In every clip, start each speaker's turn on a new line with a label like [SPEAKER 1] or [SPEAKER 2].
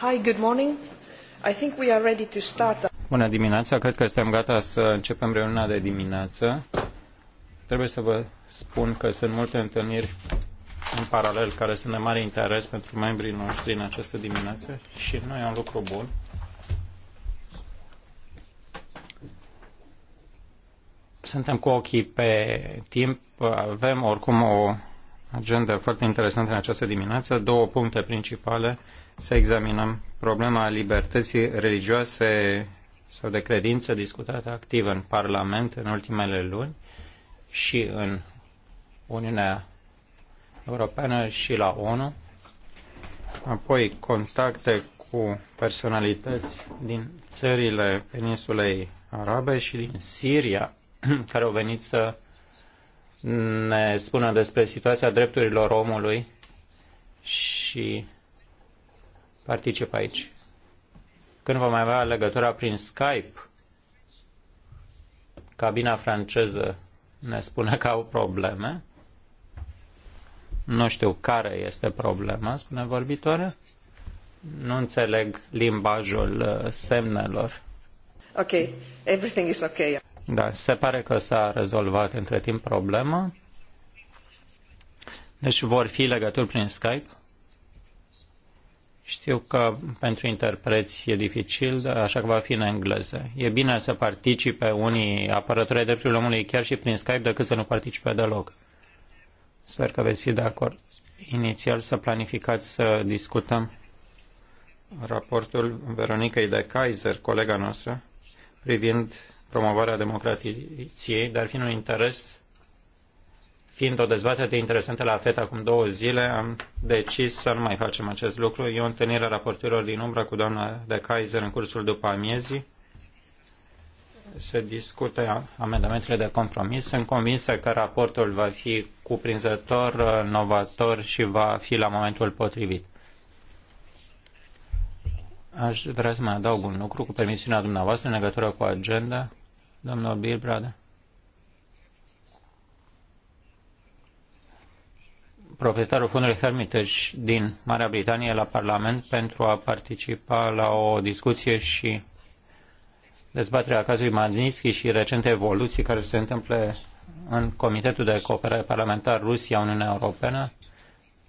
[SPEAKER 1] Hi, good morning. I think we are ready to start.
[SPEAKER 2] Bună dimineața, cred că suntem gata să începem reuniunea de dimineață. Trebuie să vă spun că sunt multe întâlniri în paralel care sunt de mare interes pentru membrii noștri în această dimineață și noi am un lucru bun. Suntem cu ochii pe timp, avem oricum o agenda foarte interesantă în această dimineață. Două puncte principale. Să examinăm problema libertății religioase sau de credință discutată activ în Parlament în ultimele luni și în Uniunea Europeană și la ONU. Apoi contacte cu personalități din țările peninsulei arabe și din Siria care au venit să ne spună despre situația drepturilor omului și participă aici. Când vom avea legătura prin Skype, cabina franceză ne spune că au probleme. Nu știu care este problema, spune vorbitoare. Nu înțeleg limbajul uh, semnelor.
[SPEAKER 1] Ok, everything is okay.
[SPEAKER 2] Da, se pare că s-a rezolvat între timp problema. Deci vor fi legături prin Skype. Știu că pentru interpreți e dificil, așa că va fi în engleză. E bine să participe unii apărători ai drepturilor omului chiar și prin Skype decât să nu participe deloc. Sper că veți fi de acord. Inițial să planificați să discutăm raportul Veronicăi de Kaiser, colega noastră, privind promovarea democrației, dar fiind un interes, fiind o dezbatere interesantă la FET acum două zile, am decis să nu mai facem acest lucru. E o întâlnire a raportorilor din umbra cu doamna de Kaiser în cursul după amiezii. Se discute amendamentele de compromis. Sunt convinsă că raportul va fi cuprinzător, novator și va fi la momentul potrivit aș vrea să mai adaug un lucru cu permisiunea dumneavoastră în legătură cu agenda domnul Bill Brother. proprietarul fundului Hermitage din Marea Britanie la Parlament pentru a participa la o discuție și dezbaterea cazului Magnitsky și recente evoluții care se întâmplă în Comitetul de Cooperare Parlamentar Rusia-Uniunea Europeană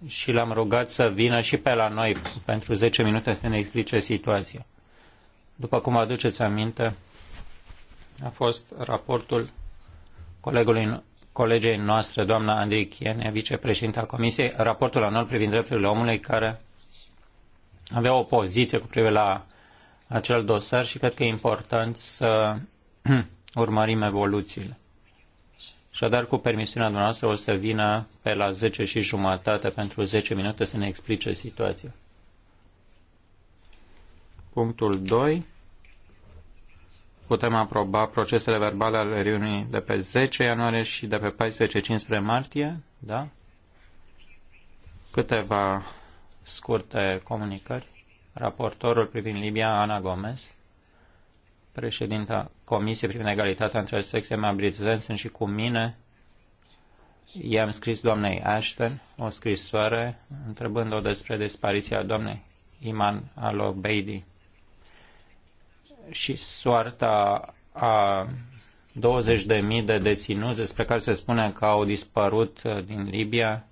[SPEAKER 2] și l-am rugat să vină și pe la noi pentru 10 minute să ne explice situația. După cum aduceți aminte, a fost raportul colegului, colegei noastre, doamna Andrei Chiene, vicepreședinta Comisiei, raportul anual privind drepturile omului, care avea o poziție cu privire la acel dosar și cred că e important să urmărim evoluțiile. Așadar, cu permisiunea dumneavoastră, o să vină pe la 10 și jumătate pentru 10 minute să ne explice situația. Punctul 2 putem aproba procesele verbale ale reuniunii de pe 10 ianuarie și de pe 14-15 martie, da? Câteva scurte comunicări. Raportorul privind Libia, Ana Gomez, președinta Comisiei privind egalitatea între sexe, mea Britzen, și cu mine, i-am scris doamnei Ashton o scrisoare întrebând-o despre dispariția doamnei Iman Alobeidi și soarta a 20.000 de deținuți despre care se spune că au dispărut uh, din Libia,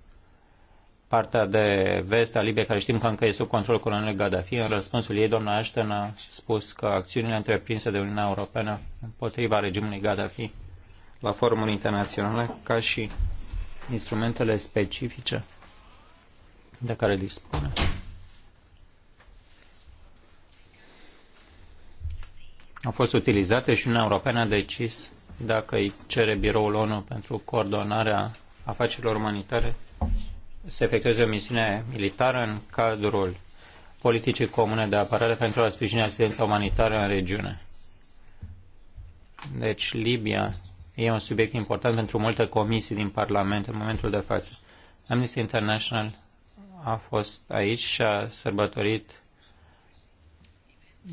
[SPEAKER 2] partea de vest a Libiei, care știm că încă e sub controlul colonelului Gaddafi. În răspunsul ei, doamna Ashton a spus că acțiunile întreprinse de Uniunea Europeană împotriva regimului Gaddafi la forumuri internaționale, ca și instrumentele specifice de care dispune. au fost utilizate și Uniunea Europeană a decis dacă îi cere biroul ONU pentru coordonarea afacerilor umanitare să efectueze o misiune militară în cadrul politicii comune de apărare pentru a sprijini asistența umanitară în regiune. Deci Libia e un subiect important pentru multe comisii din Parlament în momentul de față. Amnesty International a fost aici și a sărbătorit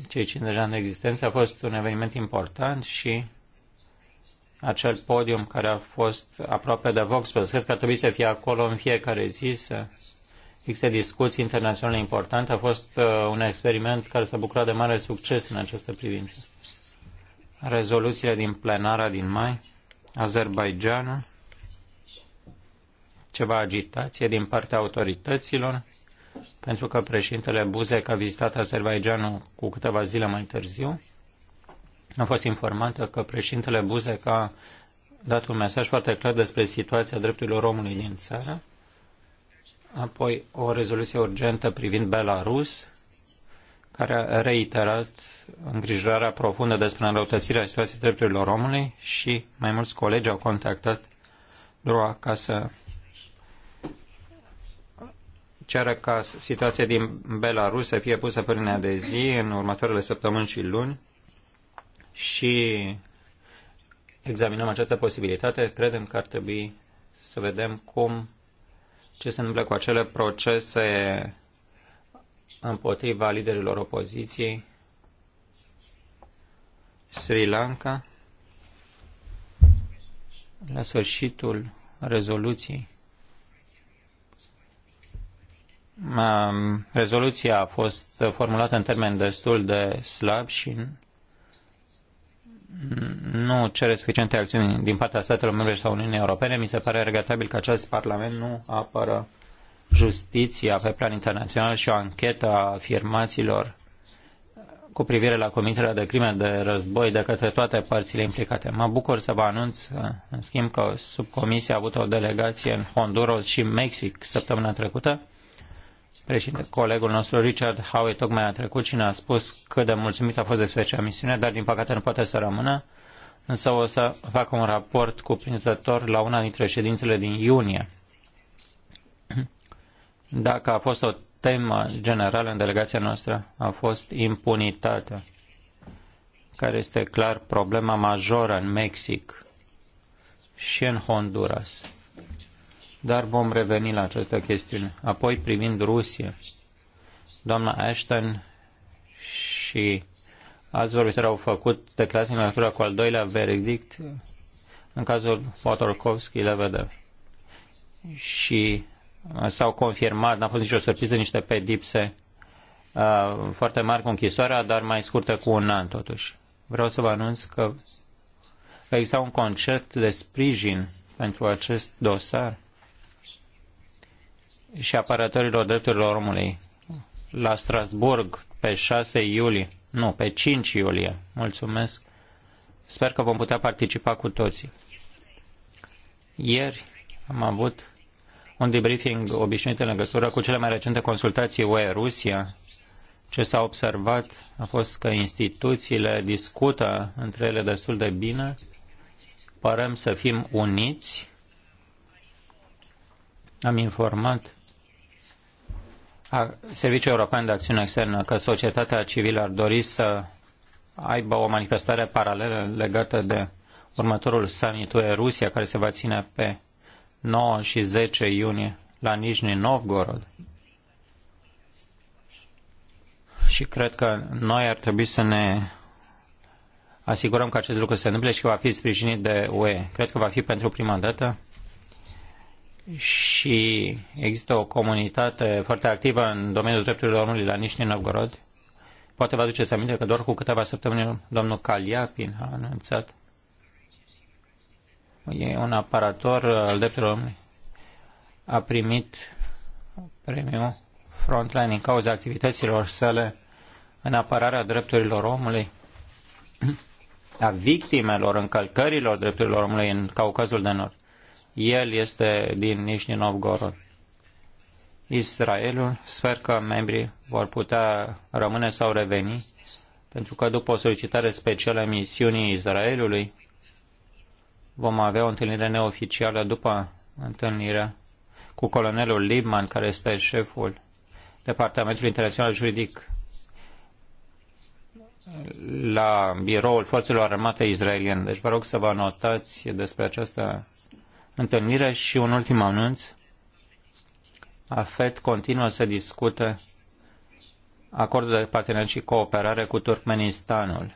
[SPEAKER 2] cei 50 de ani de existență a fost un eveniment important și acel podium care a fost aproape de Vox, Cred că ar trebui să fie acolo în fiecare zi, să fixe discuții internaționale importante. A fost uh, un experiment care s-a bucurat de mare succes în această privință. Rezoluțiile din plenara din mai, Azerbaijanul, ceva agitație din partea autorităților, pentru că președintele Buzek a vizitat Azerbaijanul cu câteva zile mai târziu. Am fost informată că președintele Buzek a dat un mesaj foarte clar despre situația drepturilor omului din țară, apoi o rezoluție urgentă privind Belarus, care a reiterat îngrijorarea profundă despre înrăutățirea situației drepturilor omului și mai mulți colegi au contactat Droa ca să ceară ca situația din Belarus să fie pusă până de zi în următoarele săptămâni și luni și examinăm această posibilitate. Credem că ar trebui să vedem cum ce se întâmplă cu acele procese împotriva liderilor opoziției Sri Lanka la sfârșitul rezoluției rezoluția a fost formulată în termeni destul de slab și nu cere suficiente acțiuni din partea statelor membre sau Uniunii Europene. Mi se pare regretabil că acest Parlament nu apără justiția pe plan internațional și o anchetă a afirmațiilor cu privire la comiterea de crime de război de către toate părțile implicate. Mă bucur să vă anunț, în schimb, că subcomisia a avut o delegație în Honduras și Mexic săptămâna trecută Președinte, colegul nostru Richard Howe tocmai a trecut și ne-a spus cât de mulțumit a fost despre acea misiune, dar din păcate nu poate să rămână, însă o să fac un raport cuprinzător la una dintre ședințele din iunie. Dacă a fost o temă generală în delegația noastră, a fost impunitatea, care este clar problema majoră în Mexic și în Honduras dar vom reveni la această chestiune. Apoi, privind Rusia, doamna Ashton și alți vorbitori au făcut declarații în legătură cu al doilea verdict în cazul Potorkovski, vedem Și uh, s-au confirmat, n-a fost nicio surpriză, niște pedipse uh, foarte mari cu închisoarea, dar mai scurtă cu un an totuși. Vreau să vă anunț că există exista un concert de sprijin pentru acest dosar și apărătorilor drepturilor omului la Strasburg pe 6 iulie, nu, pe 5 iulie. Mulțumesc. Sper că vom putea participa cu toții. Ieri am avut un debriefing obișnuit în legătură cu cele mai recente consultații UE-Rusia. Ce s-a observat a fost că instituțiile discută între ele destul de bine, părem să fim uniți. Am informat Serviciul European de Acțiune Externă că societatea civilă ar dori să aibă o manifestare paralelă legată de următorul summit UE-Rusia care se va ține pe 9 și 10 iunie la Nizhny Novgorod. Și cred că noi ar trebui să ne asigurăm că acest lucru se întâmple și că va fi sprijinit de UE. Cred că va fi pentru prima dată și există o comunitate foarte activă în domeniul drepturilor omului la Nișni Novgorod. Poate vă aduceți aminte că doar cu câteva săptămâni domnul Kaliapin a anunțat e un aparator al drepturilor omului. A primit premiul Frontline în cauza activităților sale în apărarea drepturilor omului, a victimelor încălcărilor drepturilor omului în Caucazul de Nord. El este din Nizhny Novgorod. Israelul, sper că membrii vor putea rămâne sau reveni, pentru că după o solicitare specială a misiunii Israelului, vom avea o întâlnire neoficială după întâlnirea cu colonelul Liebman, care este șeful Departamentului Internațional Juridic la biroul Forțelor Armate Israeliene. Deci vă rog să vă notați despre această întâlnire și un ultim anunț. AFET continuă să discute acordul de parteneriat și cooperare cu Turkmenistanul.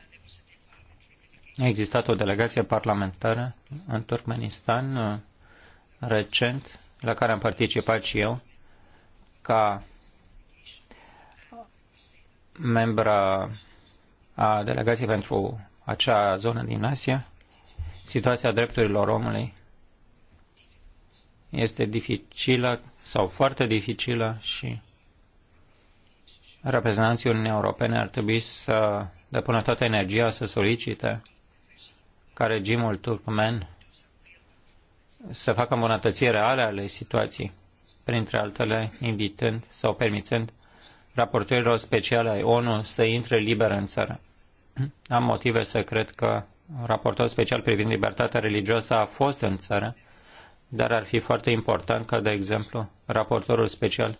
[SPEAKER 2] A existat o delegație parlamentară în Turkmenistan uh, recent, la care am participat și eu, ca membra a delegației pentru acea zonă din Asia, situația drepturilor omului este dificilă sau foarte dificilă și reprezentanții Uniunii Europene ar trebui să depună toată energia să solicite ca regimul turcmen să facă îmbunătățiri reale ale situației, printre altele invitând sau permițând raportorilor speciale ai ONU să intre liber în țară. Am motive să cred că raportorul special privind libertatea religioasă a fost în țară dar ar fi foarte important ca, de exemplu, raportorul special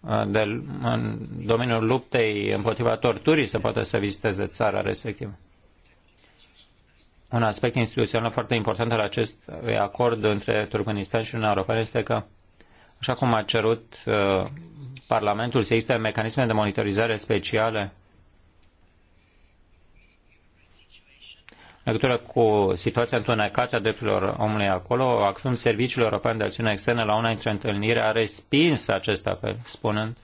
[SPEAKER 2] uh, de, în domeniul luptei împotriva torturii să poată să viziteze țara respectivă. Un aspect instituțional foarte important al acestui acord între Turkmenistan și Uniunea Europeană este că, așa cum a cerut uh, Parlamentul, să existe mecanisme de monitorizare speciale în legătură cu situația întunecată a drepturilor omului acolo, acum Serviciul European de Acțiune Externă la una dintre întâlniri a respins acest apel, spunând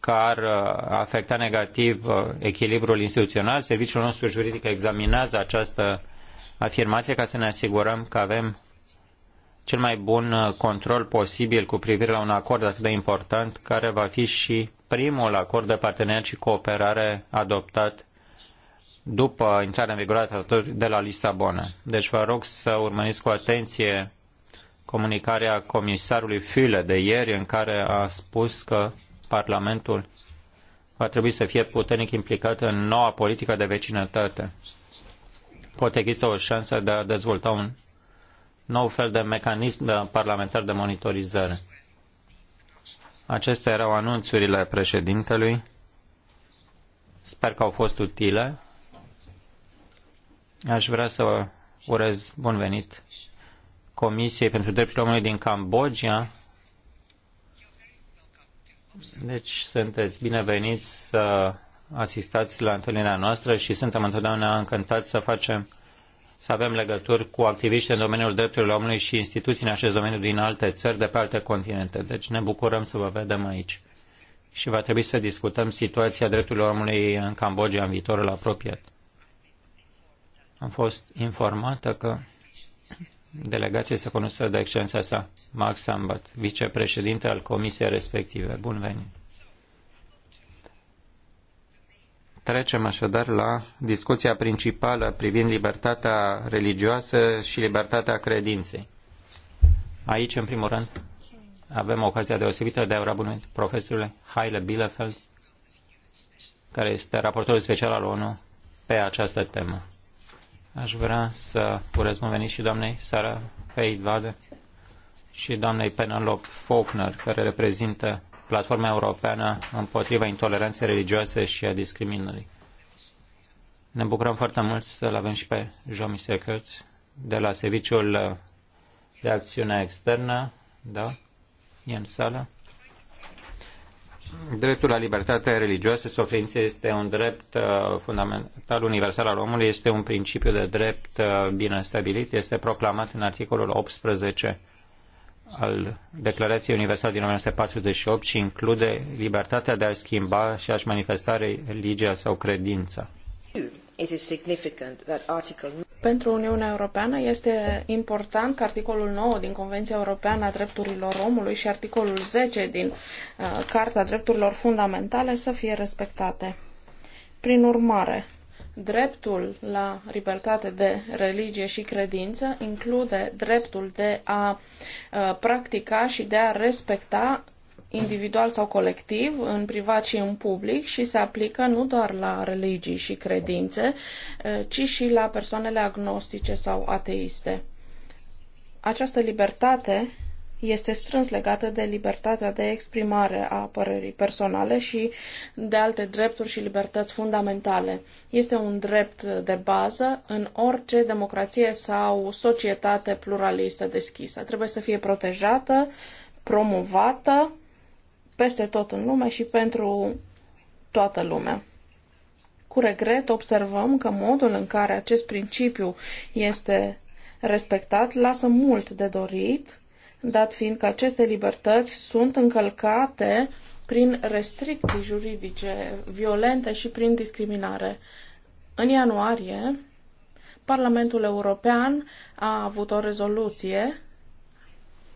[SPEAKER 2] că ar uh, afecta negativ uh, echilibrul instituțional. Serviciul nostru juridic examinează această afirmație ca să ne asigurăm că avem cel mai bun uh, control posibil cu privire la un acord atât de important, care va fi și primul acord de parteneriat și cooperare adoptat după intrarea în vigoare a tratatului de la Lisabona. Deci vă rog să urmăriți cu atenție comunicarea comisarului Füle de ieri în care a spus că Parlamentul va trebui să fie puternic implicat în noua politică de vecinătate. Poate există o șansă de a dezvolta un nou fel de mecanism parlamentar de monitorizare. Acestea erau anunțurile președintelui. Sper că au fost utile. Aș vrea să vă urez bun venit Comisiei pentru Drepturile Omului din Cambodgia. Deci sunteți bineveniți să asistați la întâlnirea noastră și suntem întotdeauna încântați să facem să avem legături cu activiști în domeniul drepturilor omului și instituții în acest domeniu din alte țări, de pe alte continente. Deci ne bucurăm să vă vedem aici. Și va trebui să discutăm situația drepturilor omului în Cambodgia în viitorul apropiat. Am fost informată că delegația este condusă de excelența sa, Max Sambat, vicepreședinte al comisiei respective. Bun venit! Trecem așadar la discuția principală privind libertatea religioasă și libertatea credinței. Aici, în primul rând, avem ocazia deosebită de a ura bunit profesorul Haile Bielefeld, care este raportorul special al ONU pe această temă. Aș vrea să urez bun venit și doamnei Sara Feidvade și doamnei Penelope Faulkner, care reprezintă Platforma Europeană împotriva intoleranței religioase și a discriminării. Ne bucurăm foarte mult să-l avem și pe Jomi Secret de la Serviciul de Acțiune Externă, da, e în sală. Dreptul la libertate religioasă sau credință este un drept uh, fundamental universal al omului, este un principiu de drept uh, bine stabilit, este proclamat în articolul 18 al Declarației Universale din 1948 și include libertatea de a schimba și a-și manifesta religia sau credința
[SPEAKER 3] pentru Uniunea Europeană este important că articolul 9 din Convenția Europeană a Drepturilor Omului și articolul 10 din uh, Carta Drepturilor Fundamentale să fie respectate. Prin urmare, dreptul la libertate de religie și credință include dreptul de a uh, practica și de a respecta individual sau colectiv, în privat și în public și se aplică nu doar la religii și credințe, eh, ci și la persoanele agnostice sau ateiste. Această libertate este strâns legată de libertatea de exprimare a părerii personale și de alte drepturi și libertăți fundamentale. Este un drept de bază în orice democrație sau societate pluralistă deschisă. Trebuie să fie protejată, promovată peste tot în lume și pentru toată lumea. Cu regret observăm că modul în care acest principiu este respectat lasă mult de dorit, dat fiind că aceste libertăți sunt încălcate prin restricții juridice violente și prin discriminare. În ianuarie, Parlamentul European a avut o rezoluție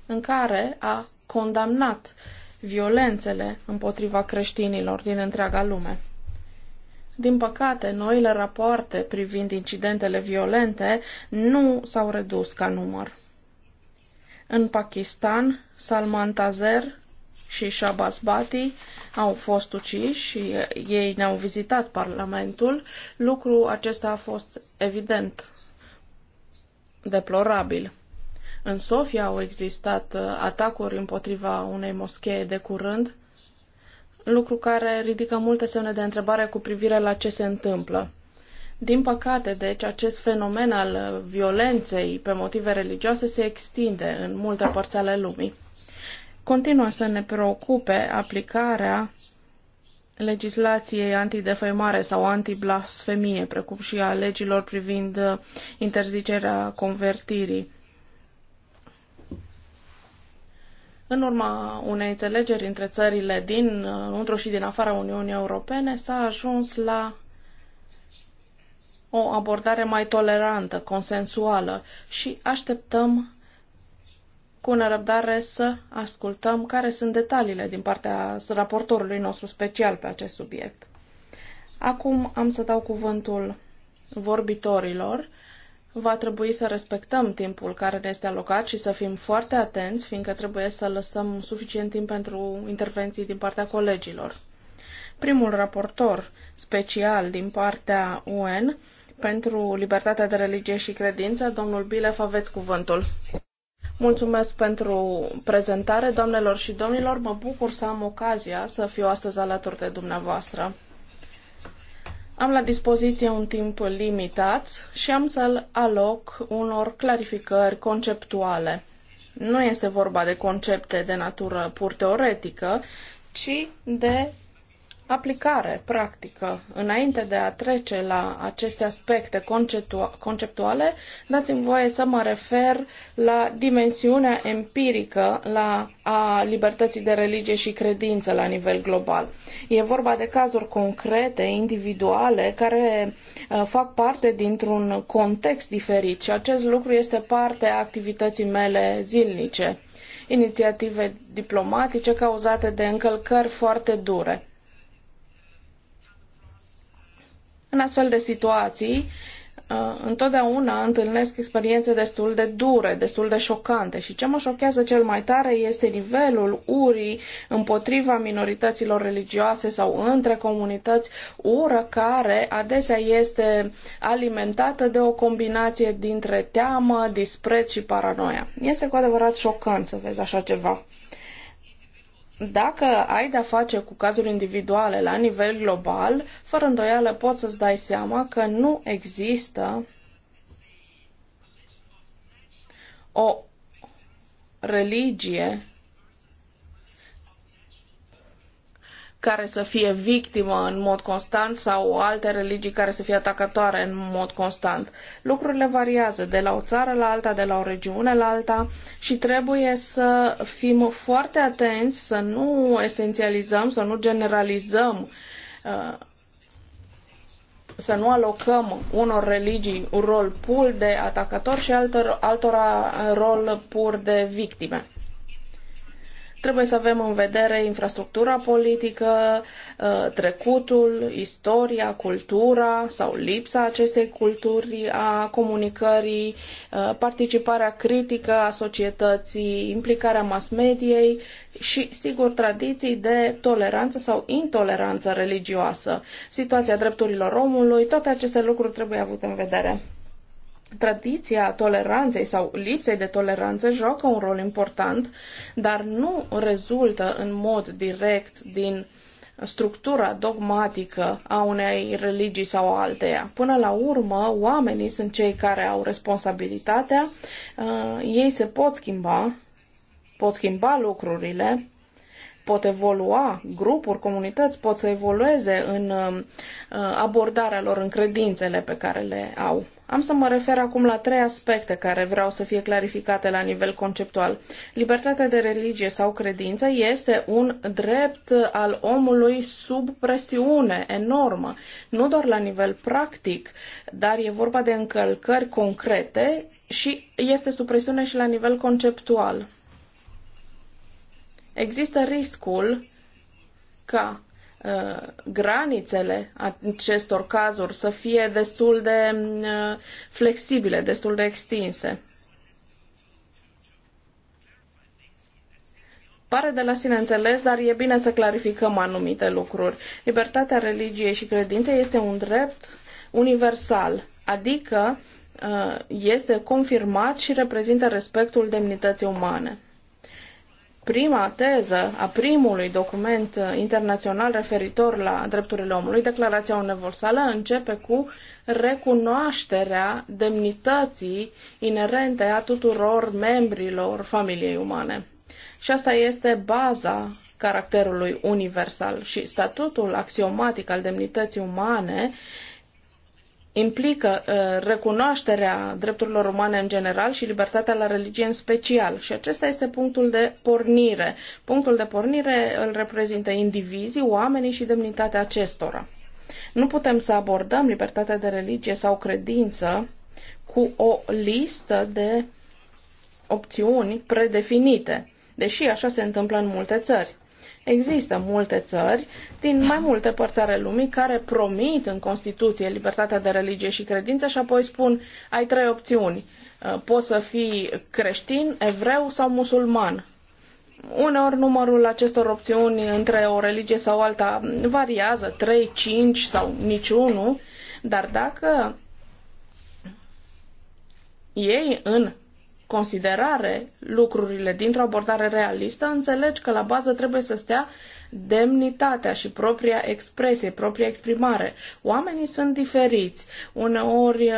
[SPEAKER 3] în care a condamnat uh, violențele împotriva creștinilor din întreaga lume. Din păcate, noile rapoarte privind incidentele violente nu s-au redus ca număr. În Pakistan, Salman Tazer și Shabazz Bati au fost uciși și ei ne-au vizitat Parlamentul. Lucru acesta a fost evident deplorabil. În Sofia au existat uh, atacuri împotriva unei moschee de curând, lucru care ridică multe semne de întrebare cu privire la ce se întâmplă. Din păcate, deci, acest fenomen al uh, violenței pe motive religioase se extinde în multe părți ale lumii. Continuă să ne preocupe aplicarea legislației antidefăimare sau antiblasfemie, precum și a legilor privind uh, interzicerea convertirii. În urma unei înțelegeri între țările din întru și din afara Uniunii Europene s-a ajuns la o abordare mai tolerantă, consensuală și așteptăm cu nerăbdare să ascultăm care sunt detaliile din partea raportorului nostru special pe acest subiect. Acum am să dau cuvântul vorbitorilor va trebui să respectăm timpul care ne este alocat și să fim foarte atenți, fiindcă trebuie să lăsăm suficient timp pentru intervenții din partea colegilor. Primul raportor special din partea UN pentru libertatea de religie și credință, domnul Bilef, aveți cuvântul. Mulțumesc pentru prezentare, doamnelor și domnilor. Mă bucur să am ocazia să fiu astăzi alături de dumneavoastră. Am la dispoziție un timp limitat și am să-l aloc unor clarificări conceptuale. Nu este vorba de concepte de natură pur teoretică, ci de aplicare practică. Înainte de a trece la aceste aspecte conceptuale, dați-mi voie să mă refer la dimensiunea empirică la a libertății de religie și credință la nivel global. E vorba de cazuri concrete, individuale, care uh, fac parte dintr-un context diferit și acest lucru este parte a activității mele zilnice inițiative diplomatice cauzate de încălcări foarte dure În astfel de situații, uh, întotdeauna întâlnesc experiențe destul de dure, destul de șocante și ce mă șochează cel mai tare este nivelul urii împotriva minorităților religioase sau între comunități, ură care adesea este alimentată de o combinație dintre teamă, dispreț și paranoia. Este cu adevărat șocant să vezi așa ceva dacă ai de-a face cu cazuri individuale la nivel global, fără îndoială poți să-ți dai seama că nu există o religie care să fie victimă în mod constant sau alte religii care să fie atacatoare în mod constant. Lucrurile variază de la o țară la alta, de la o regiune la alta și trebuie să fim foarte atenți să nu esențializăm, să nu generalizăm uh, să nu alocăm unor religii un rol pur de atacator și altora altora rol pur de victime. Trebuie să avem în vedere infrastructura politică, uh, trecutul, istoria, cultura sau lipsa acestei culturi a comunicării, uh, participarea critică a societății, implicarea mass mediei și, sigur, tradiții de toleranță sau intoleranță religioasă, situația drepturilor omului, toate aceste lucruri trebuie avute în vedere. Tradiția toleranței sau lipsei de toleranță joacă un rol important, dar nu rezultă în mod direct din structura dogmatică a unei religii sau alteia. Până la urmă, oamenii sunt cei care au responsabilitatea, uh, ei se pot schimba, pot schimba lucrurile, pot evolua, grupuri, comunități pot să evolueze în uh, uh, abordarea lor, în credințele pe care le au. Am să mă refer acum la trei aspecte care vreau să fie clarificate la nivel conceptual. Libertatea de religie sau credință este un drept al omului sub presiune enormă, nu doar la nivel practic, dar e vorba de încălcări concrete și este sub presiune și la nivel conceptual există riscul ca uh, granițele acestor cazuri să fie destul de uh, flexibile, destul de extinse. Pare de la sine înțeles, dar e bine să clarificăm anumite lucruri. Libertatea religiei și credinței este un drept universal, adică uh, este confirmat și reprezintă respectul demnității umane prima teză a primului document uh, internațional referitor la drepturile omului, Declarația Universală, începe cu recunoașterea demnității inerente a tuturor membrilor familiei umane. Și asta este baza caracterului universal și statutul axiomatic al demnității umane implică uh, recunoașterea drepturilor umane în general și libertatea la religie în special. Și acesta este punctul de pornire. Punctul de pornire îl reprezintă indivizii, oamenii și demnitatea acestora. Nu putem să abordăm libertatea de religie sau credință cu o listă de opțiuni predefinite, deși așa se întâmplă în multe țări. Există multe țări din mai multe părți ale lumii care promit în Constituție libertatea de religie și credință și apoi spun ai trei opțiuni. Uh, poți să fii creștin, evreu sau musulman. Uneori numărul acestor opțiuni între o religie sau alta variază, 3, 5 sau niciunul, dar dacă ei în considerare lucrurile dintr-o abordare realistă, înțelegi că la bază trebuie să stea demnitatea și propria expresie, propria exprimare. Oamenii sunt diferiți. Uneori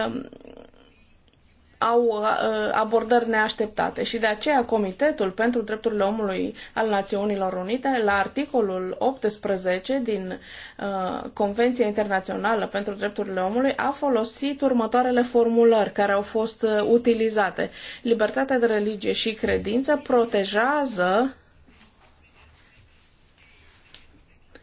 [SPEAKER 3] au uh, abordări neașteptate și de aceea Comitetul pentru Drepturile Omului al Națiunilor Unite, la articolul 18 din uh, Convenția Internațională pentru Drepturile Omului, a folosit următoarele formulări care au fost uh, utilizate. Libertatea de religie și credință protejează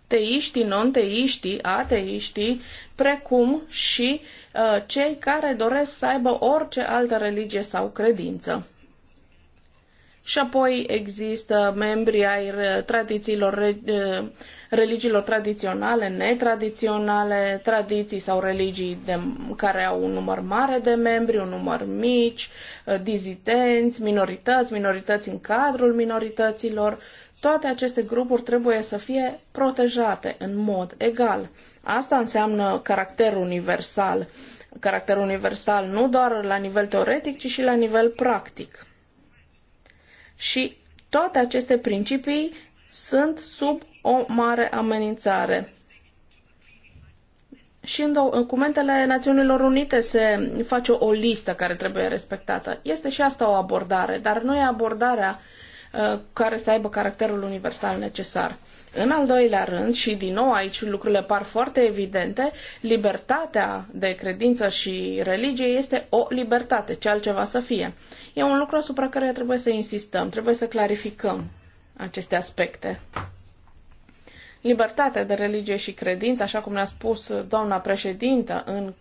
[SPEAKER 3] teiștii, non-teiștii, ateiștii, precum și uh, Uh, cei care doresc să aibă orice altă religie sau credință. Și apoi există membri ai tradițiilor, uh, religiilor tradiționale, netradiționale, tradiții sau religii de, care au un număr mare de membri, un număr mici, uh, dizidenți, minorități, minorități în cadrul minorităților. Toate aceste grupuri trebuie să fie protejate în mod egal. Asta înseamnă caracter universal. Caracter universal nu doar la nivel teoretic, ci și la nivel practic. Și toate aceste principii sunt sub o mare amenințare. Și în documentele Națiunilor Unite se face o, listă care trebuie respectată. Este și asta o abordare, dar nu e abordarea uh, care să aibă caracterul universal necesar. În al doilea rând, și din nou aici lucrurile par foarte evidente, libertatea de credință și religie este o libertate, ce altceva să fie. E un lucru asupra care trebuie să insistăm, trebuie să clarificăm aceste aspecte. Libertatea de religie și credință, așa cum ne-a spus doamna președintă în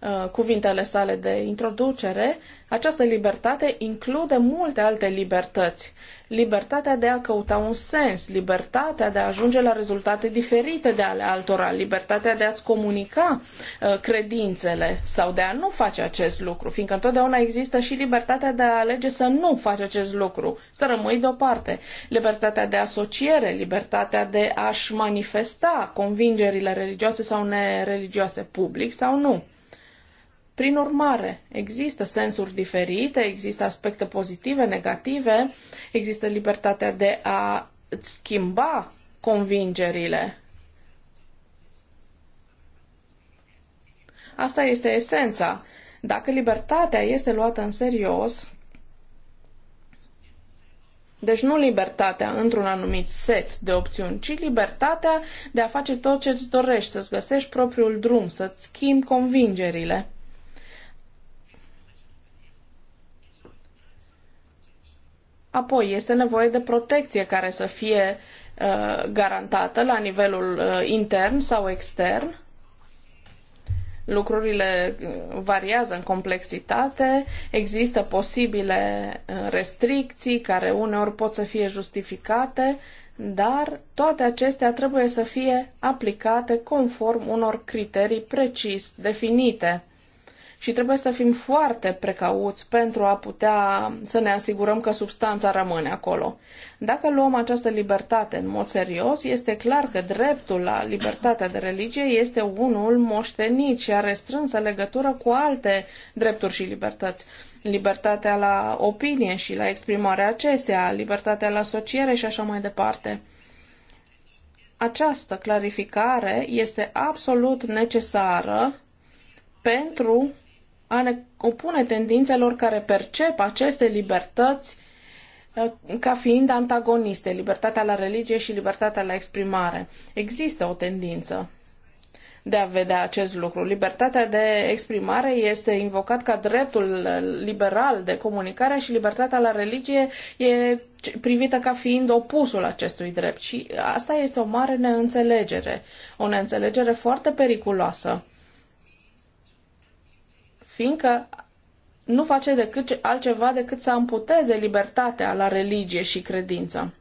[SPEAKER 3] uh, cuvintele sale de introducere, această libertate include multe alte libertăți libertatea de a căuta un sens, libertatea de a ajunge la rezultate diferite de ale altora, libertatea de a-ți comunica uh, credințele sau de a nu face acest lucru, fiindcă întotdeauna există și libertatea de a alege să nu faci acest lucru, să rămâi deoparte, libertatea de asociere, libertatea de a-și manifesta convingerile religioase sau nereligioase public sau nu. Prin urmare, există sensuri diferite, există aspecte pozitive, negative, există libertatea de a schimba convingerile. Asta este esența. Dacă libertatea este luată în serios, deci nu libertatea într-un anumit set de opțiuni, ci libertatea de a face tot ce îți dorești, să-ți găsești propriul drum, să-ți schimbi convingerile. Apoi, este nevoie de protecție care să fie uh, garantată la nivelul uh, intern sau extern. Lucrurile uh, variază în complexitate, există posibile uh, restricții care uneori pot să fie justificate, dar toate acestea trebuie să fie aplicate conform unor criterii precis definite și trebuie să fim foarte precauți pentru a putea să ne asigurăm că substanța rămâne acolo. Dacă luăm această libertate în mod serios, este clar că dreptul la libertatea de religie este unul moștenit și are strânsă legătură cu alte drepturi și libertăți libertatea la opinie și la exprimarea acesteia, libertatea la asociere și așa mai departe. Această clarificare este absolut necesară pentru a ne opune tendințelor care percep aceste libertăți uh, ca fiind antagoniste, libertatea la religie și libertatea la exprimare. Există o tendință de a vedea acest lucru. Libertatea de exprimare este invocat ca dreptul liberal de comunicare și libertatea la religie e privită ca fiind opusul acestui drept. Și asta este o mare neînțelegere, o neînțelegere foarte periculoasă fiindcă nu face decât altceva decât să amputeze libertatea la religie și credință.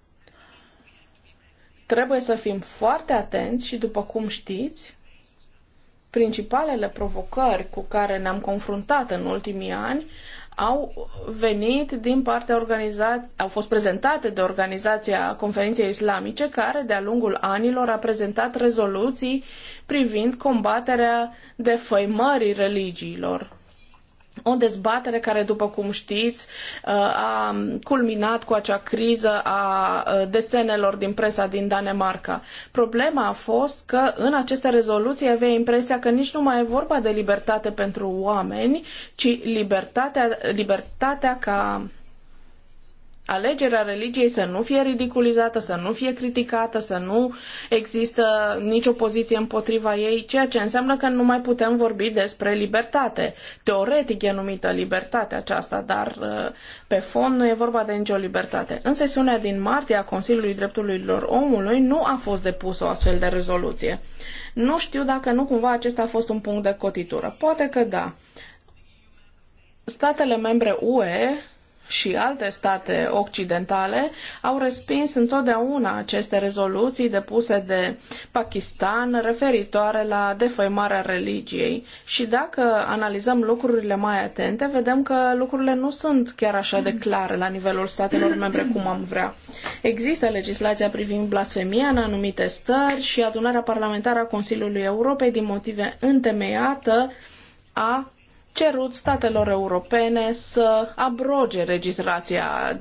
[SPEAKER 3] Trebuie să fim foarte atenți și, după cum știți, principalele provocări cu care ne-am confruntat în ultimii ani au venit din partea organizației, au fost prezentate de Organizația Conferinței Islamice, care de-a lungul anilor a prezentat rezoluții privind combaterea defăimării religiilor o dezbatere care, după cum știți, uh, a culminat cu acea criză a uh, desenelor din presa din Danemarca. Problema a fost că în aceste rezoluții avea impresia că nici nu mai e vorba de libertate pentru oameni, ci libertatea, libertatea ca alegerea religiei să nu fie ridiculizată, să nu fie criticată, să nu există nicio poziție împotriva ei, ceea ce înseamnă că nu mai putem vorbi despre libertate. Teoretic e numită libertate aceasta, dar uh, pe fond nu e vorba de nicio libertate. În sesiunea din martie a Consiliului Drepturilor Omului nu a fost depusă o astfel de rezoluție. Nu știu dacă nu cumva acesta a fost un punct de cotitură. Poate că da. Statele membre UE și alte state occidentale au respins întotdeauna aceste rezoluții depuse de Pakistan referitoare la defăimarea religiei. Și dacă analizăm lucrurile mai atente, vedem că lucrurile nu sunt chiar așa de clare la nivelul statelor membre cum am vrea. Există legislația privind blasfemia în anumite stări și adunarea parlamentară a Consiliului Europei din motive întemeiate a cerut statelor europene să abroge legislația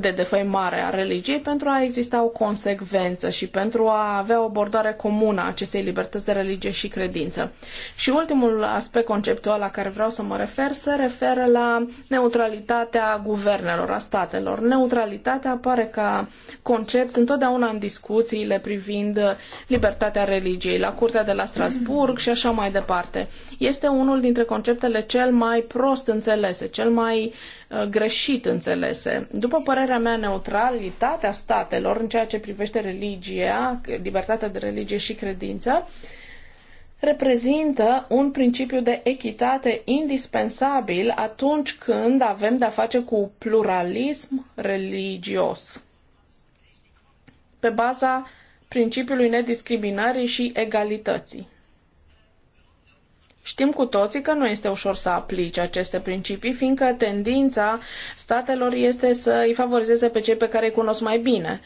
[SPEAKER 3] de defăimare a religiei pentru a exista o consecvență și pentru a avea o abordare comună a acestei libertăți de religie și credință. Și ultimul aspect conceptual la care vreau să mă refer se referă la neutralitatea guvernelor, a statelor. Neutralitatea apare ca concept întotdeauna în discuțiile privind libertatea religiei, la Curtea de la Strasburg și așa mai departe. Este unul dintre conceptele cel mai prost înțelese, cel mai uh, greșit înțelese. După părerea mea, neutralitatea statelor în ceea ce privește religia, libertatea de religie și credință, reprezintă un principiu de echitate indispensabil atunci când avem de-a face cu pluralism religios. Pe baza principiului nediscriminării și egalității. Știm cu toții că nu este ușor să aplici aceste principii, fiindcă tendința statelor este să îi favorizeze pe cei pe care îi cunosc mai bine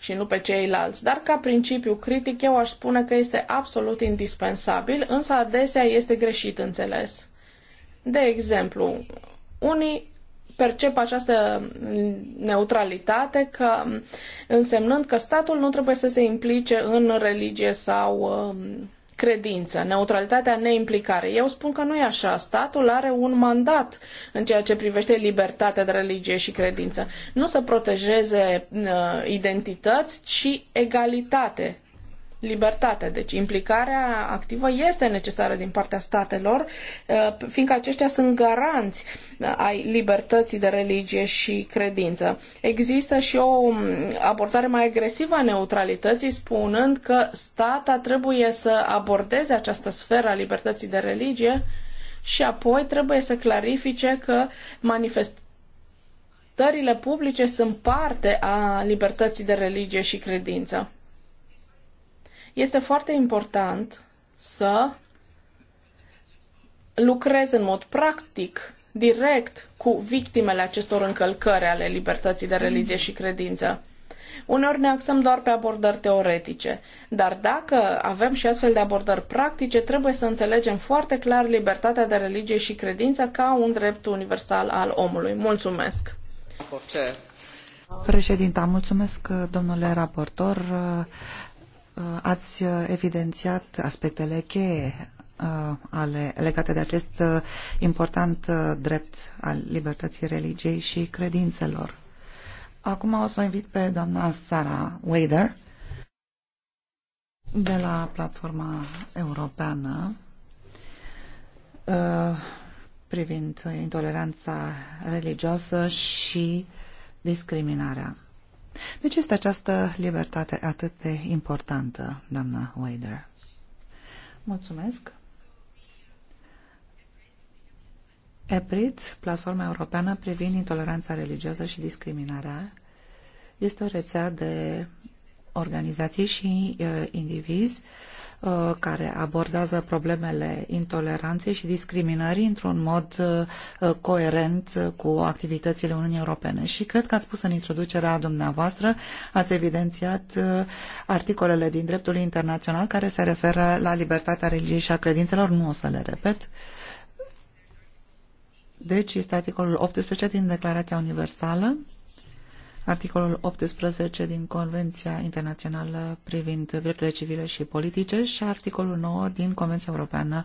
[SPEAKER 3] și nu pe ceilalți. Dar ca principiu critic eu aș spune că este absolut indispensabil, însă adesea este greșit înțeles. De exemplu, unii percep această neutralitate că însemnând că statul nu trebuie să se implice în religie sau um, credință, neutralitatea, neimplicare. Eu spun că nu e așa. Statul are un mandat în ceea ce privește libertatea de religie și credință. Nu să protejeze uh, identități, ci egalitate libertate. Deci implicarea activă este necesară din partea statelor, uh, fiindcă aceștia sunt garanți uh, ai libertății de religie și credință. Există și o um, abordare mai agresivă a neutralității, spunând că stata trebuie să abordeze această sferă a libertății de religie și apoi trebuie să clarifice că manifestările publice sunt parte a libertății de religie și credință. Este foarte important să lucrez în mod practic, direct, cu victimele acestor încălcări ale libertății de religie și credință. Uneori ne axăm doar pe abordări teoretice, dar dacă avem și astfel de abordări practice, trebuie să înțelegem foarte clar libertatea de religie și credință ca un drept universal al omului. Mulțumesc!
[SPEAKER 4] Președinta, mulțumesc domnule raportor. Uh, ați uh, evidențiat aspectele cheie uh, ale, legate de acest important drept al libertății religiei și credințelor. Acum o să o invit pe doamna Sara Wader de la Platforma Europeană privind intoleranța religioasă și discriminarea. Deci este această libertate atât de importantă, doamna Wader? Mulțumesc. EPRIT, Platforma Europeană privind intoleranța religioasă și discriminarea, este o rețea de organizații și uh, indivizi Uh, care abordează problemele intoleranței și discriminării într-un mod uh, uh, coerent cu activitățile Uniunii Europene. Și cred că ați spus în introducerea dumneavoastră, ați evidențiat articolele din dreptul internațional care se referă la libertatea religiei și a credințelor. Nu o să le repet. Deci este articolul 18 din Declarația Universală articolul 18 din Convenția Internațională privind drepturile civile și politice și articolul 9 din Convenția Europeană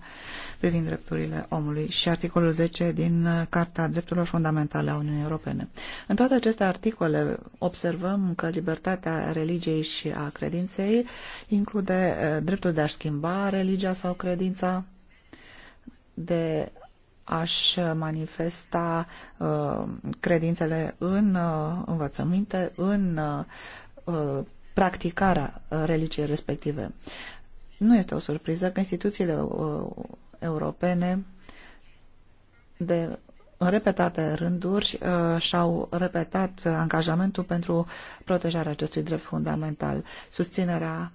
[SPEAKER 4] privind drepturile omului și articolul 10 din Carta Drepturilor Fundamentale a Uniunii Europene. În toate aceste articole observăm că libertatea religiei și a credinței include eh, dreptul de a schimba religia sau credința, de aș manifesta uh, credințele în uh, învățăminte, în uh, practicarea religiei respective. Nu este o surpriză că instituțiile europene de în repetate rânduri și-au repetat angajamentul pentru protejarea acestui drept fundamental. Susținerea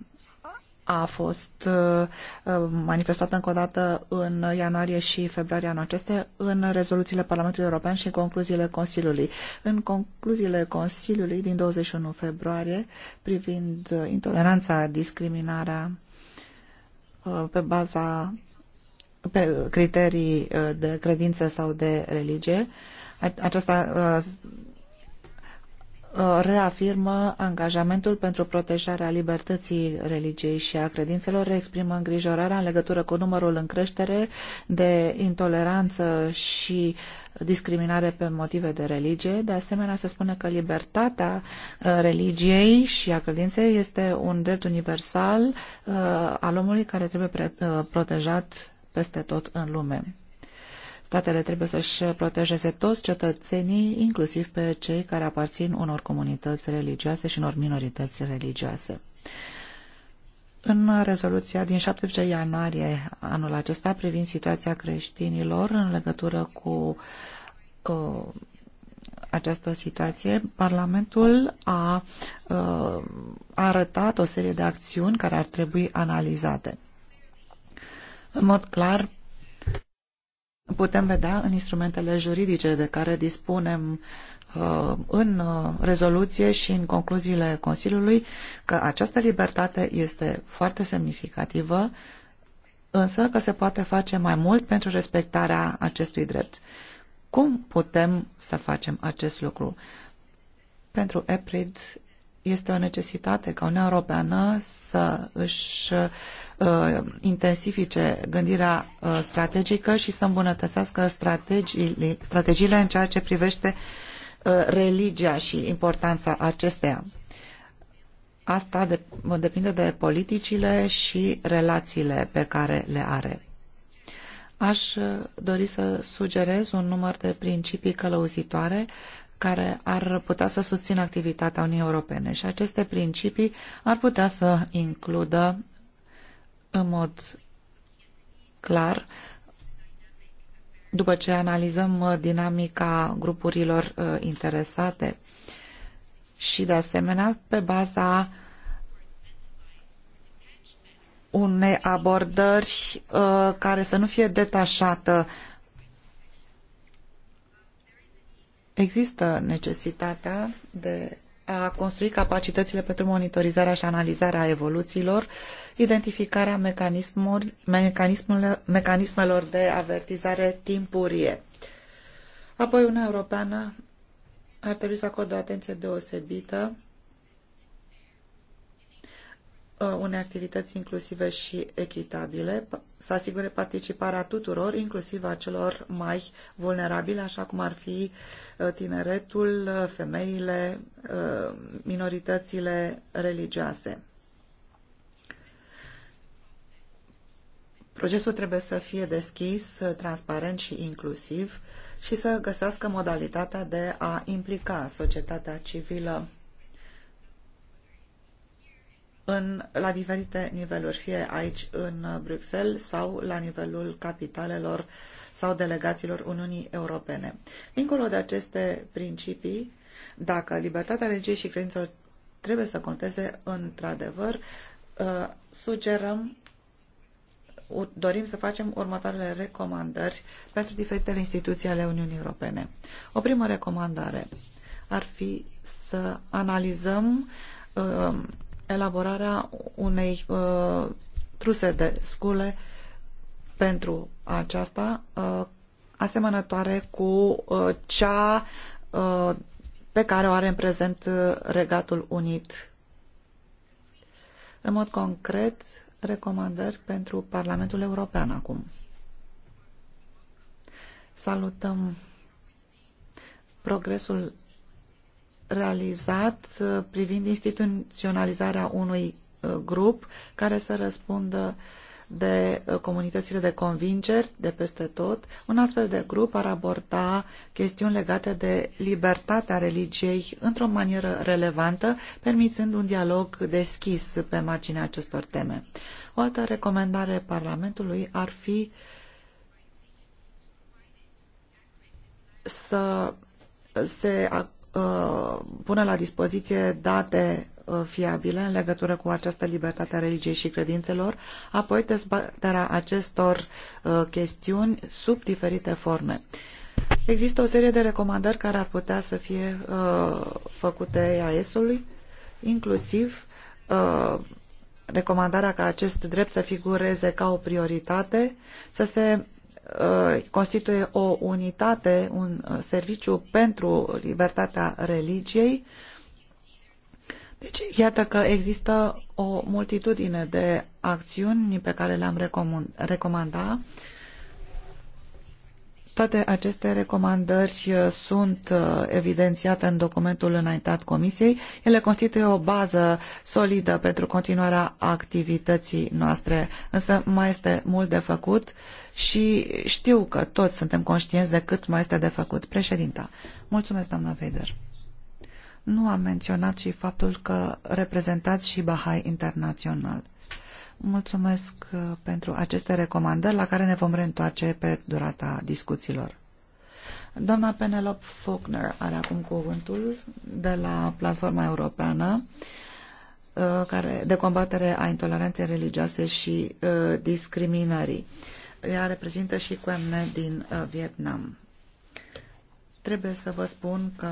[SPEAKER 4] a fost uh, uh, manifestată încă o dată în ianuarie și februarie anul acesta în rezoluțiile Parlamentului European și în concluziile Consiliului. În concluziile Consiliului din 21 februarie privind intoleranța, discriminarea uh, pe baza pe criterii de credință sau de religie. Aceasta Uh, reafirmă angajamentul pentru protejarea libertății religiei și a credințelor, exprimă îngrijorarea în legătură cu numărul în creștere de intoleranță și discriminare pe motive de religie. De asemenea, se spune că libertatea uh, religiei și a credinței este un drept universal uh, al omului care trebuie protejat peste tot în lume. Statele trebuie să-și protejeze toți cetățenii, inclusiv pe cei care aparțin unor comunități religioase și unor minorități religioase. În rezoluția din 17 ianuarie anul acesta privind situația creștinilor în legătură cu uh, această situație, Parlamentul a uh, arătat o serie de acțiuni care ar trebui analizate. În mod clar, putem vedea în instrumentele juridice de care dispunem uh, în uh, rezoluție și în concluziile Consiliului că această libertate este foarte semnificativă, însă că se poate face mai mult pentru respectarea acestui drept. Cum putem să facem acest lucru? Pentru EPRID este o necesitate ca Uniunea Europeană să își uh, intensifice gândirea uh, strategică și să îmbunătățească strategiile, strategiile în ceea ce privește uh, religia și importanța acesteia. Asta de, depinde de politicile și relațiile pe care le are. Aș uh, dori să sugerez un număr de principii călăuzitoare uh, care ar putea să susțină activitatea Uniunii Europene și aceste principii ar putea să includă în mod clar după ce analizăm dinamica grupurilor uh, interesate și de asemenea pe baza unei abordări uh, care să nu fie detașată Există necesitatea de a construi capacitățile pentru monitorizarea și analizarea evoluțiilor, identificarea mecanismelor de avertizare timpurie. Apoi, Uniunea Europeană ar trebui să acorde o atenție deosebită Uh, unei activități inclusive și echitabile, să asigure participarea tuturor, inclusiv a celor mai vulnerabile, așa cum ar fi uh, tineretul, uh, femeile, minoritățile religioase. Procesul trebuie să fie deschis, transparent și inclusiv și să găsească modalitatea de a implica societatea civilă în, la diferite niveluri, fie aici în Bruxelles sau la nivelul capitalelor sau delegațiilor Uniunii Europene. Dincolo de aceste principii, dacă libertatea religiei și credințelor trebuie să conteze într-adevăr, uh, sugerăm dorim să facem următoarele recomandări pentru diferitele instituții ale Uniunii Europene. O primă recomandare ar fi să analizăm uh, elaborarea unei uh, truse de scule pentru aceasta, uh, asemănătoare cu uh, cea uh, pe care o are în prezent uh, Regatul Unit. În mod concret, recomandări pentru Parlamentul European acum. Salutăm progresul realizat uh, privind instituționalizarea unui uh, grup care să răspundă de uh, comunitățile de convingeri de peste tot. Un astfel de grup ar aborda chestiuni legate de libertatea religiei într-o manieră relevantă, permițând un dialog deschis pe marginea acestor teme. O altă recomandare Parlamentului ar fi să se Uh, pune la dispoziție date uh, fiabile în legătură cu această libertate a religiei și credințelor, apoi dezbaterea acestor uh, chestiuni sub diferite forme. Există o serie de recomandări care ar putea să fie făcute EAS-ului, inclusiv recomandarea ca acest drept să figureze ca o prioritate, să se Uh, constituie o unitate, un uh, serviciu pentru libertatea religiei. Deci, iată că există o multitudine de acțiuni pe care le-am recomandat. Toate aceste recomandări uh, sunt uh, evidențiate în documentul înaintat Comisiei. Ele constituie o bază solidă pentru continuarea activității noastre, însă mai este mult de făcut și știu că toți suntem conștienți de cât mai este de făcut. Președinta, mulțumesc, doamna Veder. Nu am menționat și faptul că reprezentați și Bahai Internațional. Mulțumesc uh, pentru aceste recomandări la care ne vom reîntoarce pe durata discuțiilor. Doamna Penelope Faulkner are acum cuvântul de la Platforma Europeană uh, care, de combatere a intoleranței religioase și uh, discriminării. Ea reprezintă și Cuemne din Vietnam. Trebuie să vă spun că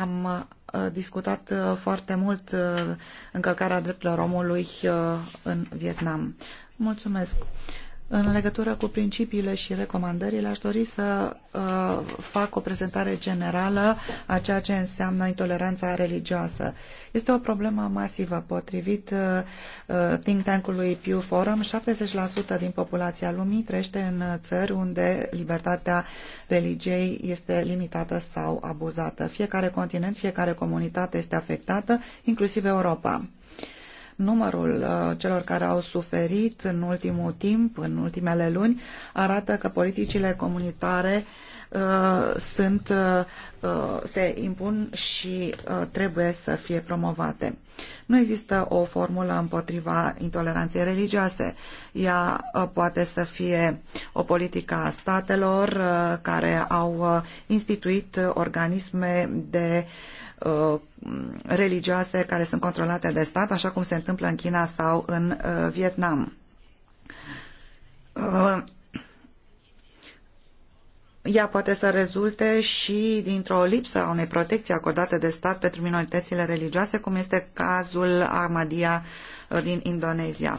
[SPEAKER 4] am uh, discutat uh, foarte mult uh, încălcarea drepturilor omului în Vietnam. Mulțumesc. În legătură cu principiile și recomandările, aș dori să uh, fac o prezentare generală a ceea ce înseamnă intoleranța religioasă. Este o problemă masivă. Potrivit uh, uh think tank-ului Pew Forum, 70% din populația lumii trăiește în țări unde libertatea religiei este limitată sau abuzată. Fiecare continent, fiecare comunitate este afectată, inclusiv Europa. Uh, Numărul uh, celor care au suferit în ultimul timp, în ultimele luni, arată că politicile comunitare uh, sunt, uh, se impun și trebuie să fie promovate. Nu există o formulă împotriva intoleranței religioase. Ea poate să fie o politică a statelor care au instituit organisme de uh, Uh, religioase care sunt controlate de stat, așa cum se întâmplă în China sau în uh, Vietnam. Uh, ea poate să rezulte și dintr-o lipsă a unei protecții acordate de stat pentru minoritățile religioase, cum este cazul Ahmadiyya din Indonezia.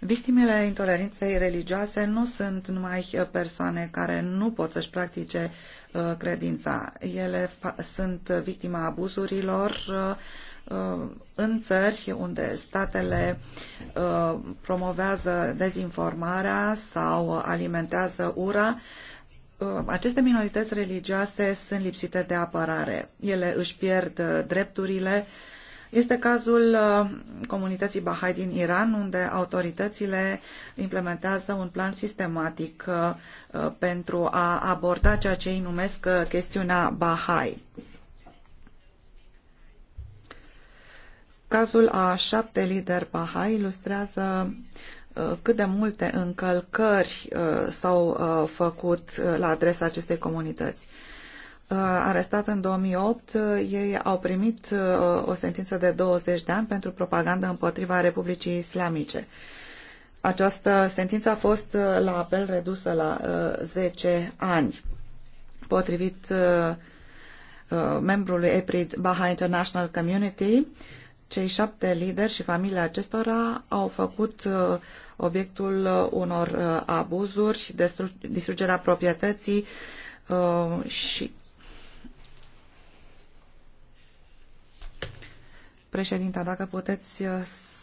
[SPEAKER 4] Victimele intoleranței religioase nu sunt numai persoane care nu pot să-și practice uh, credința. Ele sunt victima abuzurilor uh, uh, în țări unde statele promovează dezinformarea sau alimentează ura aceste minorități religioase sunt lipsite de apărare. Ele își pierd drepturile, este cazul uh, comunității Bahai din Iran, unde autoritățile implementează un plan sistematic uh, uh, pentru a aborda ceea ce ei numesc chestiunea Bahai. Cazul a șapte lideri Bahai ilustrează cât de multe încălcări s-au făcut la adresa acestei comunități. Uh, arestat în 2008, uh, ei au primit uh, o sentință de 20 de ani pentru propagandă împotriva Republicii Islamice. Această sentință a fost la apel redusă la 10 ani. Potrivit membrului EPRID Baha International Community, cei șapte lideri și familia acestora au făcut obiectul unor abuzuri și distrugerea proprietății și Președinta, dacă puteți uh,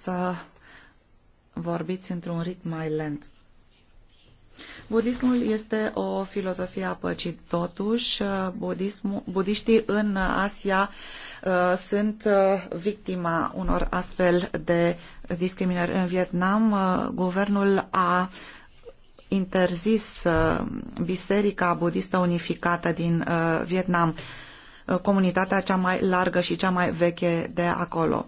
[SPEAKER 4] să vorbiți într-un ritm mai lent. Budismul este o filozofie a păcii. Totuși, uh, budismul, budiștii în Asia uh, sunt victima unor astfel de discriminări. În Vietnam, guvernul a interzis Biserica Budistă Unificată din Vietnam. Uh, comunitatea cea mai largă și cea mai veche de acolo.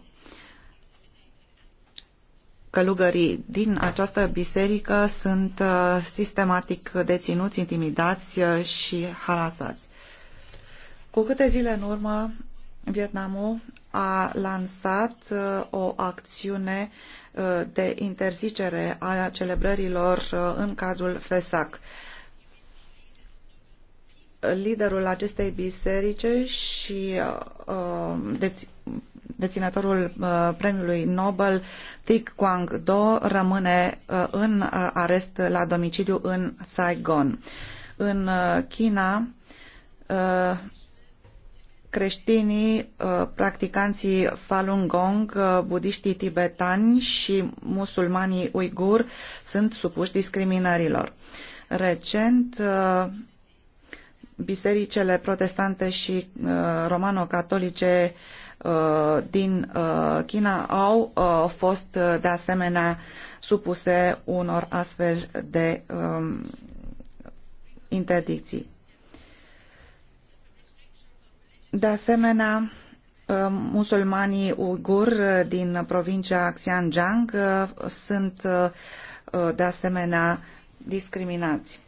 [SPEAKER 4] Călugării din această biserică sunt uh, sistematic deținuți, intimidați uh, și harasați. Cu câte zile în urmă, Vietnamul a lansat o acțiune de interzicere a celebrărilor în cadrul FESAC liderul acestei biserice și uh, deținătorul uh, premiului Nobel, Thich Quang Do, rămâne uh, în uh, arest la domiciliu în Saigon. În uh, China, uh, creștinii, uh, practicanții Falun Gong, uh, budiștii tibetani și musulmanii uigur sunt supuși discriminărilor. Recent, uh, bisericele protestante și uh, romano-catolice uh, din uh, China au uh, fost uh, de asemenea supuse unor astfel de um, interdicții. De asemenea, uh, musulmanii uigur din provincia Xianjiang sunt de asemenea discriminați.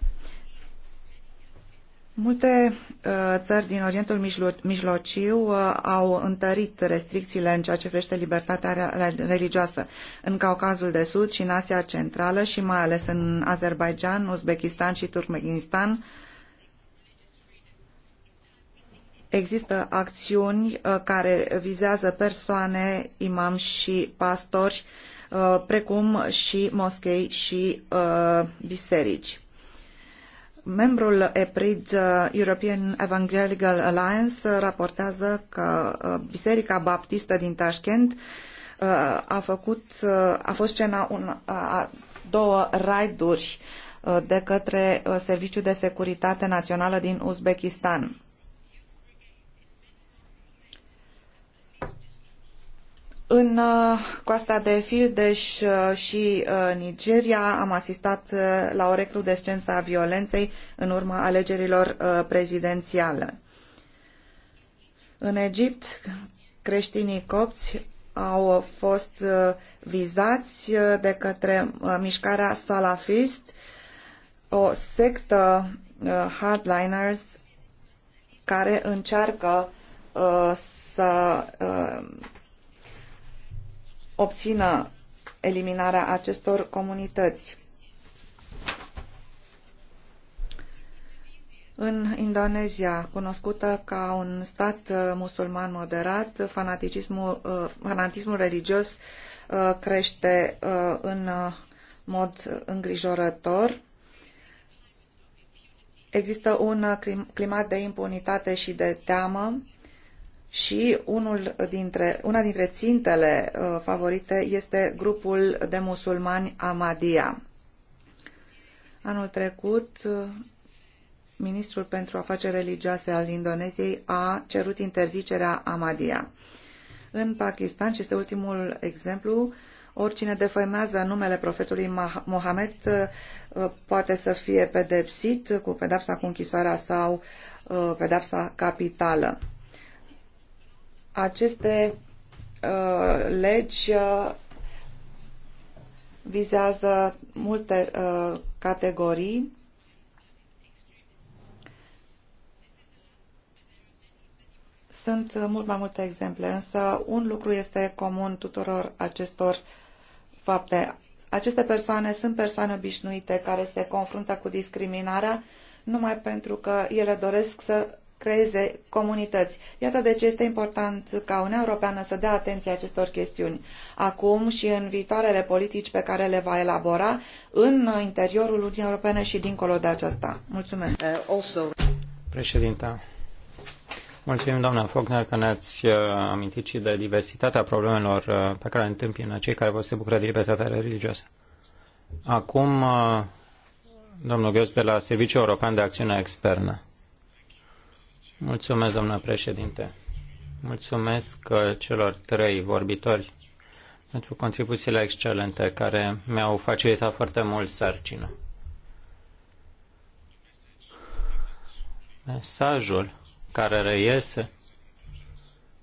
[SPEAKER 4] Multe uh, țări din Orientul Mijlociu uh, au întărit restricțiile în ceea ce privește libertatea religioasă. În Caucazul de Sud și în Asia Centrală și mai ales în Azerbaijan, Uzbekistan și Turkmenistan există acțiuni uh, care vizează persoane, imam și pastori, precum și moschei și biserici membrul EPRID, uh, European Evangelical Alliance, uh, raportează că uh, Biserica Baptistă din Tashkent a făcut, a fost scena un, a două raiduri de către Serviciul de Securitate Națională din Uzbekistan. În uh, coasta de Fildeș uh, și uh, Nigeria am asistat la o recrudescență a violenței în urma alegerilor prezidențiale. În Egipt, creștinii copți au fost vizați de către mișcarea salafist, o sectă hardliners care încearcă să obțină eliminarea acestor comunități. În Indonezia, cunoscută ca un stat uh, musulman moderat, fanatismul, uh, fanatismul religios uh, crește în mod îngrijorător. Există un climat de impunitate și de teamă și unul dintre, una dintre țintele uh, favorite este grupul de musulmani amadia. Anul trecut, uh, ministrul pentru afaceri religioase al Indoneziei a cerut interzicerea amadia. În Pakistan, și este ultimul exemplu, oricine defăimează numele profetului Mohamed uh, poate să fie pedepsit cu pedepsa cu închisoarea sau uh, pedepsa capitală. Aceste uh, legi uh, vizează multe uh, categorii. Sunt mult mai multe exemple, însă un lucru este comun tuturor acestor fapte. Aceste persoane sunt persoane obișnuite care se confruntă cu discriminarea numai pentru că ele doresc să creeze comunități. Iată de ce este important ca Uniunea Europeană să dea atenție acestor chestiuni acum și în viitoarele politici pe care le va elabora în interiorul Uniunii Europene și dincolo de aceasta. Mulțumesc. Uh, also...
[SPEAKER 2] Președinta, mulțumim doamna Faulkner că ne-ați uh, amintit și de diversitatea problemelor uh, pe care le întâmpină cei care vor se bucură de libertatea religioasă. Acum, domnul Ghez de la Serviciul European de Acțiune Externă. Mulțumesc, doamnă președinte. Mulțumesc uh, celor trei vorbitori pentru contribuțiile excelente care mi-au facilitat foarte mult sarcina. Mesajul care reiese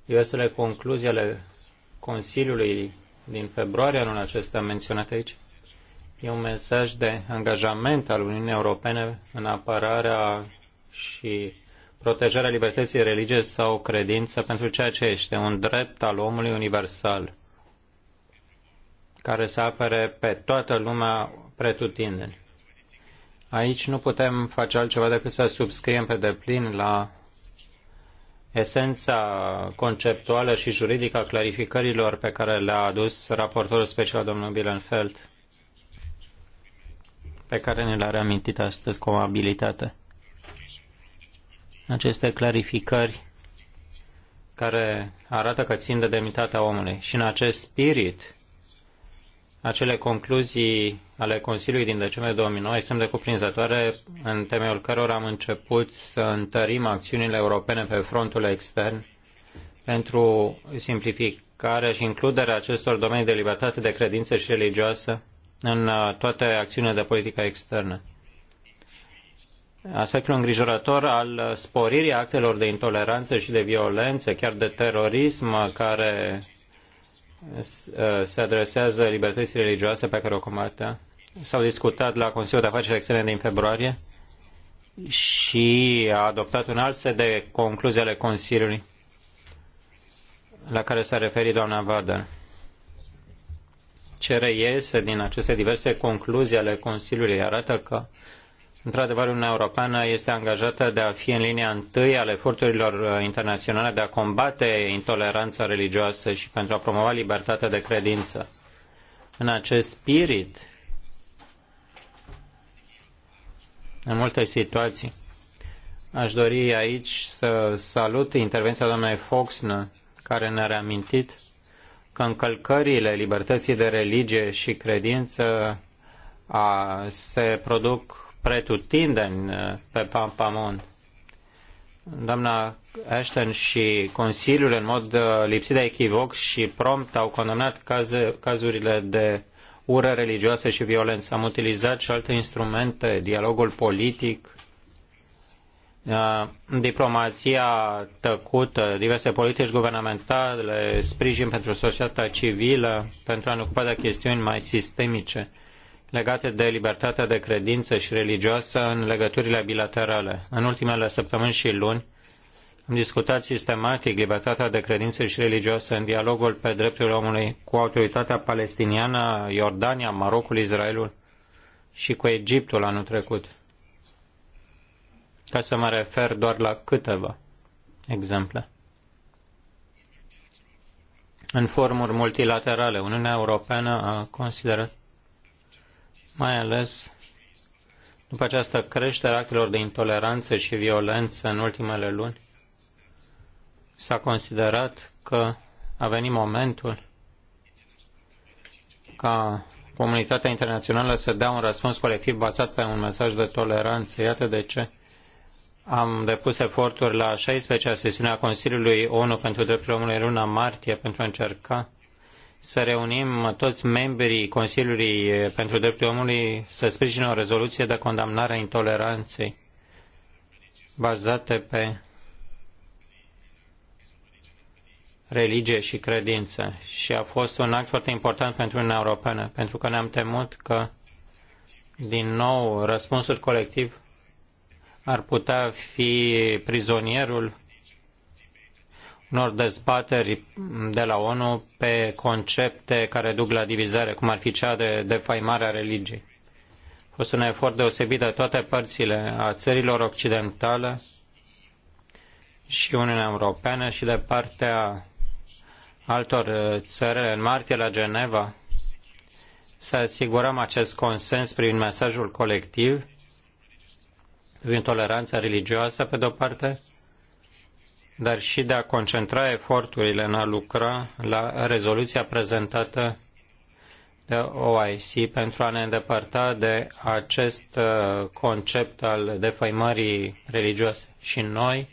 [SPEAKER 2] iosele concluziile Consiliului din februarie anul acesta menționate aici e un mesaj de angajament al Uniunii Europene în apărarea și protejarea libertății religie sau credință pentru ceea ce este un drept al omului universal care să apere pe toată lumea pretutindeni. Aici nu putem face altceva decât să subscriem pe deplin la esența conceptuală și juridică a clarificărilor pe care le-a adus raportorul special domnul Bilenfeld, pe care ne l-a reamintit astăzi cu o abilitate aceste clarificări care arată că țin de demnitatea omului. Și în acest spirit, acele concluzii ale Consiliului din decembrie 2009 extrem de cuprinzătoare, în temeiul cărora am început să întărim acțiunile europene pe frontul extern pentru simplificarea și includerea acestor domenii de libertate de credință și religioasă în uh, toate acțiunile de politică externă aspectul îngrijorător al sporirii actelor de intoleranță și de violență, chiar de terorism, care ă, se adresează libertății religioase pe care o combatea. S-au discutat la Consiliul de Afaceri Externe din februarie și a adoptat un alt set de concluzii ale Consiliului la care s-a referit doamna Vadă. Ce reiese din aceste diverse concluzii ale Consiliului arată că Într-adevăr, Uniunea Europeană este angajată de a fi în linia întâi ale eforturilor uh, internaționale de a combate intoleranța religioasă și pentru a promova libertatea de credință. În acest spirit, în multe situații, aș dori aici să salut intervenția doamnei Foxnă, care ne-a reamintit că încălcările libertății de religie și credință a, uh, se produc pretutindeni uh, pe Pampamond. Doamna Ashton și Consiliul, în mod uh, lipsit de echivoc și prompt, au condamnat caz, cazurile de ură religioasă și violență. Am utilizat și alte instrumente, dialogul politic, uh, diplomația tăcută, diverse politici guvernamentale, sprijin pentru societatea civilă, pentru a ne ocupa de chestiuni mai sistemice legate de libertatea de credință și religioasă în legăturile bilaterale. În ultimele săptămâni și luni am discutat sistematic libertatea de credință și religioasă în dialogul pe drepturile omului cu autoritatea palestiniană, Iordania, Marocul, Israelul și cu Egiptul anul trecut. Ca să mă refer doar la câteva exemple. În formuri multilaterale, Uniunea Europeană a considerat mai ales după această creștere actelor de intoleranță și violență în ultimele luni, s-a considerat că a venit momentul ca comunitatea internațională să dea un răspuns colectiv bazat pe un mesaj de toleranță. Iată de ce am depus eforturi la 16-a sesiune a Consiliului ONU pentru Drepturile Omului luna martie pentru a încerca să reunim toți membrii Consiliului pentru Drepturile Omului să sprijine o rezoluție de condamnare a intoleranței bazate pe religie și credință și a fost un act foarte important pentru Uniunea Europeană, pentru că ne-am temut că din nou răspunsul colectiv ar putea fi prizonierul unor dezbateri de la ONU pe concepte care duc la divizare, cum ar fi cea de a religiei. A fost un efort deosebit de toate părțile a țărilor occidentale și Uniunea Europeană și de partea altor țări în martie la Geneva să asigurăm acest consens prin mesajul colectiv, prin toleranța religioasă, pe de-o parte, dar și de a concentra eforturile în a lucra la rezoluția prezentată de OIC pentru a ne îndepărta de acest uh, concept al defăimării religioase. Și noi,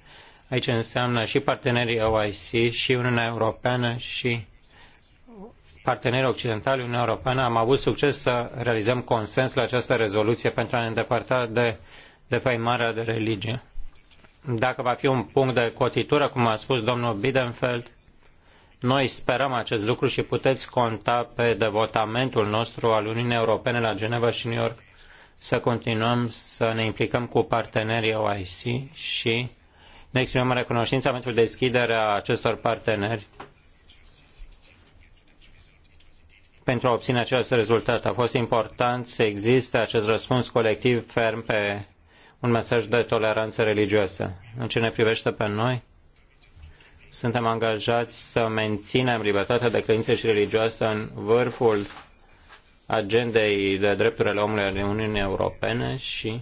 [SPEAKER 2] aici înseamnă și partenerii OIC, și Uniunea Europeană, și partenerii occidentali, Uniunea Europeană, am avut succes să realizăm consens la această rezoluție pentru a ne îndepărta de defăimarea de religie dacă va fi un punct de cotitură, cum a spus domnul Bidenfeld, noi sperăm acest lucru și puteți conta pe devotamentul nostru al Uniunii Europene la Geneva și New York să continuăm să ne implicăm cu partenerii OIC și ne exprimăm recunoștința pentru deschiderea acestor parteneri pentru a obține acest rezultat. A fost important să existe acest răspuns colectiv ferm pe un mesaj de toleranță religioasă. În ce ne privește pe noi, suntem angajați să menținem libertatea de credință și religioasă în vârful agendei de drepturile omului ale Uniunii Europene și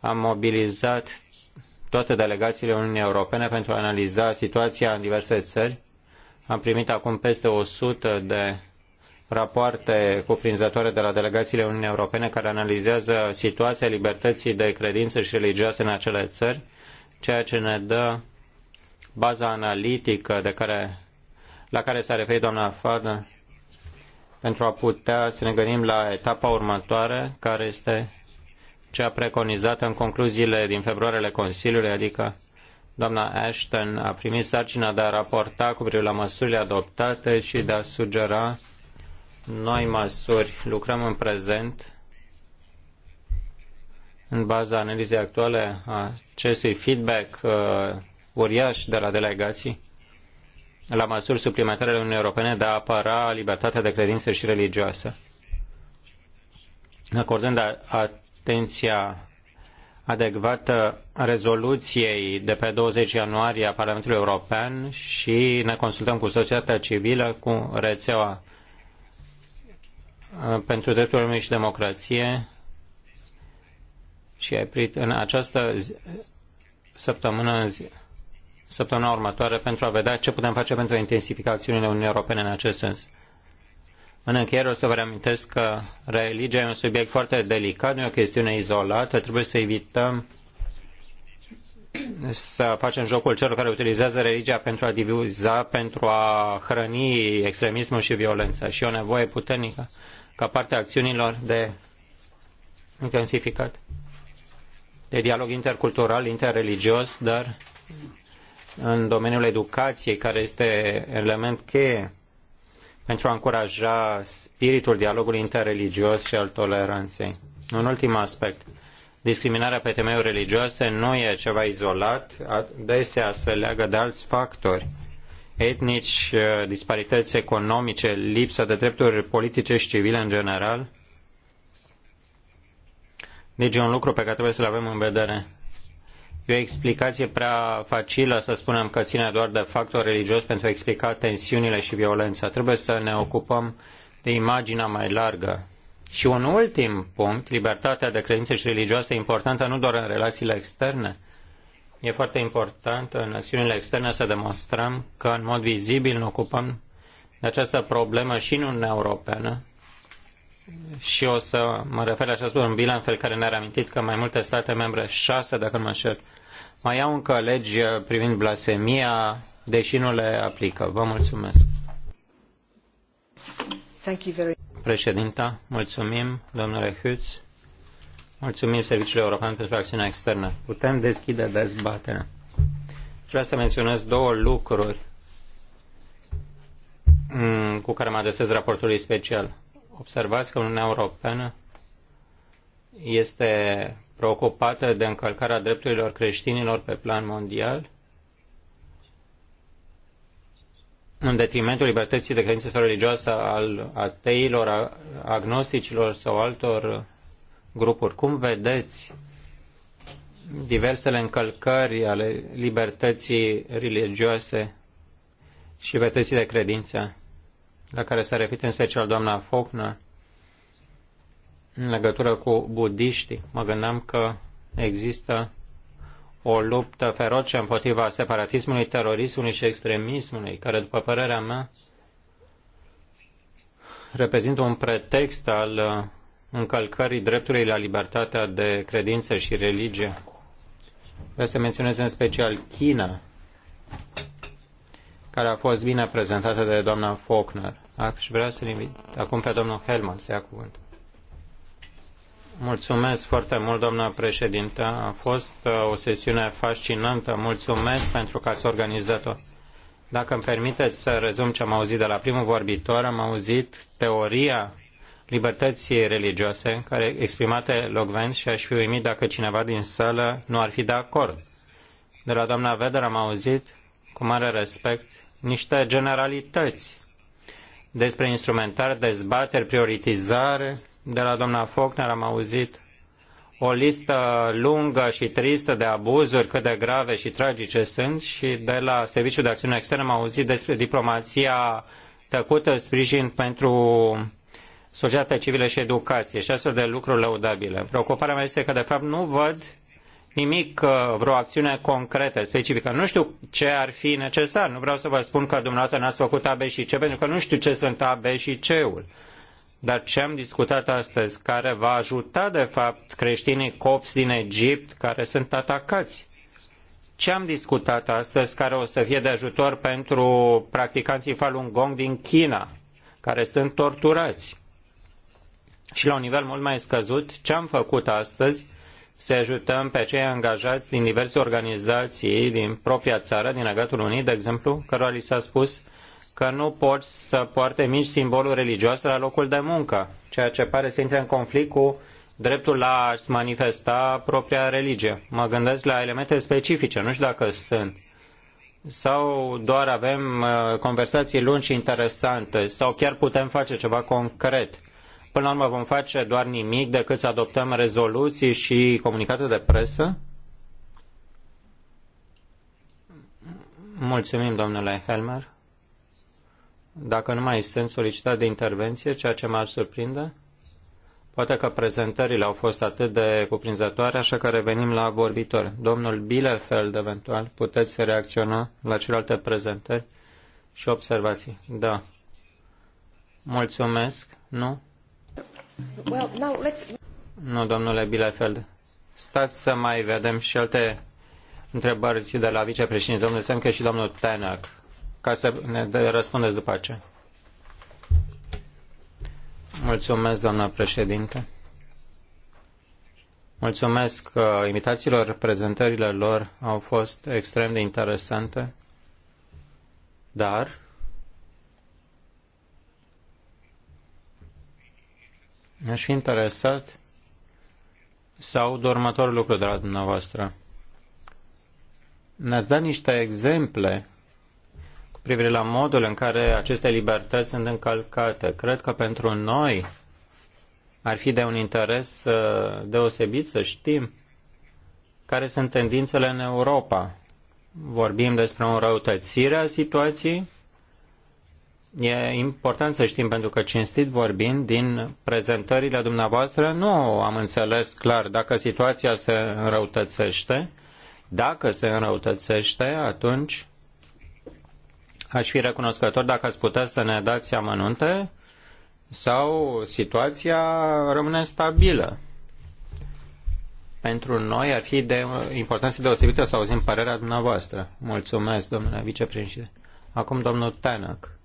[SPEAKER 2] am mobilizat toate delegațiile Uniunii Europene pentru a analiza situația în diverse țări. Am primit acum peste 100 de rapoarte cuprinzătoare de la delegațiile Uniunii Europene care analizează situația libertății de credință și religioase în acele țări, ceea ce ne dă baza analitică de care, la care s-a referit doamna Fadă pentru a putea să ne gândim la etapa următoare, care este cea preconizată în concluziile din ale Consiliului, adică doamna Ashton a primit sarcina de a raporta cu privire la măsurile adoptate și de a sugera noi măsuri. Lucrăm în prezent în baza analizei actuale a acestui feedback uh, uriaș de la delegații la măsuri suplimentare ale Uniunii Europene de a apăra libertatea de credință și religioasă. Acordând atenția adecvată rezoluției de pe 20 ianuarie a Parlamentului European și ne consultăm cu societatea civilă, cu rețeaua Uh, pentru drepturile omului și democrație și ai prit în această zi, săptămână, zi, săptămâna următoare pentru a vedea ce putem face pentru a intensifica acțiunile Uniunii Europene în acest sens. În încheiere o să vă reamintesc că religia e un subiect foarte delicat, nu e o chestiune izolată, trebuie să evităm să facem jocul celor care utilizează religia pentru a diviza, pentru a hrăni extremismul și violența. Și e o nevoie puternică ca parte a acțiunilor de intensificat, de dialog intercultural, interreligios, dar în domeniul educației, care este element cheie pentru a încuraja spiritul dialogului interreligios și al toleranței. Un ultim aspect. Discriminarea pe temeiuri religioase nu e ceva izolat, adesea se leagă de alți factori etnici, uh, disparități economice, lipsa de drepturi politice și civile în general. Deci e un lucru pe care trebuie să-l avem în vedere. E o explicație prea facilă să spunem că ține doar de factor religios pentru a explica tensiunile și violența. Trebuie să ne ocupăm de imaginea mai largă. Și un ultim punct, libertatea de credință și religioasă e importantă nu doar în relațiile externe, E foarte important în acțiunile externe să demonstrăm că în mod vizibil ne ocupăm de această problemă și în Uniunea Europeană și o să mă refer la acest lucru în Bilanfel, care ne-a reamintit că mai multe state membre, șase dacă nu mă înșel, mai au încă legi privind blasfemia, deși nu le aplică. Vă mulțumesc. Thank you very... Președinta, mulțumim, domnule Hutz. Mulțumim Serviciul European pentru Acțiunea Externă. Putem deschide dezbaterea. Vreau să menționez două lucruri mm, cu care mă adresez raportului special. Observați că Uniunea Europeană este preocupată de încălcarea drepturilor creștinilor pe plan mondial, în detrimentul libertății de credință sau religioasă al ateilor, agnosticilor sau altor grupuri. Cum vedeți diversele încălcări ale libertății religioase și libertății de credință, la care s-a referit în special doamna Faulkner, în legătură cu budiștii. Mă gândeam că există o luptă feroce împotriva separatismului, terorismului și extremismului, care, după părerea mea, reprezintă un pretext al încălcării dreptului la libertatea de credință și religie. Vreau să menționez în special China, care a fost bine prezentată de doamna Faulkner. Aș vrea să-l invit acum pe domnul Helman să ia cuvânt. Mulțumesc foarte mult, doamna președintă. A fost uh, o sesiune fascinantă. Mulțumesc pentru că ați organizat-o. Dacă îmi permiteți să rezum ce am auzit de la primul vorbitor, am auzit teoria libertății religioase, care exprimate locvent și aș fi uimit dacă cineva din sală nu ar fi de acord. De la doamna Veder am auzit, cu mare respect, niște generalități despre instrumentar, dezbateri, prioritizare. De la doamna Faulkner am auzit o listă lungă și tristă de abuzuri, cât de grave și tragice sunt și de la Serviciul de Acțiune Externă am auzit despre diplomația tăcută, sprijin pentru societatea civilă și educație și astfel de lucruri lăudabile. Preocuparea mea este că, de fapt, nu văd nimic, uh, vreo acțiune concretă, specifică. Nu știu ce ar fi necesar. Nu vreau să vă spun că dumneavoastră n-ați făcut B și C, pentru că nu știu ce sunt B și C-ul. Dar ce am discutat astăzi, care va ajuta, de fapt, creștinii copți din Egipt care sunt atacați? Ce am discutat astăzi care o să fie de ajutor pentru practicanții Falun Gong din China, care sunt torturați? și la un nivel mult mai scăzut, ce am făcut astăzi să ajutăm pe cei angajați din diverse organizații din propria țară, din Regatul Unit, de exemplu, cărora li s-a spus că nu pot să poarte mici simboluri religioase la locul de muncă, ceea ce pare să intre în conflict cu dreptul la a-și manifesta propria religie. Mă gândesc la elemente specifice, nu știu dacă sunt. Sau doar avem uh, conversații lungi și interesante, sau chiar putem face ceva concret Până la urmă vom face doar nimic decât să adoptăm rezoluții și comunicate de presă? Mulțumim, domnule Helmer. Dacă nu mai sunt solicitat de intervenție, ceea ce m-ar surprinde, poate că prezentările au fost atât de cuprinzătoare, așa că revenim la vorbitor. Domnul Bielefeld, eventual, puteți să reacționa la celelalte prezentări și observații. Da. Mulțumesc. Nu? Nu, domnule Bielefeld. Stați să mai vedem și alte întrebări și de la vicepreședinte, domnul Semche și domnul Tenac, ca să ne răspundeți după aceea. Mulțumesc, doamnă președinte. Mulțumesc că invitațiilor, prezentările lor au fost extrem de interesante, dar Aș fi interesat sau următorul lucru de la dumneavoastră. Ne-ați dat niște exemple cu privire la modul în care aceste libertăți sunt încălcate. Cred că pentru noi ar fi de un interes uh, deosebit să știm care sunt tendințele în Europa. Vorbim despre o înrăutățire a situației E important să știm, pentru că, cinstit vorbind, din prezentările dumneavoastră nu am înțeles clar dacă situația se înrăutățește. Dacă se înrăutățește, atunci aș fi recunoscător dacă ați putea să ne dați amănunte sau situația rămâne stabilă. Pentru noi ar fi de importanță deosebită să auzim părerea dumneavoastră. Mulțumesc, domnule vicepreședinte. Acum, domnul Tanak.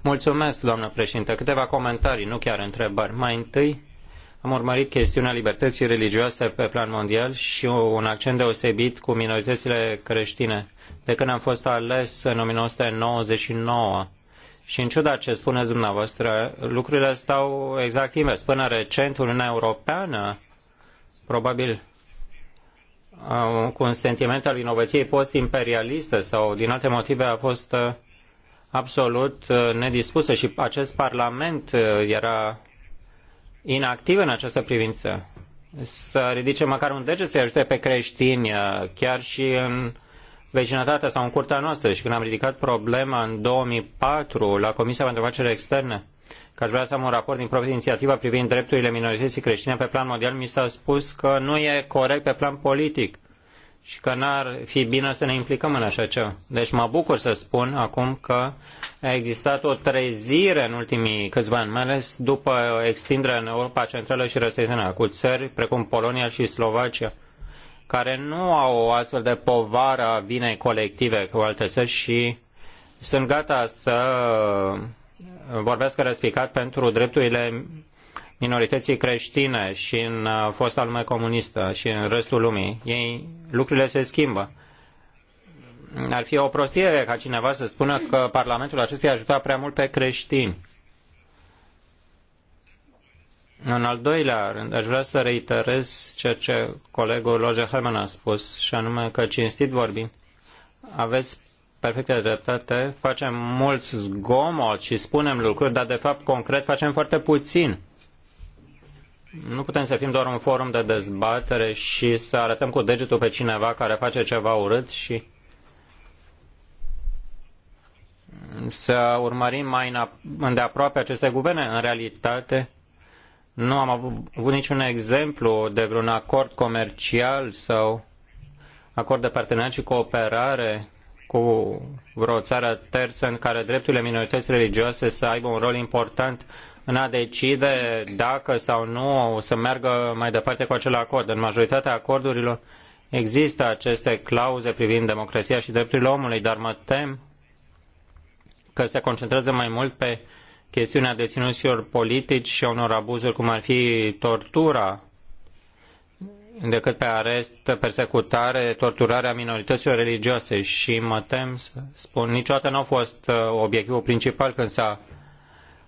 [SPEAKER 2] Mulțumesc, doamnă președinte. Câteva comentarii, nu chiar întrebări. Mai întâi, am urmărit chestiunea libertății religioase pe plan mondial și un accent deosebit cu minoritățile creștine. De când am fost ales în 1999 și în ciuda ce spuneți dumneavoastră, lucrurile stau exact invers. Până recent, Uniunea Europeană, probabil cu un sentiment al inovației post-imperialiste sau din alte motive a fost uh, absolut uh, nedispusă și acest parlament uh, era inactiv în această privință. Să ridice măcar un deget să-i ajute pe creștini, chiar și în vecinătatea sau în curtea noastră. Și când am ridicat problema în 2004 la Comisia pentru Afaceri Externe, că aș vrea să am un raport din proprie inițiativă privind drepturile minorității creștine pe plan mondial, mi s-a spus că nu e corect pe plan politic și că n-ar fi bine să ne implicăm în așa ceva. Deci mă bucur să spun acum că a existat o trezire în ultimii câțiva ani, mai ales după extinderea în Europa Centrală și Răsăritană, cu țări precum Polonia și Slovacia, care nu au o astfel de povară a vinei colective cu alte țări și sunt gata să vorbesc răspicat pentru drepturile minorității creștine și în uh, fosta lume comunistă și în restul lumii. Ei, lucrurile se schimbă. Ar fi o prostie ca cineva să spună că Parlamentul acesta i-a ajutat prea mult pe creștini. În al doilea rând, aș vrea să reiterez ceea ce colegul Loge Herman a spus, și anume că cinstit vorbind, aveți perfectă dreptate, facem mult zgomot și spunem lucruri, dar de fapt concret facem foarte puțin. Nu putem să fim doar un forum de dezbatere și să arătăm cu degetul pe cineva care face ceva urât și să urmărim mai îndeaproape aceste guverne. În realitate, nu am avut niciun exemplu de vreun acord comercial sau acord de parteneriat și cooperare cu vreo țară terță în care drepturile minorități religioase să aibă un rol important în a decide dacă sau nu o să meargă mai departe cu acel acord. În majoritatea acordurilor există aceste clauze privind democrația și drepturile omului, dar mă tem că se concentrează mai mult pe chestiunea deținuților politici și a unor abuzuri, cum ar fi tortura decât pe arest, persecutare, torturarea minorităților religioase și mă tem să spun, niciodată nu a fost uh, obiectivul principal când s-a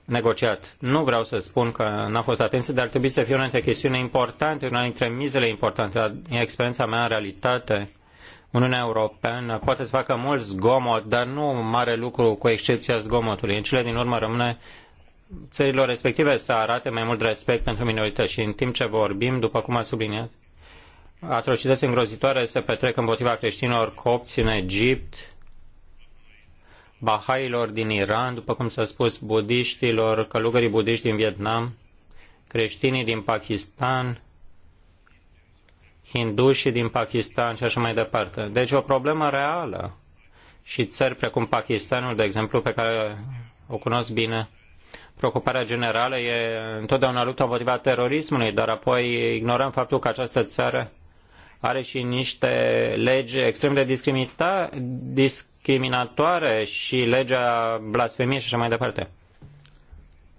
[SPEAKER 2] negociat. Nu vreau să spun că n-a fost atenție, dar ar trebui să fie una dintre chestiuni importante, una dintre mizele importante. Din experiența mea în realitate, Uniunea Europeană poate să facă mult zgomot, dar nu mare lucru cu excepția zgomotului. În cele din urmă rămâne țărilor respective să arate mai mult respect pentru minorități și în timp ce vorbim, după cum a subliniat, atrocități îngrozitoare se petrec împotriva creștinilor copți în Egipt, bahailor din Iran, după cum s-a spus, budiștilor, călugării budiști din Vietnam, creștinii din Pakistan, hindușii din Pakistan și așa mai departe. Deci o problemă reală. Și țări precum Pakistanul, de exemplu, pe care o cunosc bine, preocuparea generală e întotdeauna lupta împotriva terorismului, dar apoi ignorăm faptul că această țară are și niște legi extrem de discriminatoare și legea blasfemiei și așa mai departe.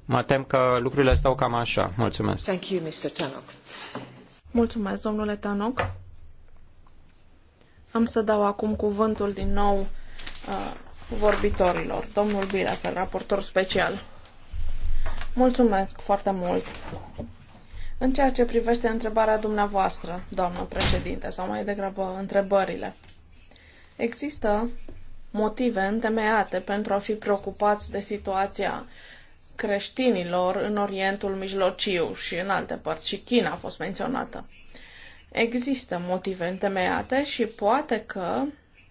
[SPEAKER 2] Mă tem că lucrurile stau cam așa. Mulțumesc. Thank you, Mr. Tanok.
[SPEAKER 3] Mulțumesc, domnule Tanok. Am să dau acum cuvântul din nou uh, vorbitorilor. Domnul Bilas, raportor special. Mulțumesc foarte mult. În ceea ce privește întrebarea dumneavoastră, doamnă președinte, sau mai degrabă întrebările, există motive întemeiate pentru a fi preocupați de situația creștinilor în Orientul Mijlociu și în alte părți, și China a fost menționată. Există motive întemeiate și poate că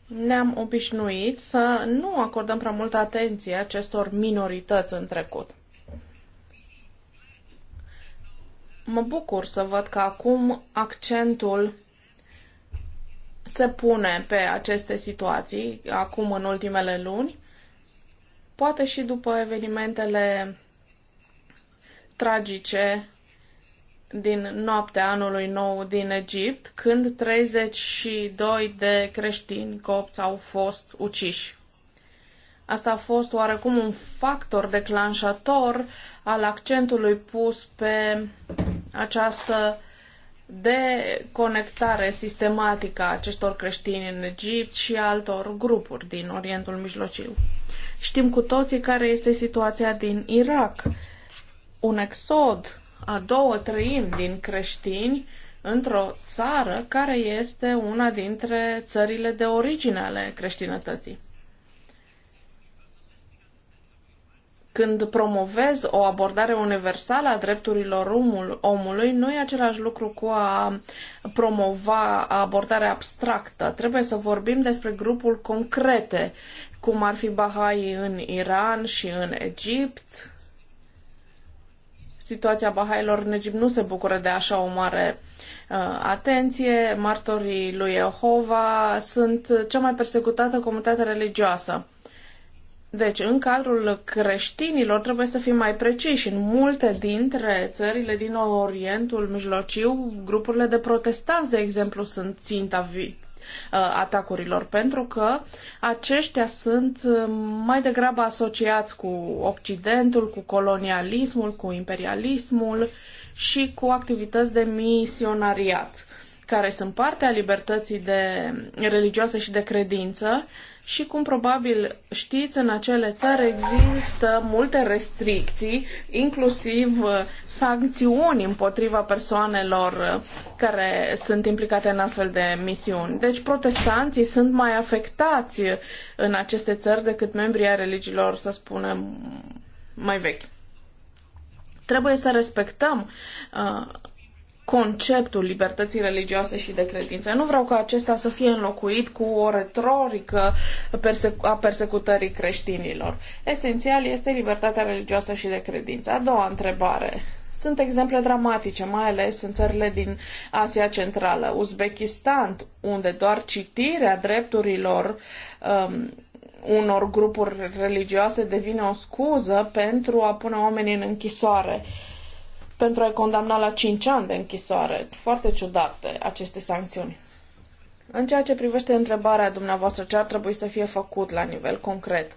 [SPEAKER 3] ne-am obișnuit să nu acordăm prea multă atenție acestor minorități în trecut. Mă bucur să văd că acum accentul se pune pe aceste situații, acum în ultimele luni, poate și după evenimentele tragice din noaptea anului nou din Egipt, când 32 de creștini copți au fost uciși. Asta a fost oarecum un factor declanșator al accentului pus pe această deconectare sistematică a acestor creștini în Egipt și altor grupuri din Orientul Mijlociu. Știm cu toții care este situația din Irak. Un exod a două treimi din creștini într-o țară care este una dintre țările de origine ale creștinătății. Când promovez o abordare universală a drepturilor omului, nu e același lucru cu a promova abordarea abstractă. Trebuie să vorbim despre grupuri concrete, cum ar fi Bahai în Iran și în Egipt. Situația Bahailor în Egipt nu se bucură de așa o mare uh, atenție, martorii lui Jehova sunt cea mai persecutată comunitate religioasă. Deci, în cadrul creștinilor trebuie să fim mai preciși. În multe dintre țările din Orientul Mijlociu, grupurile de protestanți, de exemplu, sunt ținta vii uh, atacurilor, pentru că aceștia sunt uh, mai degrabă asociați cu Occidentul, cu colonialismul, cu imperialismul și cu activități de misionariat care sunt parte a libertății de religioase și de credință și cum probabil știți, în acele țări există multe restricții, inclusiv uh, sancțiuni împotriva persoanelor uh, care sunt implicate în astfel de misiuni. Deci protestanții sunt mai afectați în aceste țări decât membrii ai religiilor, să spunem, mai vechi. Trebuie să respectăm uh, conceptul libertății religioase și de credință. Nu vreau ca acesta să fie înlocuit cu o retorică a persecutării creștinilor. Esențial este libertatea religioasă și de credință. A doua întrebare. Sunt exemple dramatice, mai ales în țările din Asia Centrală, Uzbekistan, unde doar citirea drepturilor um, unor grupuri religioase devine o scuză pentru a pune oamenii în închisoare. Uh, pentru a-i condamna la 5 ani de închisoare. Foarte ciudate aceste sancțiuni. În ceea ce privește întrebarea dumneavoastră ce ar trebui să fie făcut la nivel concret,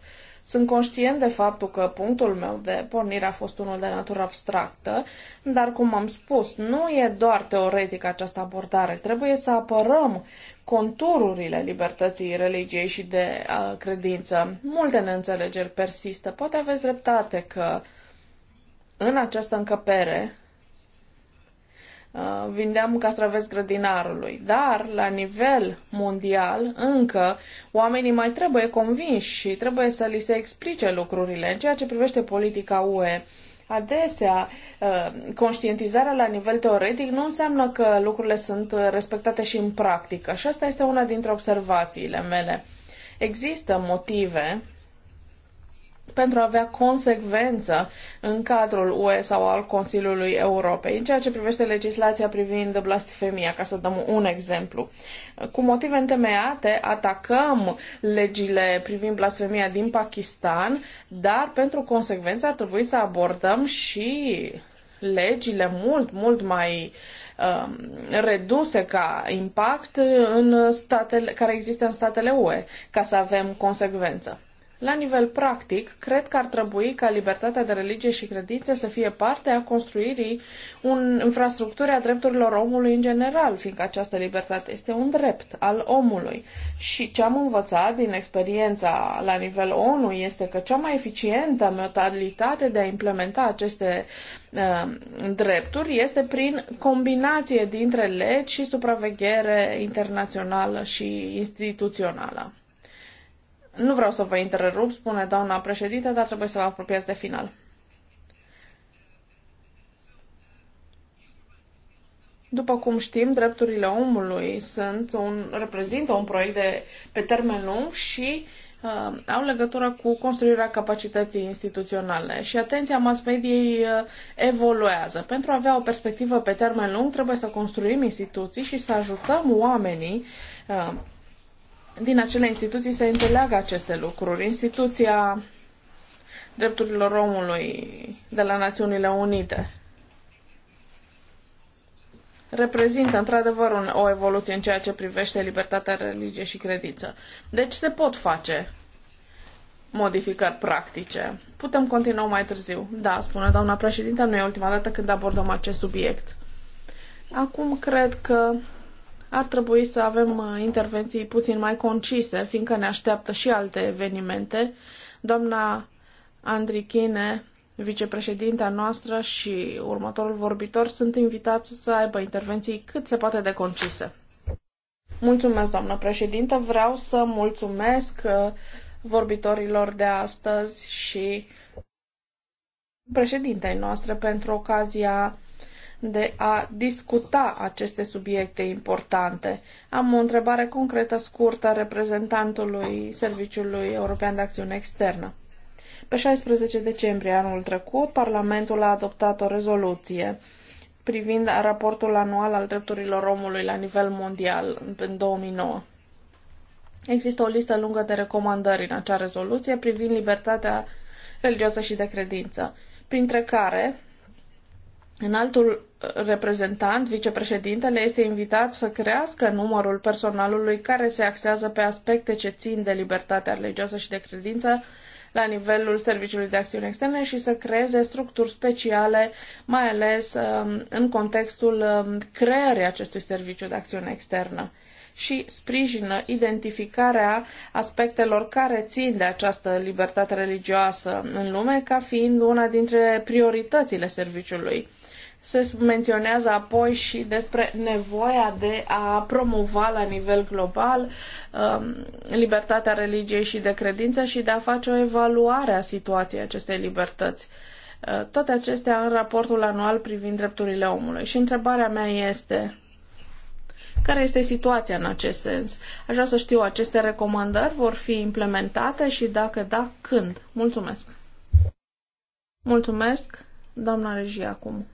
[SPEAKER 3] sunt conștient de faptul că punctul meu de pornire a fost unul de natură abstractă, dar, cum am spus, nu e doar teoretică această abordare. Trebuie să apărăm contururile libertății religiei și de uh, credință. Multe neînțelegeri persistă. Poate aveți dreptate că uh, în această încăpere uh, vindeam castraveți grădinarului, dar la nivel mondial încă oamenii mai trebuie convinși și trebuie să li se explice lucrurile în ceea ce privește politica UE. Adesea, uh, conștientizarea la nivel teoretic nu înseamnă că lucrurile sunt respectate și în practică. Și asta este una dintre observațiile mele. Există motive pentru a avea consecvență în cadrul UE sau al Consiliului Europei, în ceea ce privește legislația privind blasfemia, ca să dăm un exemplu. Cu motive întemeiate atacăm legile privind blasfemia din Pakistan, dar pentru consecvență ar trebui să abordăm și legile mult, mult mai um, reduse ca impact în statele, care există în statele UE, ca să avem consecvență. La nivel practic, cred că ar trebui ca libertatea de religie și credință să fie parte a construirii un infrastructură a drepturilor omului în general, fiindcă această libertate este un drept al omului. Și ce am învățat din experiența la nivel ONU este că cea mai eficientă modalitate de a implementa aceste uh, drepturi este prin combinație dintre legi și supraveghere internațională și instituțională. Nu vreau să vă întrerup, spune doamna președinte, dar trebuie să vă apropiați de final. După cum știm, drepturile omului sunt un, reprezintă un proiect de, pe termen lung și uh, au legătură cu construirea capacității instituționale. Și atenția mass mediei uh, evoluează. Pentru a avea o perspectivă pe termen lung, trebuie să construim instituții și să ajutăm oamenii uh, din acele instituții să înțeleagă aceste lucruri. Instituția drepturilor omului de la Națiunile Unite reprezintă într-adevăr o evoluție în ceea ce privește libertatea religie și credință. Deci se pot face modificări practice. Putem continua mai târziu. Da, spune doamna președinte, nu e ultima dată când abordăm acest subiect. Acum cred că ar trebui să avem uh, intervenții puțin mai concise, fiindcă ne așteaptă și alte evenimente. Doamna Andrichine, vicepreședinta noastră și următorul vorbitor sunt invitați să aibă intervenții cât se poate de concise. Mulțumesc, doamnă președintă. Vreau să mulțumesc uh, vorbitorilor de astăzi și președintei noastre pentru ocazia de a discuta aceste subiecte importante. Am o întrebare concretă scurtă reprezentantului Serviciului European de Acțiune Externă. Pe 16 decembrie anul trecut, Parlamentul a adoptat o rezoluție privind raportul anual al drepturilor omului la nivel mondial în 2009. Există o listă lungă de recomandări în acea rezoluție privind libertatea religioasă și de credință, printre care Înaltul reprezentant, vicepreședintele, este invitat să crească numărul personalului care se axează pe aspecte ce țin de libertatea religioasă și de credință la nivelul Serviciului de Acțiune Externe și să creeze structuri speciale, mai ales um, în contextul um, creării acestui Serviciu de Acțiune Externă și sprijină identificarea aspectelor care țin de această libertate religioasă în lume ca fiind una dintre prioritățile serviciului. Se menționează apoi și despre nevoia de a promova la nivel global um, libertatea religiei și de credință și de a face o evaluare a situației acestei libertăți. Uh, toate acestea în raportul anual privind drepturile omului. Și întrebarea mea este, care este situația în acest sens. Aș vrea să știu, aceste recomandări vor fi implementate și dacă da, când? Mulțumesc! Mulțumesc, doamna regie, acum.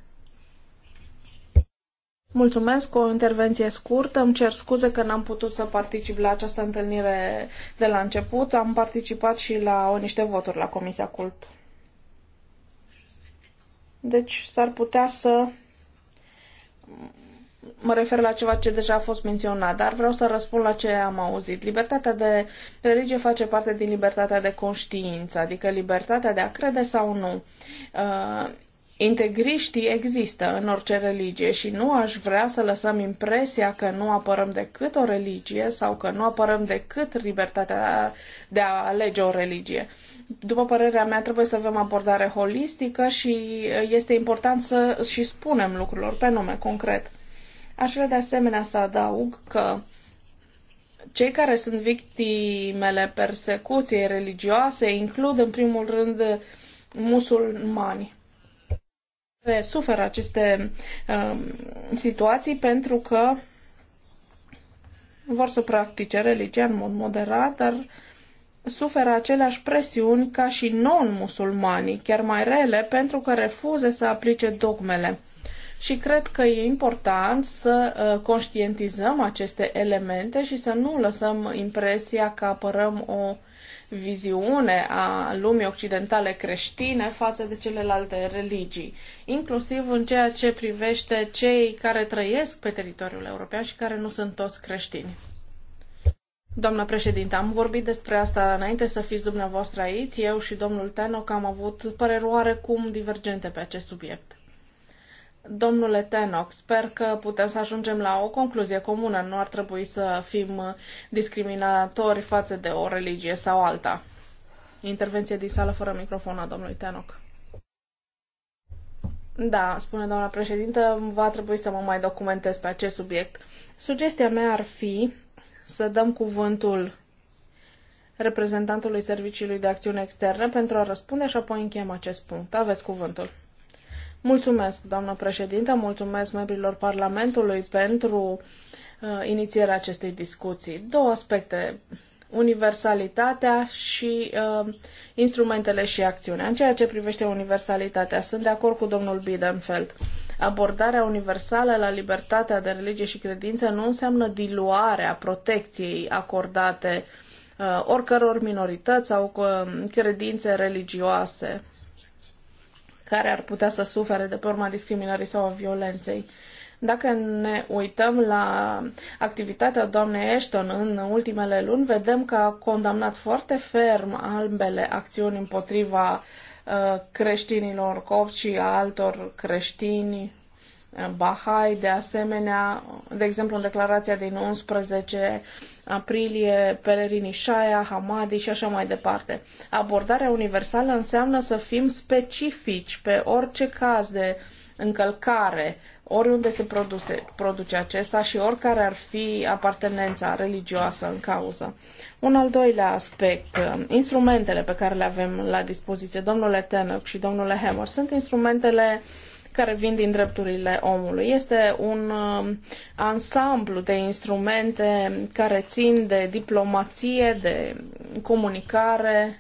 [SPEAKER 3] Mulțumesc, o intervenție scurtă. Îmi cer scuze că n-am putut să particip la această întâlnire de la început. Am participat și la o, niște voturi la Comisia Cult. Deci s-ar putea să mă refer la ceva ce deja a fost menționat, dar vreau să răspund la ce am auzit. Libertatea de religie face parte din libertatea de conștiință, adică libertatea de a crede sau nu. Uh, Integriștii există în orice religie și nu aș vrea să lăsăm impresia că nu apărăm decât o religie sau că nu apărăm decât libertatea de a alege o religie. După părerea mea, trebuie să avem abordare holistică și este important să și spunem lucrurilor pe nume concret. Aș vrea de asemenea să adaug că cei care sunt victimele persecuției religioase includ în primul rând musulmani care suferă aceste um, situații pentru că vor să practice religia în mod moderat, dar suferă aceleași presiuni ca și non-musulmanii, chiar mai rele, pentru că refuze să aplice dogmele. Și cred că e important să uh, conștientizăm aceste elemente și să nu lăsăm impresia că apărăm o viziune a lumii occidentale creștine față de celelalte religii, inclusiv în ceea ce privește cei care trăiesc pe teritoriul european și care nu sunt toți creștini. Doamna președinte, am vorbit despre asta înainte să fiți dumneavoastră aici. Eu și domnul Tenoc am avut păreri oarecum divergente pe acest subiect. Domnule Tenoc, sper că putem să ajungem la o concluzie comună. Nu ar trebui să fim discriminatori față de o religie sau alta. Intervenție din sală fără microfon a domnului Tenoc. Da, spune doamna președintă, va trebui să mă mai documentez pe acest subiect. Sugestia mea ar fi să dăm cuvântul reprezentantului Serviciului de Acțiune Externă pentru a răspunde și apoi încheiem acest punct. Aveți cuvântul. Mulțumesc, doamnă președintă, mulțumesc membrilor Parlamentului pentru uh, inițierea acestei discuții. Două aspecte universalitatea și uh, instrumentele și acțiunea. În ceea ce privește universalitatea, sunt de acord cu domnul Bidenfeld. Abordarea universală la libertatea de religie și credință nu înseamnă diluarea protecției acordate uh, oricăror minorități sau uh, credințe religioase care ar putea să sufere de pe urma discriminării sau a violenței. Dacă ne uităm la activitatea doamnei Ashton în ultimele luni, vedem că a condamnat foarte ferm ambele acțiuni împotriva uh, creștinilor copți și a altor creștini uh, Bahai, de asemenea, de exemplu, în declarația din 11 Aprilie, Pelerini Shaya, Hamadi și așa mai departe. Abordarea universală înseamnă să fim specifici pe orice caz de încălcare, oriunde se produce, produce acesta și oricare ar fi apartenența religioasă în cauză. Un al doilea aspect, instrumentele pe care le avem la dispoziție, domnule Tenoc și domnule Hammer, sunt instrumentele uh, care vin din drepturile omului. Este un um, ansamblu de instrumente care țin de diplomație, de comunicare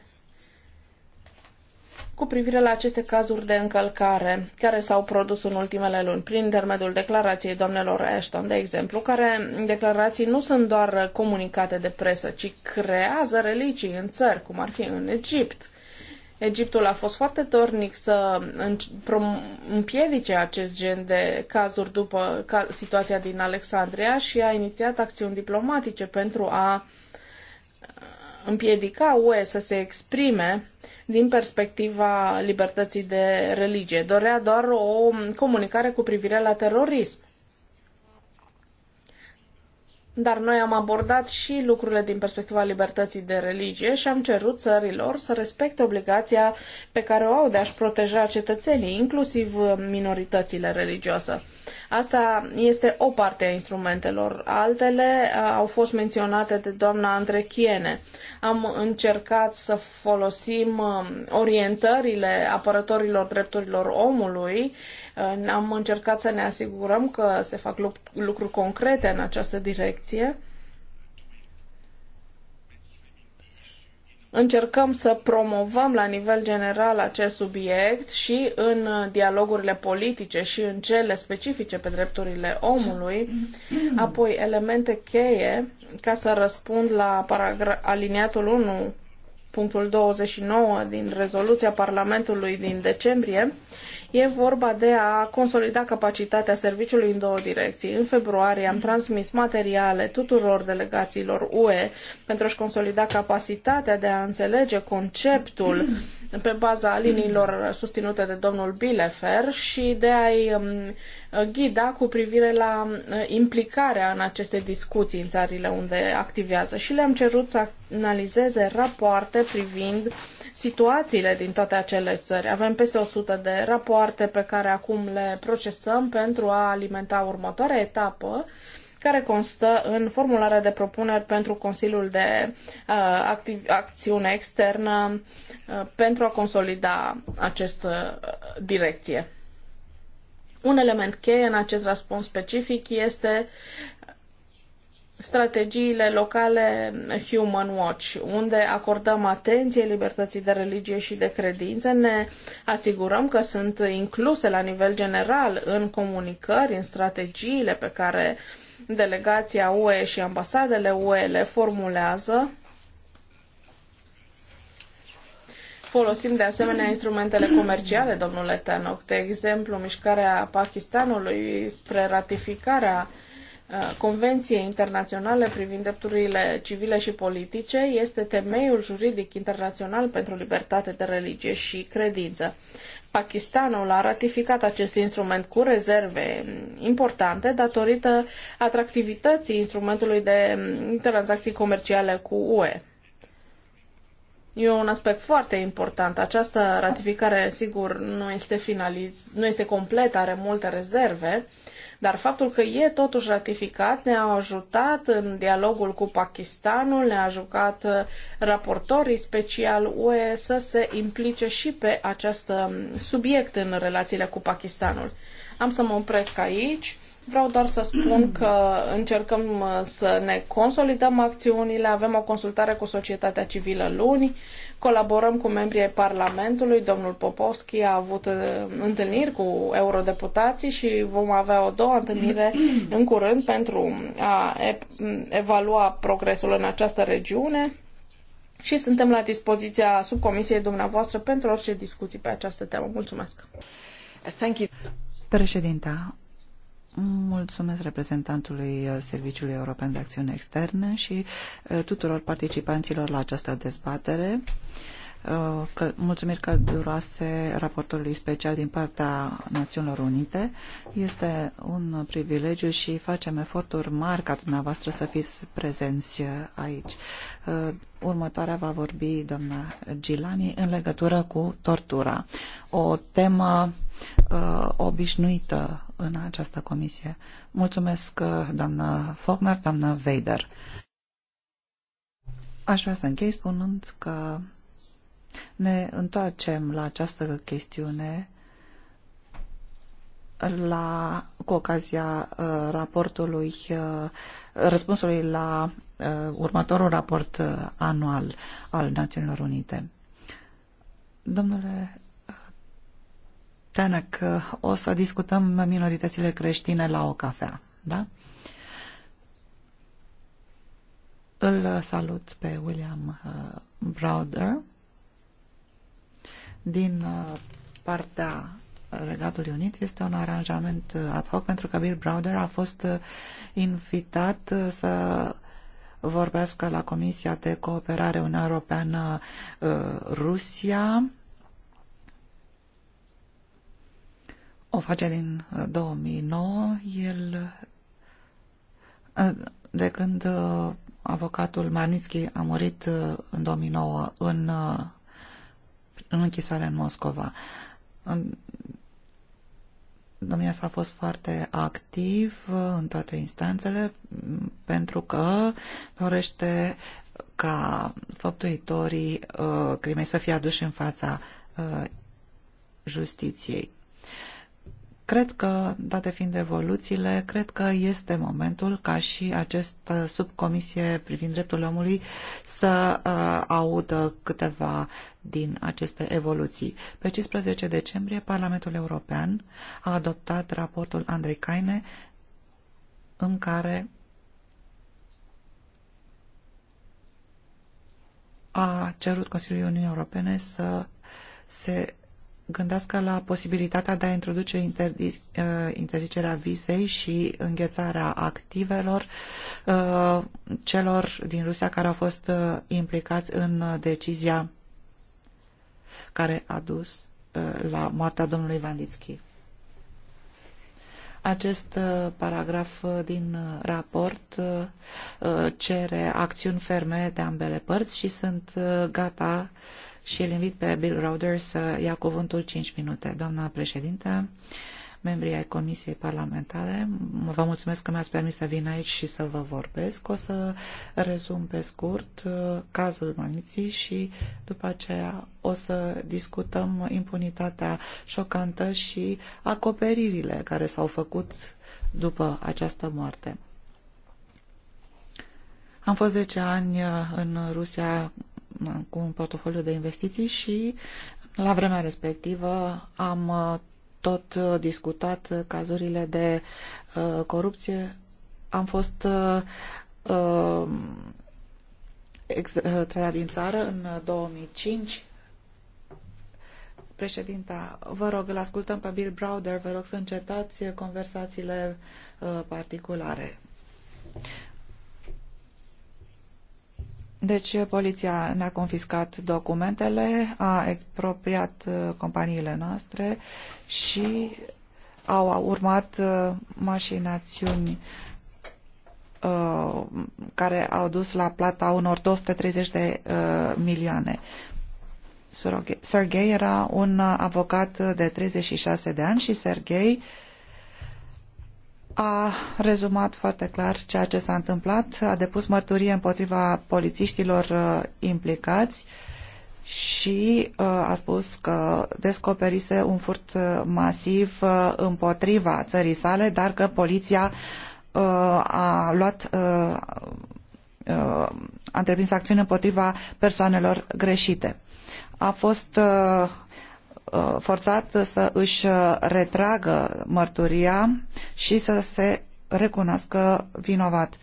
[SPEAKER 3] cu privire la aceste cazuri de încălcare care s-au produs în ultimele luni, prin intermediul declarației doamnelor Ashton, de exemplu, care declarații nu sunt doar comunicate de presă, ci creează religii în țări, cum ar fi în Egipt, Egiptul a fost foarte dornic să împiedice acest gen de cazuri după situația din Alexandria și a inițiat acțiuni diplomatice pentru a uh, împiedica UE să se exprime din perspectiva libertății de religie. Dorea doar o comunicare cu privire la terorism. Dar noi am abordat și lucrurile din perspectiva libertății de religie și am cerut țărilor să respecte obligația pe care o au de a-și proteja cetățenii, inclusiv uh, minoritățile religioase. Asta este o parte a instrumentelor. Altele uh, au fost menționate de doamna Andrechiene. Am încercat să folosim uh, orientările apărătorilor drepturilor omului am încercat să ne asigurăm că se fac lucruri concrete în această direcție. încercăm să promovăm la nivel general acest subiect și în dialogurile politice și în cele specifice pe drepturile omului, apoi elemente cheie ca să răspund la aliniatul 1 punctul 29 din rezoluția Parlamentului din decembrie, e vorba de a consolida capacitatea serviciului în două direcții. În februarie am transmis materiale tuturor delegațiilor UE pentru a-și consolida capacitatea de a înțelege conceptul pe baza liniilor susținute de domnul Bilefer și de a-i um, ghida cu privire la uh, implicarea în aceste discuții în țările unde activează și le-am cerut să analizeze rapoarte privind situațiile din toate acele țări. Avem peste 100 de rapoarte pe care acum le procesăm pentru a alimenta următoarea etapă care constă în formularea de propuneri pentru Consiliul de uh, Acțiune Externă uh, pentru a consolida această uh, direcție. Un element cheie în acest răspuns specific este strategiile locale Human Watch, unde acordăm atenție libertății de religie și de credință, ne asigurăm că sunt incluse la nivel general în comunicări, în strategiile pe care delegația UE și ambasadele UE le formulează Folosim de asemenea instrumentele comerciale, domnule Tanok, de exemplu, mișcarea Pakistanului spre ratificarea uh, Convenției internaționale privind drepturile civile și politice este temeiul juridic internațional pentru libertate de religie și credință. Pakistanul a ratificat acest instrument cu rezerve importante datorită atractivității instrumentului de mm, tranzacții comerciale cu UE. E un aspect foarte important. Această ratificare, sigur, nu este finaliz, nu este completă, are multe rezerve, dar faptul că e totuși ratificat ne-a ajutat în dialogul cu Pakistanul, ne-a ajutat uh, raportorii special UE să se implice și pe acest um, subiect în relațiile cu Pakistanul. Am să mă opresc aici. Vreau doar să spun că încercăm uh, să ne consolidăm acțiunile, avem o consultare cu societatea civilă luni, colaborăm cu membrii ai Parlamentului, domnul Popovski a avut uh, întâlniri cu eurodeputații și vom avea o două întâlnire în curând pentru a evalua progresul în această regiune și suntem la dispoziția subcomisiei dumneavoastră pentru orice discuții pe această temă. Mulțumesc! Thank you.
[SPEAKER 4] Președinta, Mulțumesc reprezentantului uh, Serviciului European de Acțiune Externă și uh, tuturor participanților la această dezbatere. Uh, că, duroase călduroase raportorului special din partea Națiunilor Unite. Este un privilegiu și facem eforturi mari ca dumneavoastră să fiți prezenți aici. Următoarea va vorbi doamna Gilani în legătură cu tortura. O temă uh, obișnuită în această comisie. Mulțumesc, uh, doamnă Faulkner, doamnă Vader. Aș vrea să închei spunând că ne întoarcem la această chestiune la, cu ocazia uh, raportului, uh, răspunsului la uh, următorul raport uh, anual al Națiunilor Unite. Domnule Tenec, o să discutăm minoritățile creștine la o cafea, da? Îl salut pe William uh, Browder din uh, partea Regatului Unit este un aranjament uh, ad hoc pentru că Bill Browder a fost invitat să vorbească la Comisia de Cooperare Uniunea Europeană-Rusia o face din 2009. Uh, El, uh, de când uh, avocatul Marnitski a murit în 2009 în, în închisoare în Moscova, domnia s-a fost foarte activ în toate instanțele pentru că dorește ca făptuitorii crimei să fie aduși în fața justiției. Cred că, date fiind evoluțiile, cred că este momentul ca și acest uh, subcomisie privind dreptul omului să uh, audă câteva din aceste evoluții. Pe 15 decembrie, Parlamentul European a adoptat raportul Andrei Caine în care a cerut Consiliul Uniunii Europene să se gândească la posibilitatea de a introduce uh, interzicerea vizei și înghețarea activelor uh, celor din Rusia care au fost uh, implicați în decizia care a dus la moartea domnului Vanditski. Acest paragraf din raport cere acțiuni ferme de ambele părți și sunt gata și îl invit pe Bill Rowder să ia cuvântul 5 minute. Doamna președintă, membrii ai Comisiei Parlamentare, vă mulțumesc că mi-ați permis să vin aici și să vă vorbesc. O să rezum pe scurt uh, cazul Magniții și după aceea o să discutăm impunitatea șocantă și acoperirile care s-au făcut după această moarte. Am fost 10 ani uh, în Rusia cu un portofoliu de investiții și la vremea respectivă am uh, tot uh, discutat uh, cazurile de uh, corupție. Am fost uh, din țară în 2005. Președinta, vă rog, îl ascultăm pe Bill Browder, vă rog să încetați conversațiile uh, particulare. Deci, poliția ne-a confiscat documentele, a expropriat uh, companiile noastre și au urmat uh, mașinațiuni uh, care au dus la plata unor 230 de milioane. Sergei era un avocat de 36 de ani și Sergei uh, a rezumat foarte clar ceea ce s-a întâmplat, a depus mărturie împotriva polițiștilor uh, implicați și uh, a spus că descoperise un furt uh, masiv uh, împotriva țării sale, dar că poliția uh, a luat uh, uh, a întreprins acțiuni împotriva persoanelor greșite. A fost uh, Uh, forțat să își retragă mărturia și să se recunoască vinovat.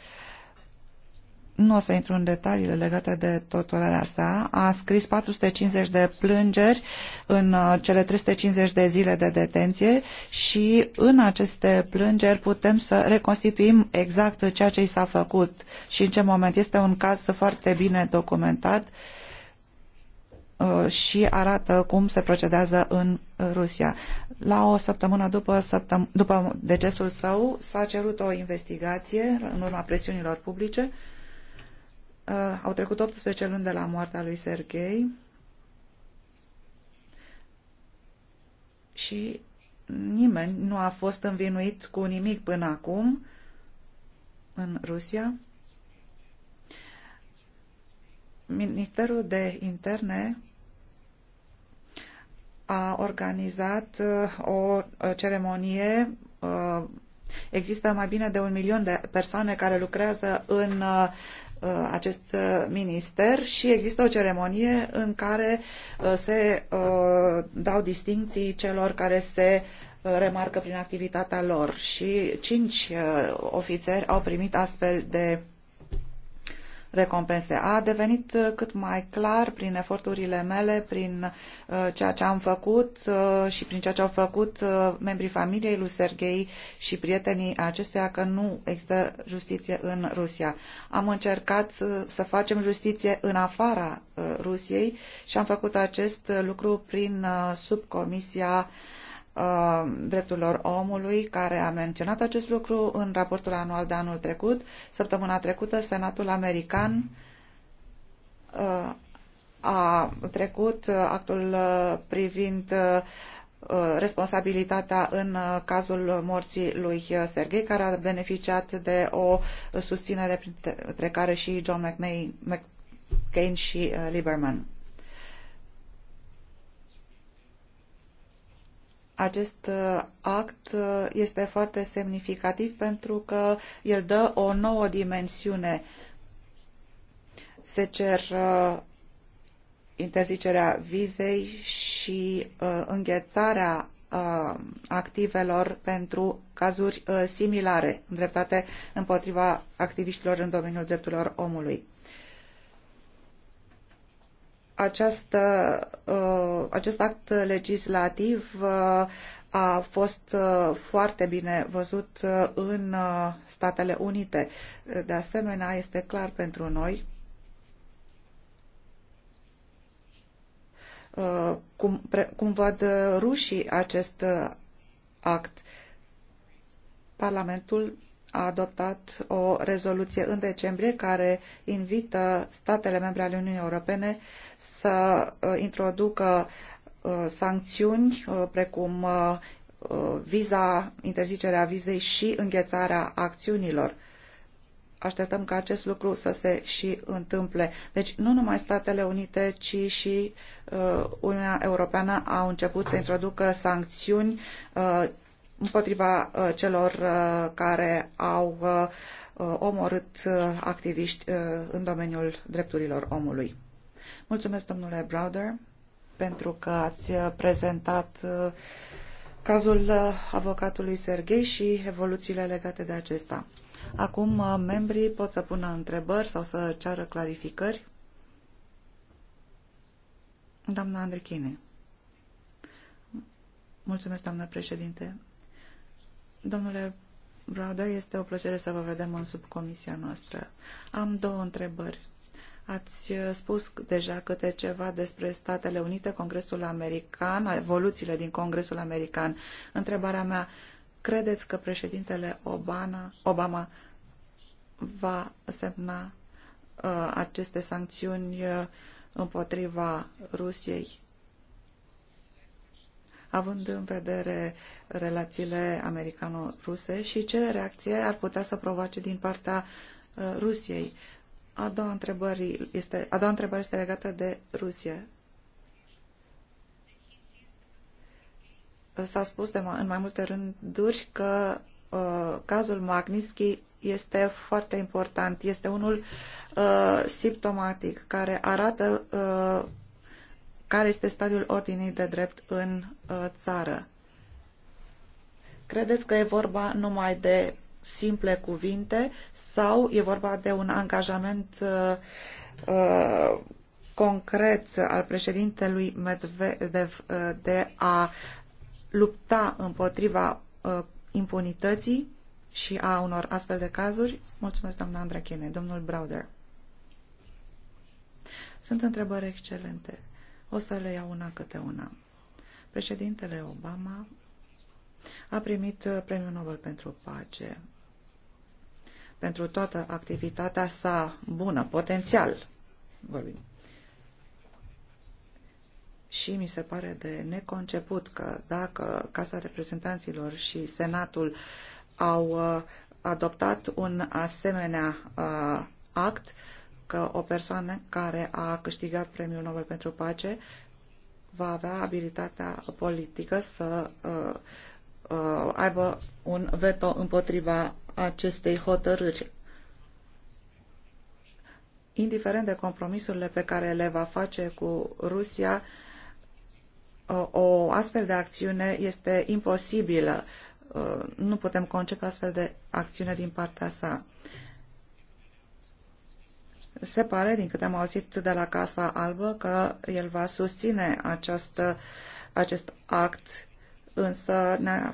[SPEAKER 4] Nu o să intru în detaliile legate de torturarea sa. A scris 450 de plângeri în uh, cele 350 de zile de detenție și în aceste plângeri putem să reconstituim exact ceea ce i s-a făcut și în ce moment. Este un caz foarte bine documentat uh, Uh, și arată cum se procedează în Rusia. La o săptămână după, săptăm- după decesul său s-a cerut o investigație în urma presiunilor publice. Uh, au trecut 18 luni de la moartea lui Sergei și nimeni nu a fost învinuit cu nimic până acum în Rusia. Ministerul de Interne a organizat uh, o uh, ceremonie uh, Există mai bine de un milion de persoane care lucrează în acest minister și există o ceremonie în care se dau distincții celor care se remarcă prin activitatea lor și cinci ofițeri au primit astfel de recompense. A devenit uh, cât mai clar prin eforturile mele, prin uh, ceea ce am făcut uh, și prin ceea ce au făcut membrii familiei lui Serghei și prietenii acestuia că nu există justiție în Rusia. Am încercat să facem justiție în afara Rusiei și am făcut acest lucru prin subcomisia Uh, drepturilor omului, care a menționat acest lucru în raportul anual de anul trecut. Săptămâna trecută, Senatul American uh, a trecut uh, actul privind responsabilitatea în cazul morții lui Sergei, care a beneficiat de o susținere între care și John McCain și Lieberman. Acest uh, act uh, este foarte semnificativ pentru că el dă o nouă dimensiune. Se cer uh, interzicerea vizei și înghețarea activelor pentru cazuri similare îndreptate împotriva activiștilor în domeniul drepturilor omului această, uh, acest act legislativ uh, a fost uh, foarte bine văzut în Statele Unite. De asemenea, este clar pentru noi cum, cum văd rușii acest act. Parlamentul a adoptat o rezoluție în decembrie care invită statele membre ale Uniunii Europene să uh, introducă uh, sancțiuni uh, precum viza, interzicerea vizei și înghețarea acțiunilor. Așteptăm ca acest lucru să se și întâmple. Deci nu numai Statele Unite, ci și Uniunea Europeană au început să introducă sancțiuni împotriva uh, celor uh, care au uh, omorât activiști în domeniul drepturilor omului. Mulțumesc, domnule Browder, pentru că ați prezentat cazul avocatului Serghei și evoluțiile legate de acesta. Acum, membrii pot să pună întrebări sau să ceară clarificări. Doamna Andrichine. Mulțumesc, doamnă președinte. Domnule Browder, este o plăcere să vă vedem în subcomisia noastră. Am două întrebări. Ați spus deja câte ceva despre Statele Unite, Congresul American, evoluțiile din Congresul American. Întrebarea mea, credeți că președintele Obama, Obama va semna uh, aceste sancțiuni uh, împotriva Rusiei? Având în vedere relațiile americano-ruse și ce reacție ar putea să provoace din partea uh, Rusiei. A doua, întrebări este, a doua întrebare este legată de Rusie. S-a spus de, în mai multe rânduri că uh, cazul Magnitsky este foarte important. Este unul uh, simptomatic care arată uh, care este stadiul ordinii de drept în uh, țară. Credeți că e vorba numai de simple cuvinte sau e vorba de un angajament uh, uh concret al președintelui Medvedev uh, de a lupta împotriva uh, impunității și a unor astfel de cazuri? Mulțumesc, doamna Andrachene. Domnul Browder. Sunt întrebări excelente. O să le iau una câte una. Președintele Obama a primit uh, premiul Nobel pentru pace pentru toată activitatea sa bună, potențial vorbim. Și mi se pare de neconceput că dacă Casa Reprezentanților și Senatul au uh, adoptat un asemenea uh, act, că o persoană care a câștigat Premiul Nobel pentru Pace va avea abilitatea politică să uh, uh, aibă un veto împotriva acestei hotărâri. Indiferent de compromisurile pe care le va face cu Rusia, uh, o astfel de acțiune este imposibilă. Uh, nu putem concepe astfel de acțiune din partea sa. Se pare, din câte am auzit de la Casa Albă, că el va susține această, acest act însă ne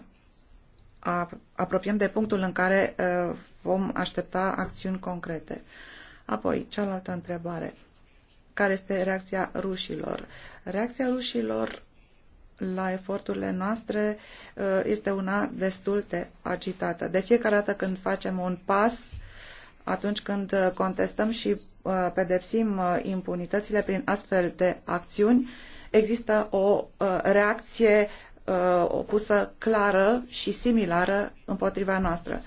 [SPEAKER 4] apropiem de punctul în care uh, vom aștepta acțiuni concrete. Apoi, cealaltă întrebare. Care este reacția rușilor? Reacția rușilor la eforturile noastre uh, este una destul de agitată. De fiecare dată când facem un pas, atunci când uh, contestăm și pedepsim impunitățile prin astfel de acțiuni, există o reacție uh, opusă clară și similară împotriva noastră.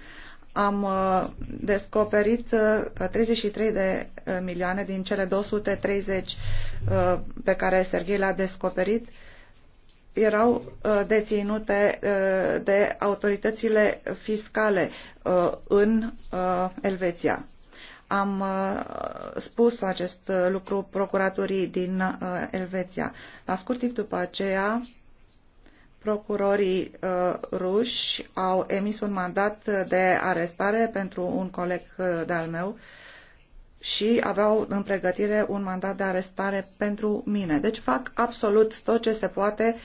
[SPEAKER 4] Am uh, descoperit uh, că 33 de uh, milioane din cele 230 uh, pe care Serghei le-a descoperit erau uh, deținute uh, de autoritățile fiscale uh, în uh, Elveția. Am uh, spus acest lucru procuratorii din uh, Elveția. La scurt timp după aceea, Procurorii uh, ruși au emis un mandat de arestare pentru un coleg uh, de-al meu și aveau în pregătire un mandat de arestare pentru mine. Deci fac absolut tot ce se poate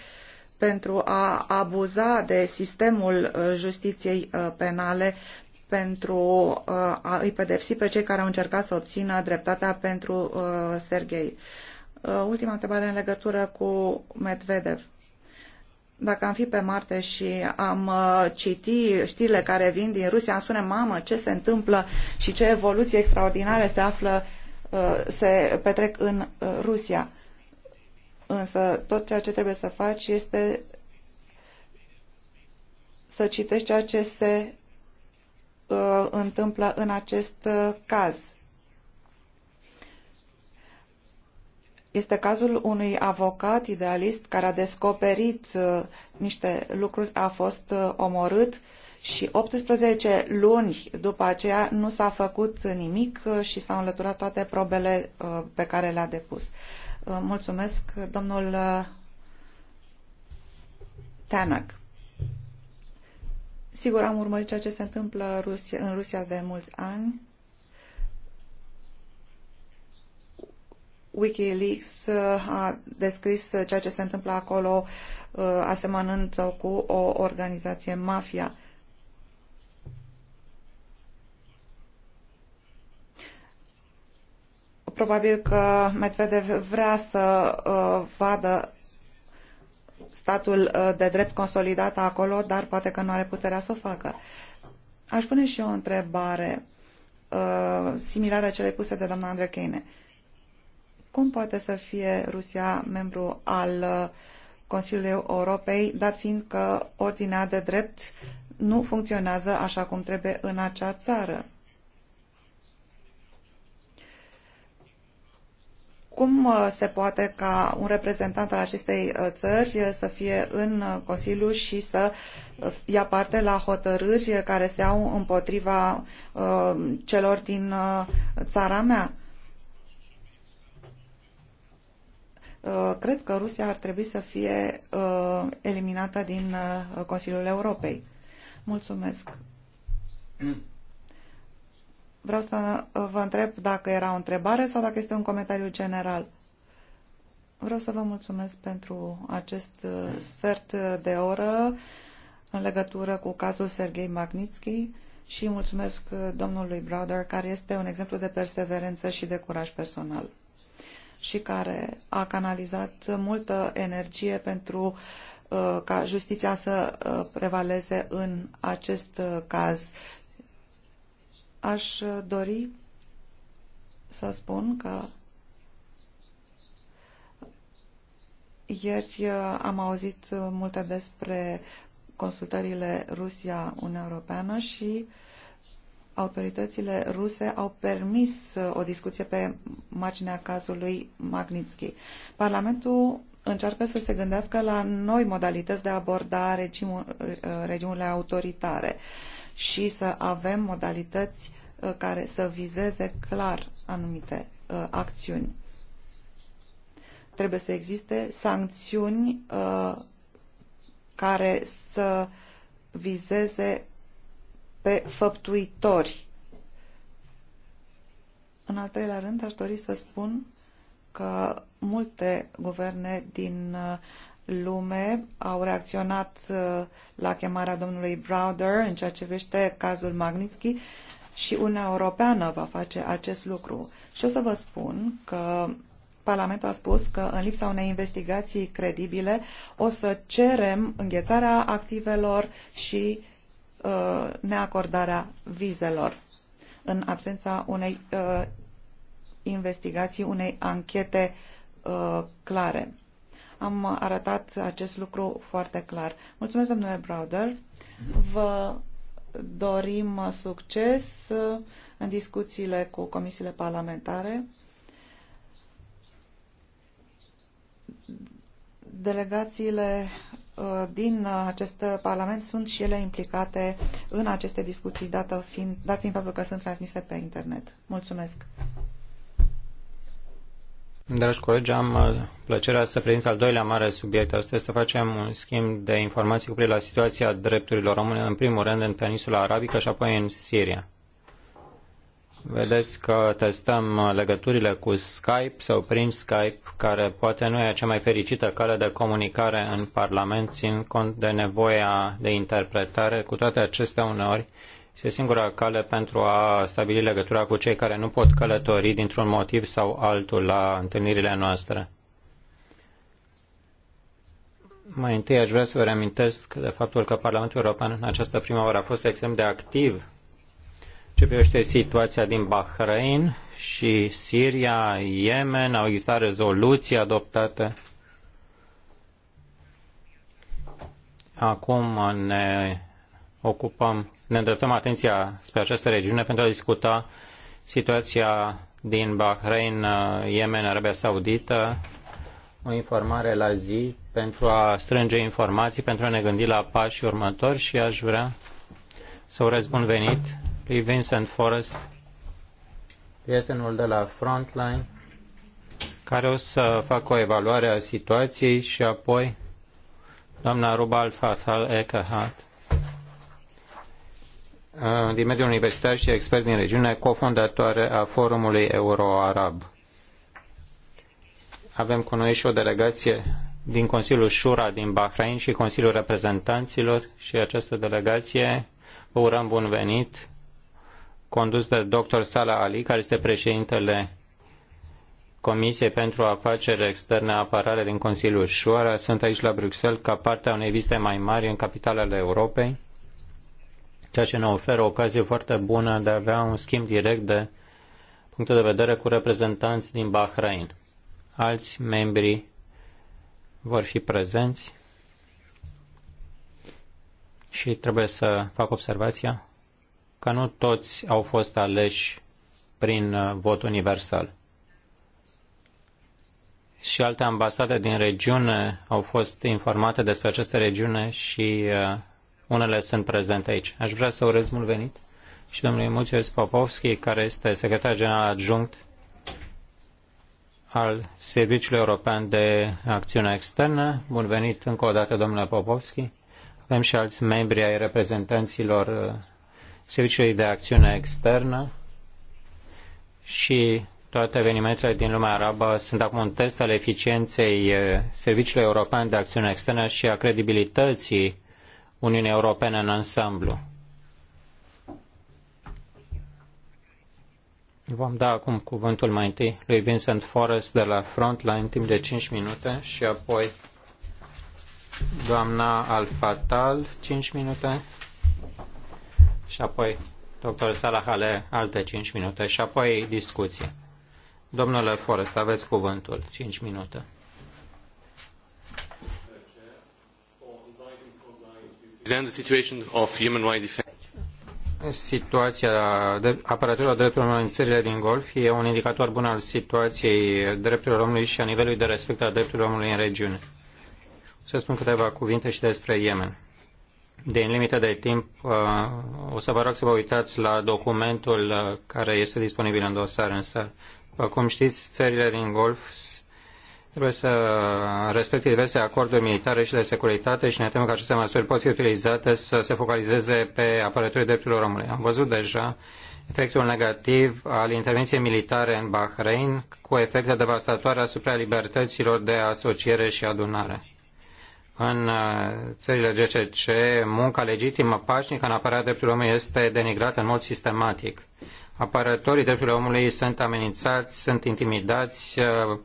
[SPEAKER 4] pentru a abuza de sistemul uh, justiției uh, penale pentru a îi pedepsi pe cei care au încercat să obțină dreptatea pentru Serghei. Ultima întrebare în legătură cu Medvedev dacă am fi pe Marte și am uh, citi știrile care vin din Rusia, am spune, mamă, ce se întâmplă și ce evoluție extraordinare se află, uh, se petrec în uh, Rusia. Însă tot ceea ce trebuie să faci este să citești ceea ce se întâmplă în acest caz. Este cazul unui avocat idealist care a descoperit uh, niște lucruri, a fost uh, omorât și 18 luni după aceea nu s-a făcut nimic uh, și s-au înlăturat toate probele pe care le-a depus. Mulțumesc, domnul Tanak. Sigur, am urmărit ceea ce se întâmplă în Rusia de mulți ani Wikileaks uh, a descris ceea ce se întâmplă acolo uh, asemănând cu o organizație mafia. Probabil că Medvedev vrea să uh, vadă statul de drept consolidat acolo, dar poate că nu are puterea să o facă. Aș pune și eu o întrebare similară celei puse de doamna Andrei Uh, cum poate să fie Rusia membru al uh, Consiliului Europei, dat fiind că ordinea de drept nu funcționează așa cum trebuie în acea țară? Cum uh, se poate ca un reprezentant al acestei uh, țări să fie în Consiliu și să ia parte la hotărâri care se iau împotriva celor din țara mea? Uh, cred că Rusia ar trebui să fie uh, eliminată din uh, Consiliul Europei. Mulțumesc. Vreau să vă întreb dacă era o întrebare sau dacă este un comentariu general. Vreau să vă mulțumesc pentru acest sfert de oră în legătură cu cazul Sergei Magnitsky și mulțumesc domnului Browder, care este un exemplu de perseverență și de curaj personal și care a canalizat multă energie pentru uh, ca justiția să uh, prevaleze în acest uh, caz. Aș dori să spun că ieri am auzit multe despre consultările Rusia-Uniunea Europeană și uh, autoritățile ruse au permis uh, o discuție pe marginea cazului Magnitsky. Parlamentul încearcă să se gândească la noi modalități de a aborda regimul, uh, regimurile autoritare și să avem modalități uh, care să vizeze clar anumite acțiuni. Trebuie să existe sancțiuni care să vizeze pe făptuitori. În al treilea rând, aș dori să spun că multe guverne din uh, lume au reacționat uh, la chemarea domnului Browder în ceea ce privește cazul Magnitsky și Uniunea Europeană va face acest lucru. Și o să vă spun că Parlamentul a spus că în lipsa unei investigații credibile o să cerem înghețarea activelor și Uh, neacordarea vizelor în absența unei uh, investigații, unei anchete uh, clare. Am arătat acest lucru foarte clar. Mulțumesc, domnule Browder. Vă dorim succes uh, în discuțiile cu comisiile parlamentare. Delegațiile Uh, din uh, acest Parlament sunt și ele implicate în aceste discuții, dată fiind, dat fiind faptul că sunt transmise pe internet. Mulțumesc!
[SPEAKER 2] Dragi colegi, am uh, plăcerea să prezint al doilea mare subiect astăzi, să facem un schimb de informații cu privire la situația drepturilor române în primul rând în peninsula arabică și apoi în Siria. Vedeți că testăm legăturile cu Skype sau prin Skype, care poate nu e cea mai fericită cale de comunicare în Parlament, țin cont de nevoia de interpretare. Cu toate acestea, uneori, este singura cale pentru a stabili legătura cu cei care nu pot călători dintr-un motiv sau altul la întâlnirile noastre. Mai întâi aș vrea să vă reamintesc de faptul că Parlamentul European în această primăvară a fost extrem de activ ce privește situația din Bahrain și Siria, Yemen, au existat rezoluții adoptate. Acum ne ocupăm, ne îndreptăm atenția spre această regiune pentru a discuta situația din Bahrain, Yemen, Arabia Saudită, o informare la zi pentru a strânge informații, pentru a ne gândi la pașii următori și aș vrea să urez bun venit lui Vincent Forrest, prietenul de la Frontline, care o să facă o evaluare a situației și apoi doamna Rubal Fathal Ekahat, uh, din mediul universitar și expert din regiune, cofondatoare a Forumului Euro-Arab. Avem cu noi și o delegație din Consiliul Shura din Bahrain și Consiliul Reprezentanților și această delegație vă urăm bun venit condus de dr. Salah Ali, care este președintele Comisiei pentru Afaceri Externe Apărare din Consiliul Șoara. Sunt aici la Bruxelles ca parte a unei vizite mai mari în capitalele Europei, ceea ce ne oferă o ocazie foarte bună de a avea un schimb direct de puncte de vedere cu reprezentanți din Bahrain. Alți membri vor fi prezenți și trebuie să fac observația că nu toți au fost aleși prin uh, vot universal. Și alte ambasade din regiune au fost informate despre această regiune și uh, unele sunt prezente aici. Aș vrea să urez mult venit și domnului Mulțes Popovski, care este secretar general adjunct al Serviciului European de Acțiune Externă. Bun venit încă o dată, domnule Popovski. Avem și alți membri ai reprezentanților uh, Serviciului de Acțiune Externă și toate evenimentele din lumea arabă sunt acum un test al eficienței eh, Serviciului European de Acțiune Externă și a credibilității Uniunii Europene în ansamblu. Vom da acum cuvântul mai întâi lui Vincent Forrest de la Frontline timp de 5 minute și apoi doamna Alfatal 5 minute și apoi doctor Salahale Ale alte 5 minute și apoi discuție. Domnule Forest, aveți cuvântul, 5 minute. Situația de apărătorilor drepturilor omului în țările din Golf e un indicator bun al situației drepturilor omului și a nivelului de respect al drepturilor omului în regiune. să spun câteva cuvinte și despre Yemen din limită de timp, uh, o să vă rog să vă uitați la documentul uh, care este disponibil în dosar în După cum știți, țările din Golf trebuie să respecte diverse acorduri militare și de securitate și ne temem că aceste măsuri pot fi utilizate să se focalizeze pe apărătorii drepturilor omului. Am văzut deja efectul negativ al intervenției militare în Bahrain cu efecte devastatoare asupra libertăților de asociere și adunare în uh, țările GCC, munca legitimă, pașnică în apărarea drepturilor omului este denigrată în mod sistematic. Apărătorii drepturilor omului sunt amenințați, sunt intimidați, uh,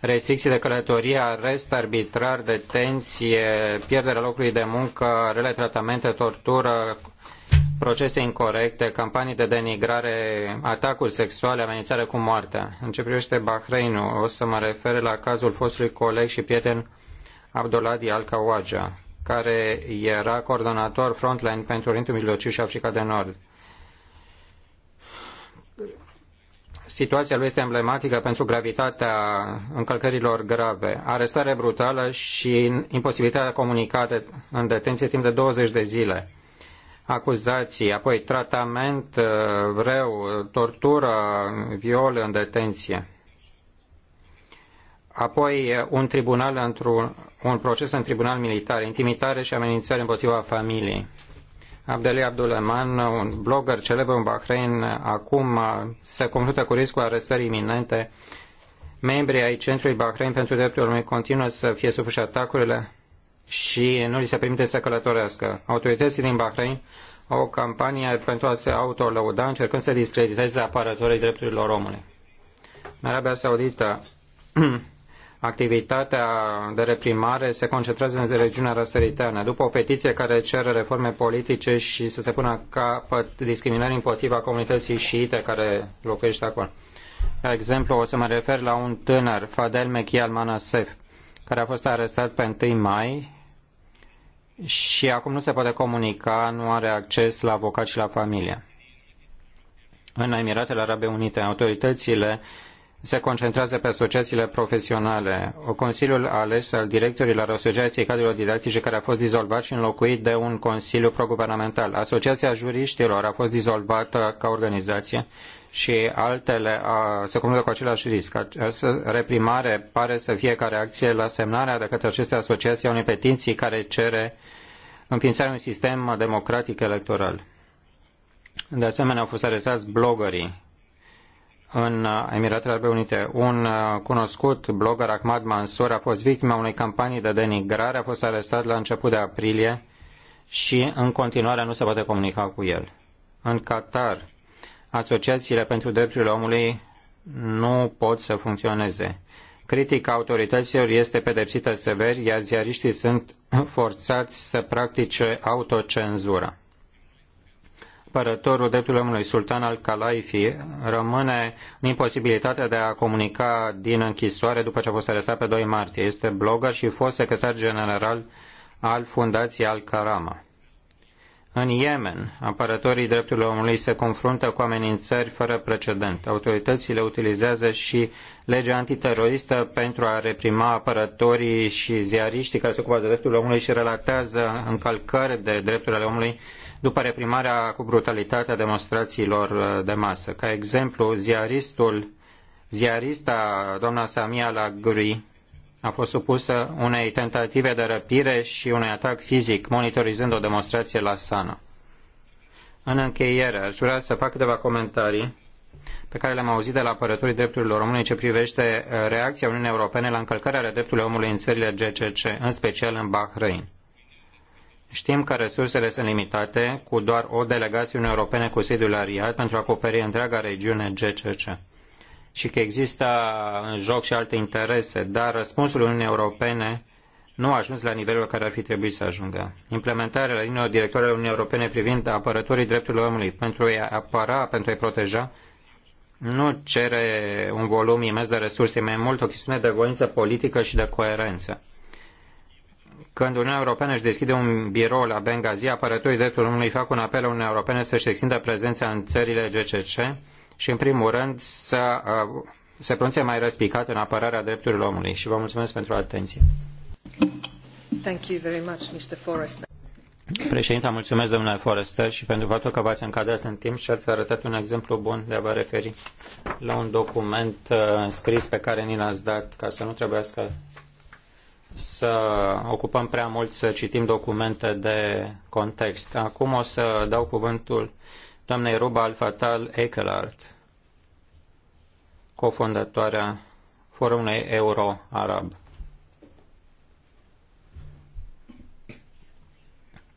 [SPEAKER 2] restricții de călătorie, arest arbitrar, detenție, pierderea locului de muncă, rele tratamente, tortură, procese incorrecte, campanii de denigrare, atacuri sexuale, amenințare cu moartea. În ce privește Bahreinul, o să mă refer la cazul fostului coleg și prieten Abdoladi Al-Kawaja, care era coordonator frontline pentru Orientul Mijlociu și Africa de Nord. Situația lui este emblematică pentru gravitatea încălcărilor grave. Arestare brutală și imposibilitatea comunicată în detenție timp de 20 de zile acuzații, apoi tratament uh, rău, tortură, viol în detenție apoi un tribunal într-un un proces în tribunal militar, intimitare și amenințări împotriva familiei. Abdeli Abduleman, un blogger celebru în Bahrain, acum se confruntă cu riscul arestării iminente. Membrii ai Centrului Bahrain pentru Drepturile Omului continuă să fie supuși atacurile și nu li se permite să călătorească. Autoritățile din Bahrain au o campanie pentru a se autolăuda, încercând să discrediteze apărătorii drepturilor omului. În Arabia Saudită, activitatea de reprimare se concentrează în regiunea răsăriteană. După o petiție care cere reforme politice și să se pună capăt discriminării împotriva comunității șiite care locuiește acolo. De exemplu, o să mă refer la un tânăr, Fadel Mechial Manasef, care a fost arestat pe 1 mai și acum nu se poate comunica, nu are acces la avocat și la familie. În Emiratele Arabe Unite, autoritățile se concentrează pe asociațiile profesionale. O consiliul ales al directorilor Asociației Cadrelor Didactice care a fost dizolvat și înlocuit de un consiliu proguvernamental. Asociația juriștilor a fost dizolvată ca organizație și altele a, se confruntă cu același risc. Această reprimare pare să fie ca reacție la semnarea de către aceste asociații a unei petiții care cere înființarea unui sistem democratic electoral. De asemenea, au fost arestați bloggerii în uh, Emiratele Arabe Unite. Un uh, cunoscut blogger, Ahmad Mansour, a fost victima unei campanii de denigrare, a fost arestat la început de aprilie și în continuare nu se poate comunica cu el. În Qatar, asociațiile pentru drepturile omului nu pot să funcționeze. Critica autorităților este pedepsită sever, iar ziariștii sunt forțați să practice autocenzura apărătorul drepturilor omului Sultan al Calaifi rămâne în imposibilitatea de a comunica din închisoare după ce a fost arestat pe 2 martie. Este blogger și fost secretar general al Fundației Al-Karama. În Yemen, apărătorii drepturilor omului se confruntă cu amenințări fără precedent. Autoritățile utilizează și legea antiteroristă pentru a reprima apărătorii și ziariștii care se ocupă de drepturile omului și relatează încălcări de drepturile omului după reprimarea cu brutalitate a demonstrațiilor uh, de masă. Ca exemplu, ziaristul, ziarista doamna Samia Lagri a fost supusă unei tentative de răpire și unui atac fizic, monitorizând o demonstrație la Sana. În încheiere, aș vrea să fac câteva comentarii pe care le-am auzit de la apărătorii drepturilor omului ce privește uh, reacția Uniunii Europene la încălcarea drepturilor omului în țările GCC, în special în Bahrain. Știm că resursele sunt limitate, cu doar o delegație Uniunii Europene cu sediul la Riyadh pentru a acoperi întreaga regiune GCC și că există în joc și alte interese, dar răspunsul Uniunii Europene nu a ajuns la nivelul la care ar fi trebuit să ajungă. Implementarea liniilor directoare ale Uniunii Europene privind apărătorii drepturilor omului pentru a-i apăra, pentru a-i proteja, nu cere un volum imens de resurse, mai mult o chestiune de voință politică și de coerență. Când Uniunea Europeană își deschide un birou la Benghazi, apărătorii drepturilor omului fac un apel la Uniunea Europeană să-și extindă prezența în țările GCC și, în primul rând, să uh, se pronunțe mai răspicat în apărarea drepturilor omului. Și vă mulțumesc pentru atenție.
[SPEAKER 1] Thank you very much, Mr. Forrester.
[SPEAKER 2] Președinte, mulțumesc, domnule Forrester, și pentru faptul că v-ați încadrat în timp și ați arătat un exemplu bun de a vă referi la un document uh, scris pe care ni l-ați dat, ca să nu trebuiască să ocupăm prea mult să citim documente de context. Acum o să dau cuvântul doamnei Ruba Alfatal Ekelart, cofondatoarea Forumului Euro-Arab.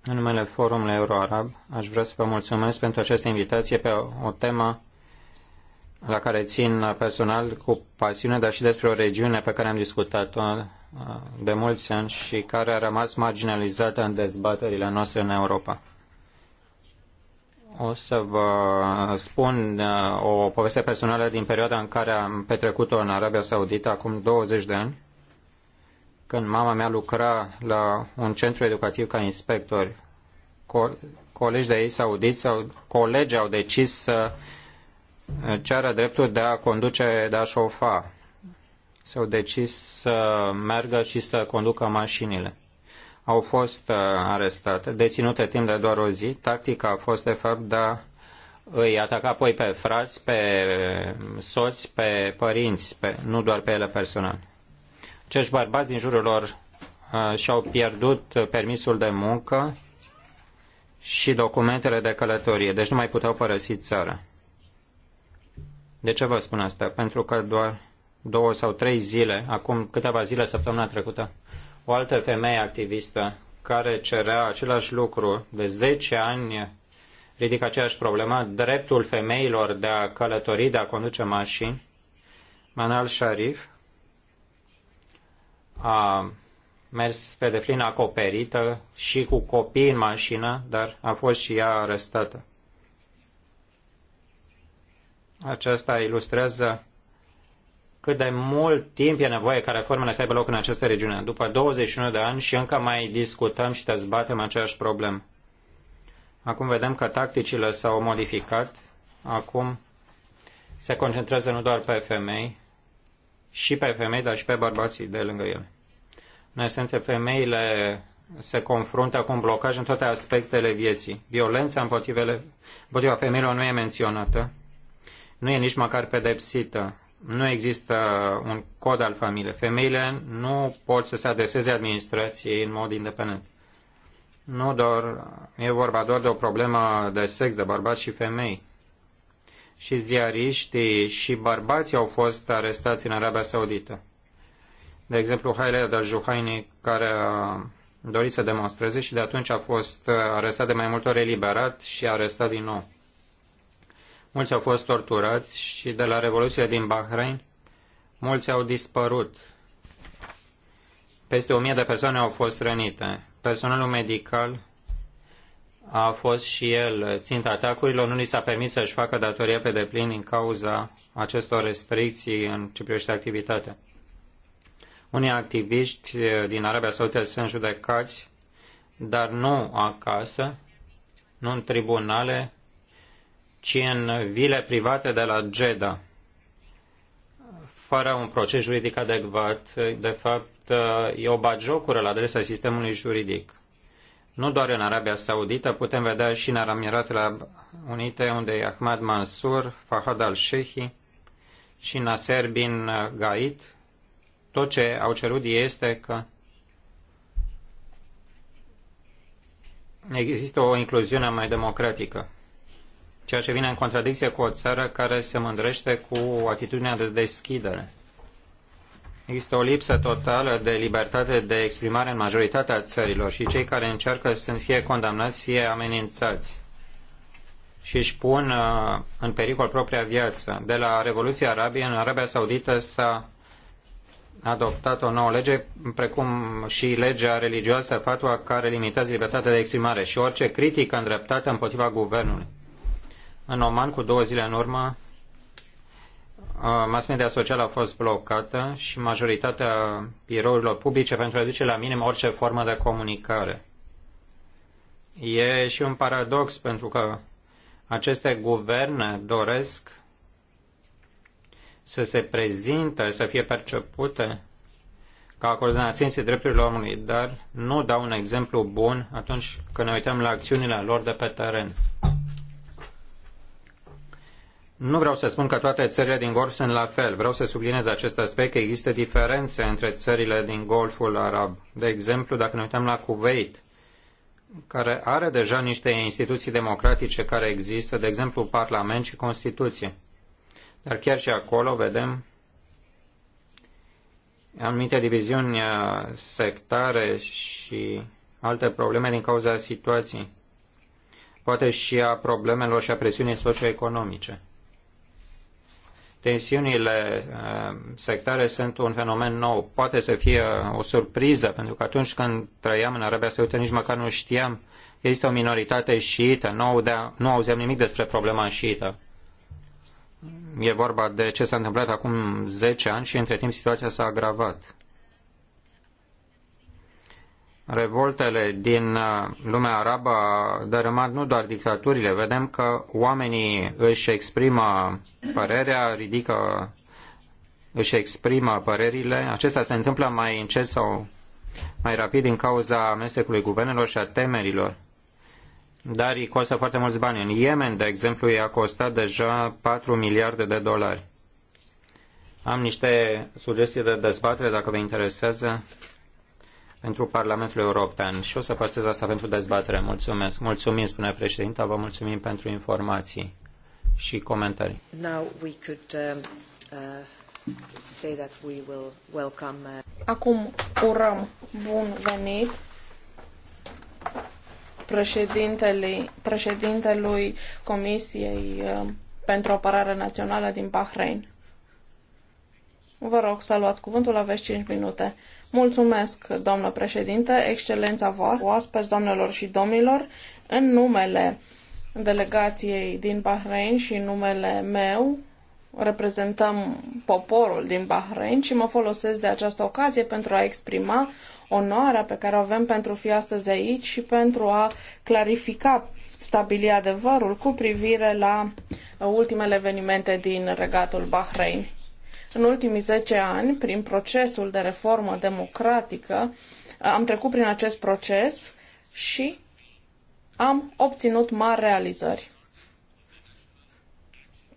[SPEAKER 2] În numele Forumului Euro-Arab, aș vrea să vă mulțumesc pentru această invitație pe o temă la care țin personal cu pasiune, dar și despre o regiune pe care am discutat-o de mulți ani și care a rămas marginalizată în dezbaterile noastre în Europa. O să vă spun uh, o poveste personală din perioada în care am petrecut-o în Arabia Saudită, acum 20 de ani, când mama mea lucra la un centru educativ ca inspector. colegi de ei saudiți sau colegi au decis să ceară dreptul de a conduce, de a șofa s-au decis să meargă și să conducă mașinile. Au fost uh, arestate, deținute timp de doar o zi. Tactica a fost, de fapt, de a îi ataca apoi pe frați, pe soți, pe părinți, pe, nu doar pe ele personal. Acești bărbați din jurul lor uh, și-au pierdut permisul de muncă și documentele de călătorie, deci nu mai puteau părăsi țara. De ce vă spun asta? Pentru că doar două sau trei zile, acum câteva zile săptămâna trecută, o altă femeie activistă care cerea același lucru de zece ani ridică aceeași problemă, dreptul femeilor de a călători, de a conduce mașini. Manal Sharif a mers pe deplin acoperită și cu copii în mașină, dar a fost și ea arestată. Aceasta ilustrează cât de mult timp e nevoie ca reformele să aibă loc în această regiune. După 21 de ani și încă mai discutăm și dezbatem aceeași problemă. Acum vedem că tacticile s-au modificat. Acum se concentrează nu doar pe femei, și pe femei, dar și pe bărbații de lângă ele. În esență, femeile se confruntă cu un blocaj în toate aspectele vieții. Violența împotriva femeilor nu e menționată, nu e nici măcar pedepsită nu există un cod al familiei. Femeile nu pot să se adreseze administrației în mod independent. Nu doar, e vorba doar de o problemă de sex, de bărbați și femei. Și ziariștii și bărbații au fost arestați în Arabia Saudită. De exemplu, Haile Juhaini, care a dorit să demonstreze și de atunci a fost uh, arestat de mai multe ori eliberat și arestat din nou mulți au fost torturați și de la Revoluția din Bahrain, mulți au dispărut. Peste o mie de persoane au fost rănite. Personalul medical a fost și el ținta atacurilor, nu li s-a permis să-și facă datoria pe deplin din cauza acestor restricții în ce privește activitatea. Unii activiști din Arabia Saudită sunt judecați, dar nu acasă, nu în tribunale, ci în vile private de la Jeddah, fără un proces juridic adecvat. De fapt, e o bagiocură la adresa sistemului juridic. Nu doar în Arabia Saudită, putem vedea și în Emiratele Unite, unde e Ahmad Mansur, Fahad al-Shehi și Nasser bin Gait. Tot ce au cerut este că există o incluziune mai democratică ceea ce vine în contradicție cu o țară care se mândrește cu atitudinea de deschidere. Există o lipsă totală de libertate de exprimare în majoritatea țărilor și cei care încearcă sunt fie condamnați, fie amenințați și își pun uh, în pericol propria viață. De la Revoluția Arabie, în Arabia Saudită s-a adoptat o nouă lege, precum și legea religioasă, fatua care limitează libertatea de exprimare și orice critică îndreptată împotriva guvernului în Oman, cu două zile în urmă, uh, mass media socială a fost blocată și majoritatea birourilor publice pentru a duce la minim orice formă de comunicare. E și un paradox pentru că aceste guverne doresc să se prezinte, să fie percepute ca coordonațienții drepturilor omului, dar nu dau un exemplu bun atunci când ne uităm la acțiunile lor de pe teren. Nu vreau să spun că toate țările din Golf sunt la fel. Vreau să subliniez acest aspect că există diferențe între țările din Golful Arab. De exemplu, dacă ne uităm la Kuwait, care are deja niște instituții democratice care există, de exemplu Parlament și Constituție. Dar chiar și acolo vedem anumite diviziuni uh, sectare și alte probleme din cauza situației, poate și a problemelor și a presiunii socioeconomice. Tensiunile uh, sectare sunt un fenomen nou. Poate să fie o surpriză, pentru că atunci când trăiam în Arabia Saudită, nici măcar nu știam că există o minoritate șiită. Nu, audea, nu auzeam nimic despre problema șiită. E vorba de ce s-a întâmplat acum 10 ani și între timp situația s-a agravat. Revoltele din uh, lumea arabă a dărâmat nu doar dictaturile, vedem că oamenii își exprimă părerea, ridică, își exprimă părerile. Acestea se întâmplă mai încet sau mai rapid din cauza amestecului guvernelor și a temerilor. Dar îi costă foarte mulți bani. În Yemen, de exemplu, i-a costat deja 4 miliarde de dolari. Am niște sugestii de dezbatere, dacă vă interesează pentru Parlamentul European și o să păstrez asta pentru dezbatere. Mulțumesc. Mulțumim, spune președinta, vă mulțumim pentru informații și comentarii.
[SPEAKER 3] Acum urăm bun venit președintelui, Comisiei uh, pentru Apărare Națională din Bahrain. Vă rog să luați cuvântul, aveți 5 minute. Mulțumesc, doamnă președinte, excelența voastră, oaspeți, doamnelor și domnilor, în numele delegației din Bahrain și în numele meu, reprezentăm poporul din Bahrain și mă folosesc de această ocazie pentru a exprima onoarea pe care o avem pentru fi astăzi aici și pentru a clarifica, stabili adevărul cu privire la ultimele evenimente din regatul Bahrain. În ultimii 10 ani, prin procesul de reformă democratică, am trecut prin acest proces și am obținut mari realizări.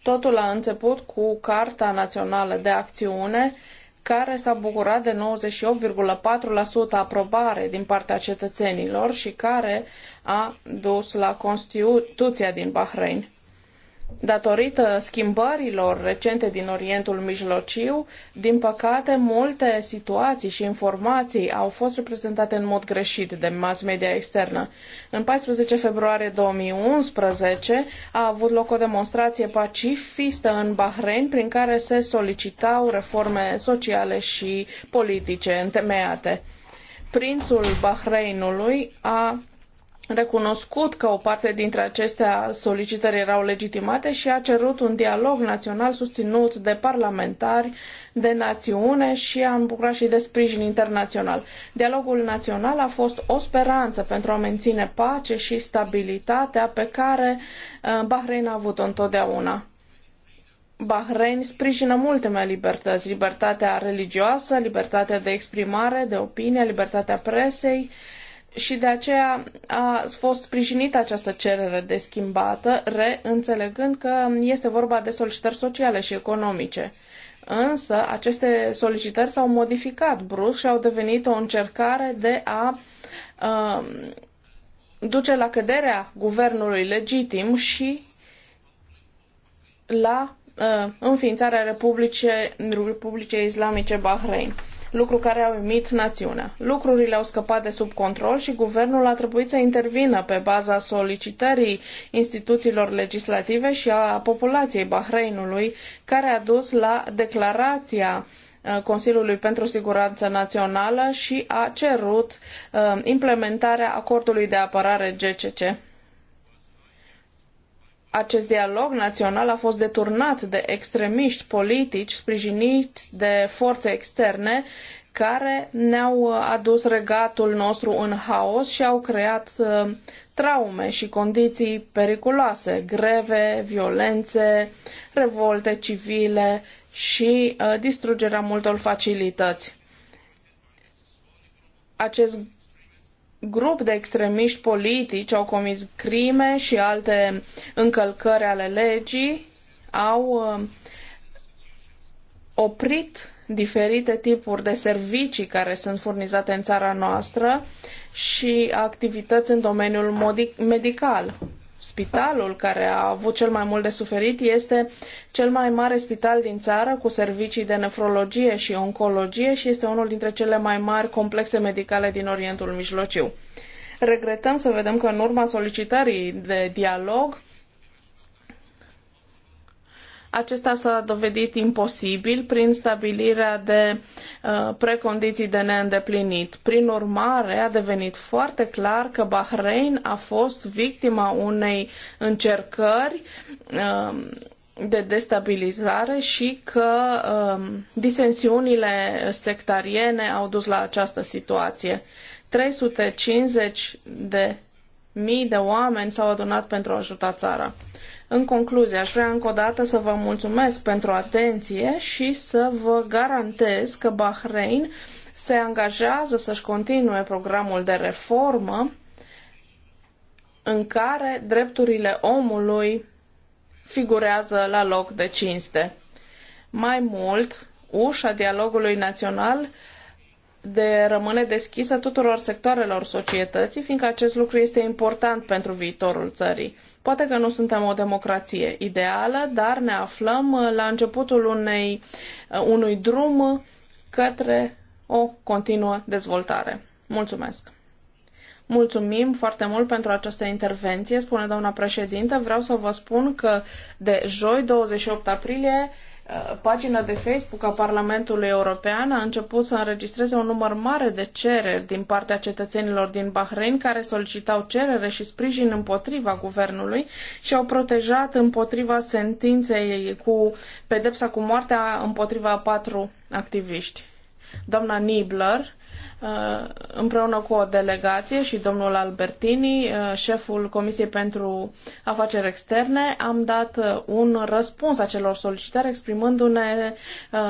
[SPEAKER 3] Totul a început cu Carta Națională de Acțiune, care s-a bucurat de 98,4% aprobare din partea cetățenilor și care a dus la Constituția din Bahrain. Datorită schimbărilor recente din Orientul Mijlociu, din păcate, multe situații și informații au fost reprezentate în mod greșit de mass media externă. În 14 februarie 2011 a avut loc o demonstrație pacifistă în Bahrain prin care se solicitau reforme sociale și politice întemeiate. Prințul Bahreinului a recunoscut că o parte dintre aceste solicitări erau legitimate și a cerut un dialog național susținut de parlamentari, de națiune și a îmbucurat și de sprijin internațional. Dialogul național a fost o speranță pentru a menține pace și stabilitatea pe care uh, Bahrain a avut-o întotdeauna. Bahrain sprijină multe libertăți, libertatea religioasă, libertatea de exprimare, de opinie, libertatea presei, și de aceea a fost sprijinită această cerere de schimbată, reînțelegând că este vorba de solicitări sociale și economice. Însă, aceste solicitări s-au modificat brusc și au devenit o încercare de a uh, duce la căderea guvernului legitim și la uh, înființarea Republicii Islamice Bahrain lucru care a uimit națiunea. Lucrurile au scăpat de sub control și guvernul a trebuit să intervină pe baza solicitării instituțiilor legislative și a populației Bahreinului, care a dus la declarația uh, Consiliului pentru Siguranță Națională și a cerut uh, implementarea acordului de apărare GCC acest dialog național a fost deturnat de extremiști politici sprijiniți de forțe externe care ne-au uh, adus regatul nostru în haos și au creat uh, traume și condiții periculoase, greve, violențe, revolte civile și uh, distrugerea multor facilități. Acest grup de extremiști politici au comis crime și alte încălcări ale legii, au uh, oprit diferite tipuri de servicii care sunt furnizate în țara noastră și activități în domeniul medical spitalul care a avut cel mai mult de suferit este cel mai mare spital din țară cu servicii de nefrologie și oncologie și este unul dintre cele mai mari complexe medicale din Orientul Mijlociu. Regretăm să vedem că în urma solicitării de dialog acesta s-a dovedit imposibil prin stabilirea de uh, precondiții de neîndeplinit. Prin urmare, a devenit foarte clar că Bahrain a fost victima unei încercări um, de destabilizare și că um, disensiunile sectariene au dus la această situație. 350 de mii de oameni s-au adunat pentru a ajuta țara. În concluzie, aș vrea încă o dată să vă mulțumesc pentru atenție și să vă garantez că Bahrain se angajează să-și continue programul de reformă în care drepturile omului figurează la loc de cinste. Mai mult, ușa dialogului național de rămâne deschisă tuturor sectoarelor societății, fiindcă acest lucru este important pentru viitorul țării. Poate că nu suntem o democrație ideală, dar ne aflăm uh, la începutul unei, uh, unui drum către o continuă dezvoltare. Mulțumesc! Mulțumim foarte mult pentru această intervenție, spune doamna președintă. Vreau să vă spun că de joi, 28 aprilie, Uh, pagina de Facebook a Parlamentului European a început să înregistreze un număr mare de cereri din partea cetățenilor din Bahrain care solicitau cerere și sprijin împotriva guvernului și au protejat împotriva sentinței cu pedepsa cu moartea împotriva patru activiști. Doamna Nibler, Uh, împreună cu o delegație și domnul Albertini, uh, șeful Comisiei pentru Afaceri Externe, am dat uh, un răspuns acelor solicitări exprimându-ne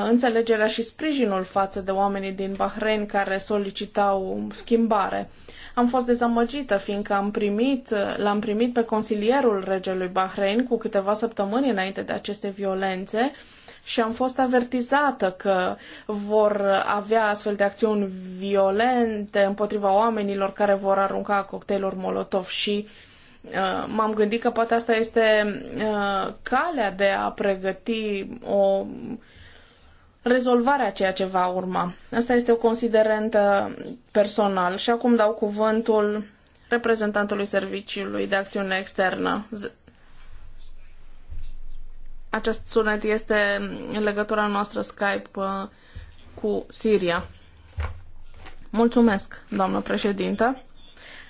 [SPEAKER 3] înțelegerea și sprijinul față de oamenii din Bahrain care solicitau schimbare. Am fost dezamăgită fiindcă am primit, l-am primit pe consilierul regelui Bahrain cu câteva săptămâni înainte de aceste violențe, uh, și am fost avertizată că vor avea astfel de acțiuni violente împotriva oamenilor care vor arunca cocktailuri Molotov și uh, m-am gândit că poate asta este uh, calea de a pregăti o rezolvare a ceea ce va urma. Asta este o considerentă personal. Și acum dau cuvântul reprezentantului Serviciului de Acțiune Externă acest sunet este în legătura noastră Skype uh, cu Siria. Mulțumesc, doamnă președintă.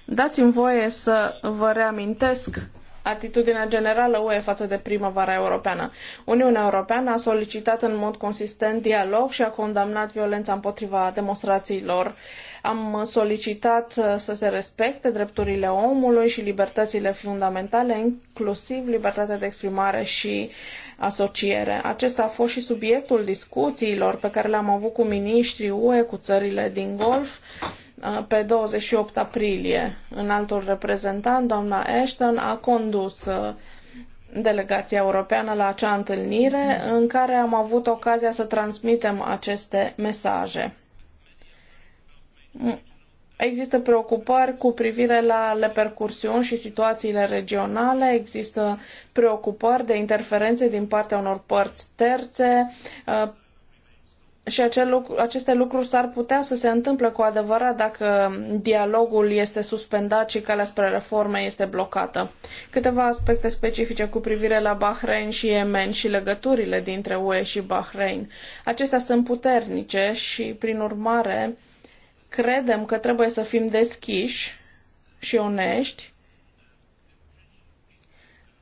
[SPEAKER 3] Dați-mi voie să vă reamintesc atitudinea generală UE față de primăvara europeană. Uniunea Europeană a solicitat în mod consistent dialog și a condamnat violența împotriva demonstrațiilor. Am solicitat uh, să se respecte drepturile omului și libertățile fundamentale, inclusiv libertatea de exprimare și asociere. Acesta a fost și subiectul discuțiilor pe care le-am avut cu miniștrii UE, cu țările din Golf, uh, pe 28 aprilie. În altul reprezentant, doamna Ashton, a condus uh, delegația europeană la acea întâlnire în care am avut ocazia să transmitem aceste mesaje Există preocupări cu privire la repercursiuni și situațiile regionale, există preocupări de interferențe din partea unor părți terțe uh, și acel lucru, aceste lucruri s-ar putea să se întâmple cu adevărat dacă dialogul este suspendat și calea spre reforme este blocată. Câteva aspecte specifice cu privire la Bahrain și Yemen și legăturile dintre UE și Bahrain. Acestea sunt puternice și, prin urmare, uh, Credem că trebuie să fim deschiși și onești.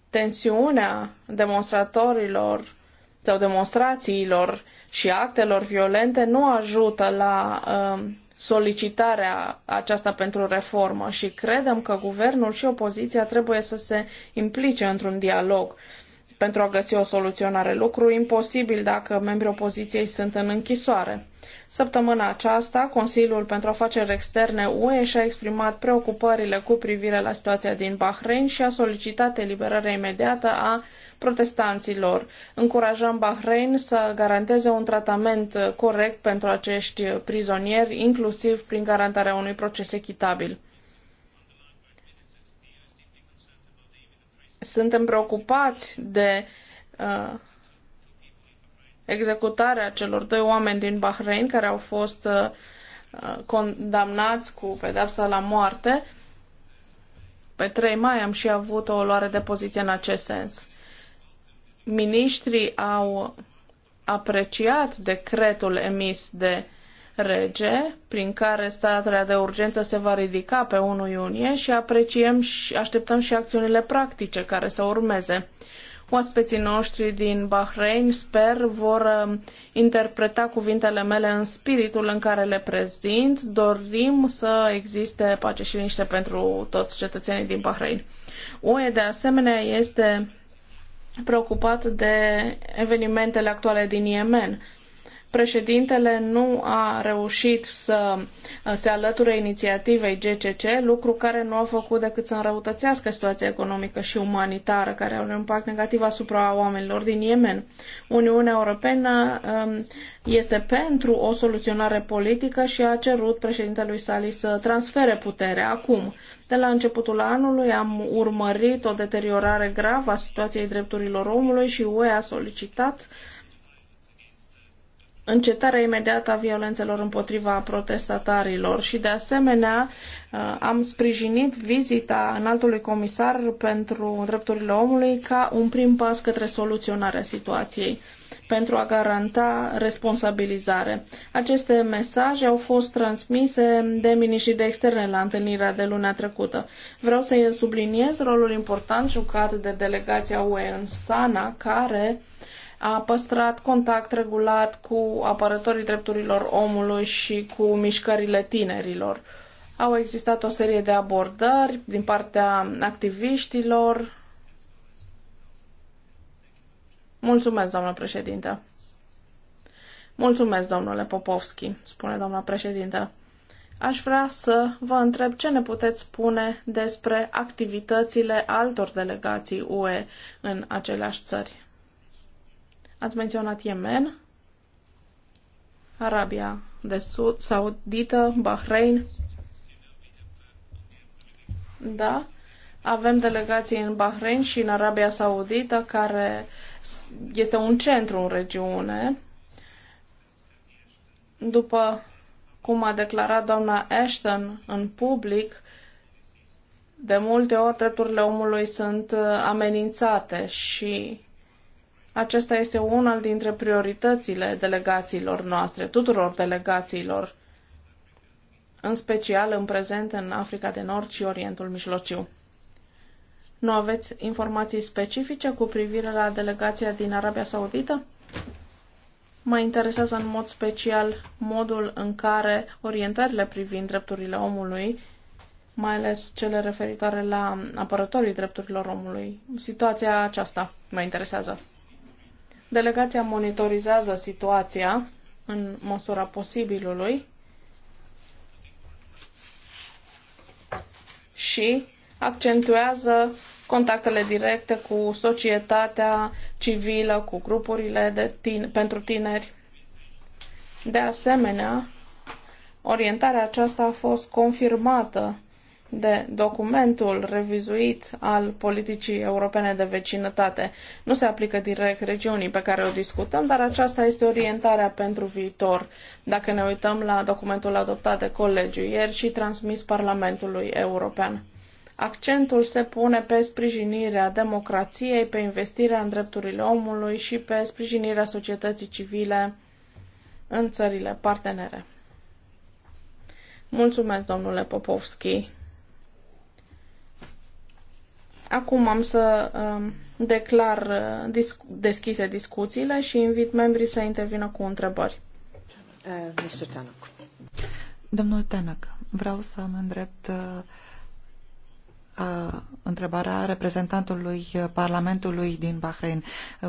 [SPEAKER 3] Tensiunea demonstratorilor sau demonstrațiilor și actelor violente nu ajută la uh, solicitarea aceasta pentru reformă și credem că guvernul și opoziția trebuie să se implice într-un dialog. Uh, pentru a găsi o soluționare. Lucru imposibil dacă membrii opoziției sunt în închisoare. Săptămâna aceasta, Consiliul pentru Afaceri Externe UE și-a exprimat preocupările cu privire la situația din Bahrain și a solicitat eliberarea imediată a protestanților. Încurajăm Bahrain să garanteze un tratament corect pentru acești prizonieri, inclusiv prin garantarea unui proces echitabil. Suntem preocupați de uh, executarea celor doi oameni din Bahrain care au fost uh, condamnați cu pedeapsa la moarte. Pe 3 mai am și avut o luare de poziție în acest sens. Ministrii au apreciat decretul emis de rege, prin care starea de urgență se va ridica pe 1 iunie și apreciem și așteptăm și acțiunile practice care să urmeze. Oaspeții noștri din Bahrain, sper, vor um, interpreta cuvintele mele în spiritul în care le prezint. Dorim să existe pace și liniște pentru toți cetățenii din Bahrain. UE, de asemenea, este preocupat de evenimentele actuale din Yemen președintele nu a reușit să uh, se alăture inițiativei GCC, lucru care nu a făcut decât să înrăutățească situația economică și umanitară, care are un impact negativ asupra oamenilor din Yemen. Uniunea Europeană um, este pentru o soluționare politică și a cerut președintelui Sali să transfere puterea acum. De la începutul anului am urmărit o deteriorare gravă a situației drepturilor omului și UE a solicitat încetarea imediată a violențelor împotriva protestatarilor și de asemenea uh, am sprijinit vizita înaltului comisar pentru drepturile omului ca un prim pas către soluționarea situației pentru a garanta responsabilizare. Aceste mesaje au fost transmise de miniștrii de externe la întâlnirea de luna trecută. Vreau să subliniez rolul important jucat de delegația UE în Sana, care uh, a păstrat contact regulat cu apărătorii drepturilor omului și cu mișcările tinerilor. Au existat o serie de abordări din partea activiștilor. Mulțumesc, doamnă președintă. Mulțumesc, domnule Popovski, spune doamna președintă. Aș vrea să vă întreb ce ne puteți spune despre activitățile altor delegații UE în aceleași țări. Ați menționat Yemen, Arabia de Sud, Saudită, Bahrain. Da? Avem delegații în Bahrain și în Arabia Saudită, care este un centru în regiune. După cum a declarat doamna Ashton în public, de multe ori drepturile omului sunt uh, amenințate și acesta este unul dintre prioritățile delegațiilor noastre, tuturor delegațiilor, în special în prezent în Africa de Nord și Orientul Mijlociu. Nu aveți informații specifice cu privire la delegația din Arabia Saudită? Mă interesează în mod special modul în care orientările privind drepturile omului, mai ales cele referitoare la apărătorii drepturilor omului, situația aceasta mă interesează. Delegația monitorizează situația în măsura posibilului și accentuează contactele directe cu societatea civilă, cu grupurile de tine, pentru tineri. De asemenea, orientarea aceasta a fost confirmată de documentul revizuit al politicii europene de vecinătate. Nu se aplică direct regiunii pe care o discutăm, dar aceasta este orientarea pentru viitor. Dacă ne uităm la documentul adoptat de colegiul ieri și transmis Parlamentului European. Accentul se pune pe sprijinirea democrației, pe investirea în drepturile omului și pe sprijinirea societății civile în țările partenere. Mulțumesc, domnule Popovski Acum am să um, declar uh, deschise discuțiile și invit membrii să intervină cu întrebări. Uh, Mr. Tanuk.
[SPEAKER 4] Domnul Tanak, vreau să mă îndrept uh, întrebarea reprezentantului Parlamentului din Bahrain.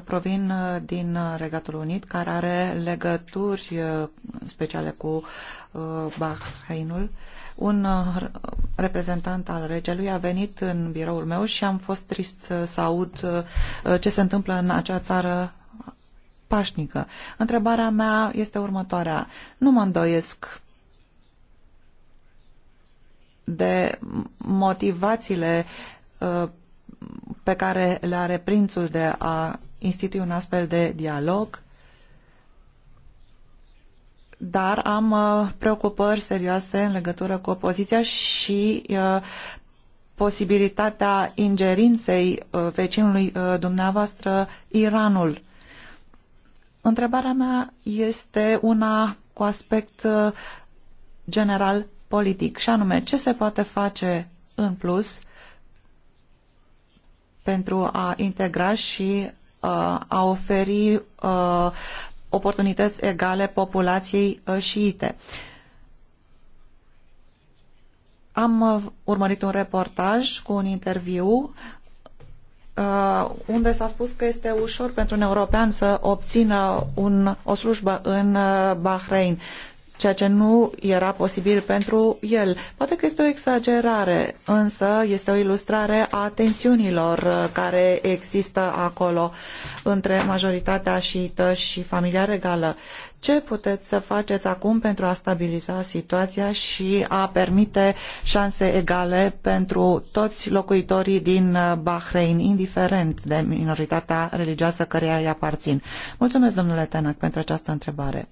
[SPEAKER 4] Provin din Regatul Unit, care are legături speciale cu Bahrainul. Un reprezentant al regelui a venit în biroul meu și am fost trist să aud ce se întâmplă în acea țară pașnică. Întrebarea mea este următoarea. Nu mă îndoiesc de motivațiile uh, pe care le are prințul de a institui un astfel de dialog, dar am uh, preocupări serioase în legătură cu opoziția și uh, posibilitatea ingerinței vecinului dumneavoastră Iranul. Întrebarea mea este una cu aspect general politic și anume ce se poate face în plus pentru a integra și uh, a oferi uh, oportunități egale populației uh, șiite. Am uh, urmărit un reportaj cu un interviu uh, unde s-a spus că este ușor pentru un european să obțină un, o slujbă în uh, Bahrain ceea ce nu era posibil pentru el. Poate că este o exagerare, însă este o ilustrare a tensiunilor uh, care există acolo între majoritatea șiită și familia regală. Ce puteți să faceți acum pentru a stabiliza situația și a permite șanse egale pentru toți locuitorii din uh, Bahrain, indiferent de minoritatea religioasă căreia îi aparțin? Mulțumesc, domnule Tenac, pentru această întrebare.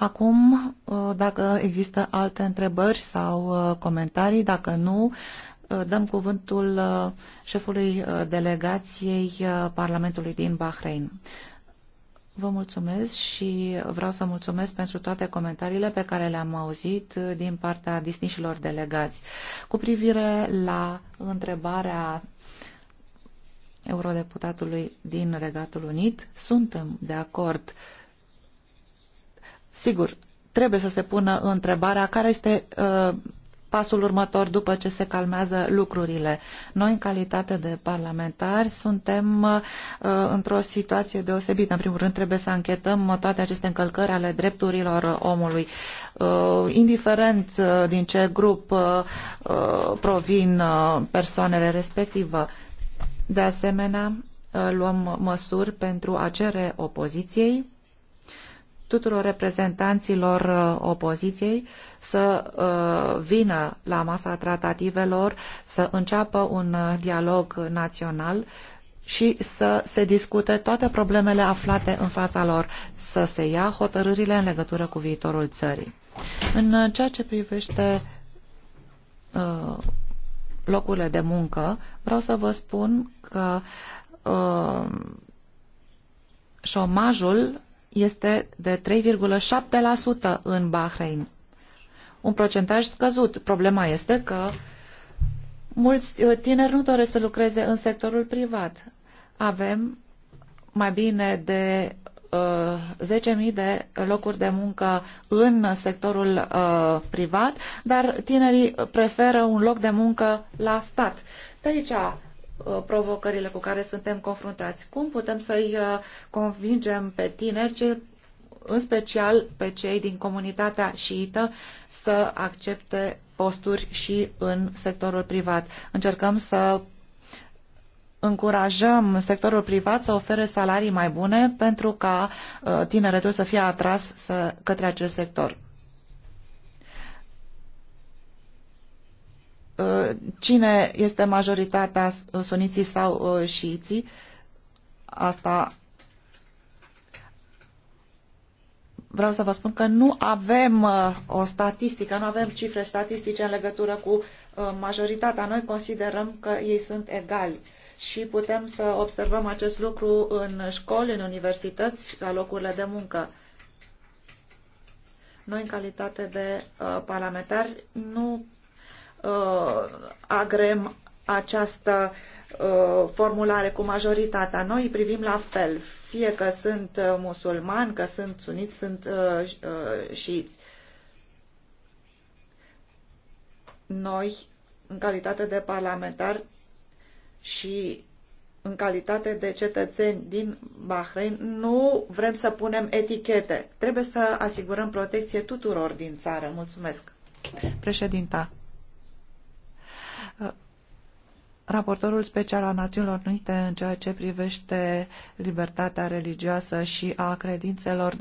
[SPEAKER 4] Acum, uh, dacă există alte întrebări sau uh, comentarii, dacă nu, uh, dăm cuvântul șefului delegației Parlamentului din Bahrain. Vă mulțumesc și vreau să mulțumesc pentru toate comentariile pe care le-am auzit din partea disnișilor delegați. Cu privire la întrebarea eurodeputatului din Regatul Unit, suntem de acord uh, Sigur, trebuie să se pună întrebarea care este uh, pasul următor după ce se calmează lucrurile. Noi, în calitate de parlamentari, suntem uh, într-o situație deosebită. În primul rând, trebuie să anchetăm toate aceste încălcări ale drepturilor omului. Uh, indiferent uh, din ce grup uh, uh, provin uh, persoanele respective. De asemenea, luăm măsuri pentru a cere opoziției tuturor reprezentanților uh, opoziției să uh, vină la masa tratativelor, să înceapă un uh, dialog național și să se discute toate problemele aflate în fața lor, să se ia hotărârile în legătură cu viitorul țării. În ceea ce privește locurile de muncă, vreau să vă spun că uh, șomajul este de 3,7% în Bahrain. Un procentaj scăzut. Problema este că mulți uh, tineri nu doresc să lucreze în sectorul privat. Avem mai bine de uh, 10.000 de locuri de muncă în sectorul uh, privat, dar tinerii preferă un loc de muncă la stat. De aici Uh, provocările cu care suntem confruntați. Cum putem să-i uh, convingem pe tineri, în special pe cei din comunitatea șiită, să accepte posturi și în sectorul privat? Încercăm să încurajăm sectorul privat să ofere salarii mai bune pentru ca uh, tineretul să fie atras să, către acest sector. Uh, cine este majoritatea uh, suniții sau uh, șiiții. Asta vreau să vă spun că nu avem o statistică, nu avem cifre statistice în legătură cu majoritatea. Noi considerăm că ei sunt egali și putem să observăm acest lucru în școli, în universități, la locurile de muncă. Noi, în calitate de uh, parlamentari, nu Uh, agrem această uh, formulare cu majoritatea. Noi privim la fel, fie că sunt uh, musulmani, că sunt suniți, sunt șiți. Noi, în calitate de parlamentar și în calitate de cetățeni din Bahrain, nu vrem să punem etichete. Trebuie să asigurăm protecție tuturor din țară. Mulțumesc. Președinta raportorul special al Națiunilor Unite în ceea ce privește libertatea religioasă și a credințelor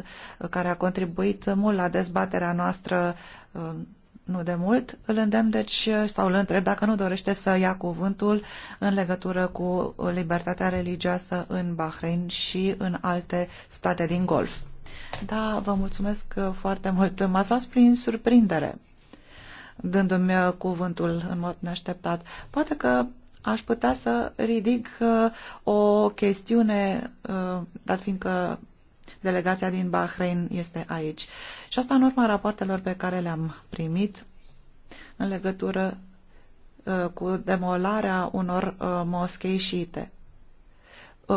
[SPEAKER 4] care a contribuit mult la dezbaterea noastră uh, nu de mult, îl îndemn deci sau îl întreb dacă nu dorește să ia cuvântul în legătură cu libertatea religioasă în Bahrain și în alte state din Golf. Da, vă mulțumesc foarte mult. M-ați luat prin surprindere dându-mi uh, cuvântul în mod neașteptat. Poate că aș putea să ridic uh, o chestiune, uh, dat fiindcă delegația din Bahrain este aici. Și asta în urma rapoartelor pe care le-am primit în legătură cu demolarea unor moschei șiite.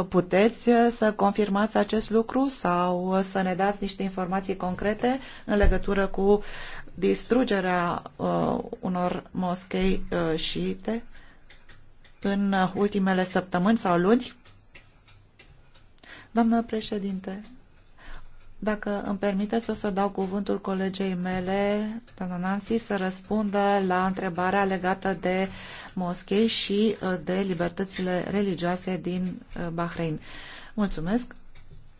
[SPEAKER 4] Puteți să confirmați acest lucru sau să ne dați niște informații concrete în legătură cu distrugerea uh, unor moschei uh, șiite în ultimele săptămâni sau luni? Doamnă președinte, dacă îmi permiteți, o să dau cuvântul colegei mele, doamna Nancy, să răspundă la întrebarea legată de moschei și uh, de libertățile religioase din uh, Bahrain. Mulțumesc!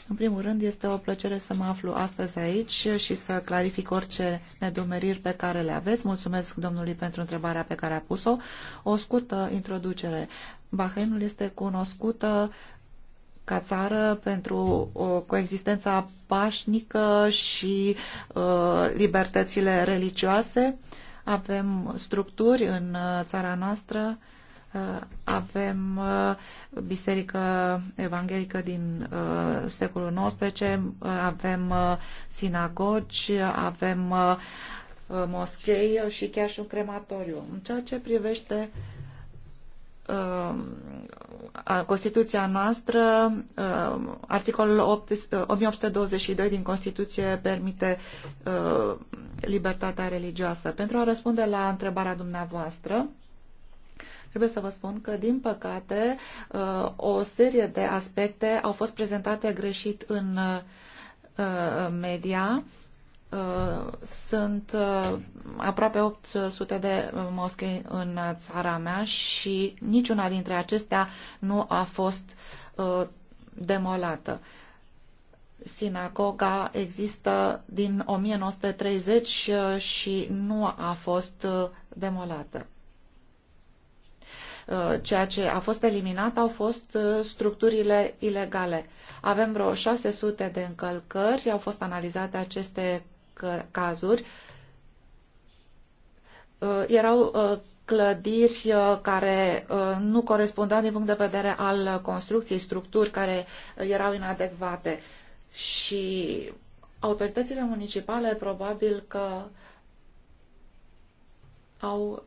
[SPEAKER 4] În primul rând, este o plăcere să mă aflu astăzi aici și să clarific orice nedumeriri pe care le aveți. Mulțumesc domnului pentru întrebarea pe care a pus-o. O scurtă introducere. Bahreinul este cunoscută ca țară pentru o coexistența pașnică și uh, libertățile religioase. Avem structuri în uh, țara noastră uh, Uh, avem uh, biserică evanghelică din uh, secolul XIX, avem sinagogi, avem moschei și chiar și un crematoriu. În ceea ce privește Constituția noastră, articolul 8, 1822 din Constituție permite libertatea religioasă. Pentru a răspunde la întrebarea dumneavoastră, Trebuie să vă spun că, din păcate, uh, o serie de aspecte au fost prezentate greșit în uh, media. Uh, sunt aproape 800 de moschei în țara mea și niciuna dintre acestea nu a fost demolată sinagoga există din 1930 și nu a fost demolată. Uh, ceea ce a fost eliminat au fost uh, structurile ilegale. Avem vreo 600 de încălcări, au fost analizate aceste cazuri. Uh, erau clădiri care nu corespundeau din punct de vedere al construcției, structuri care erau inadecvate. Și autoritățile municipale probabil că au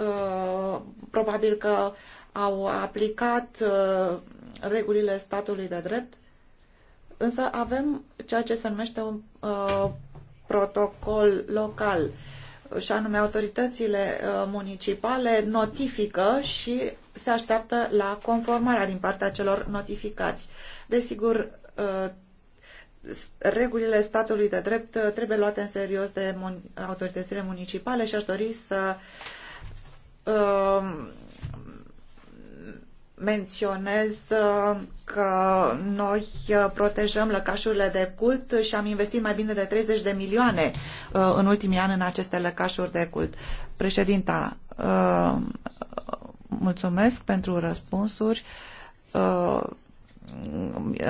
[SPEAKER 4] Uh, probabil că au aplicat uh, regulile statului de drept, însă avem ceea ce se numește un uh, protocol local și anume autoritățile municipale notifică și se așteaptă la conformarea din partea celor notificați. Desigur, regulile statului de drept trebuie luate în serios de autoritățile municipale și aș dori să Um, menționez uh, că noi uh, protejăm lăcașurile de cult și am investit mai bine de 30 de milioane uh, în ultimii ani în aceste lăcașuri de cult. Președinta, mulțumesc pentru răspunsuri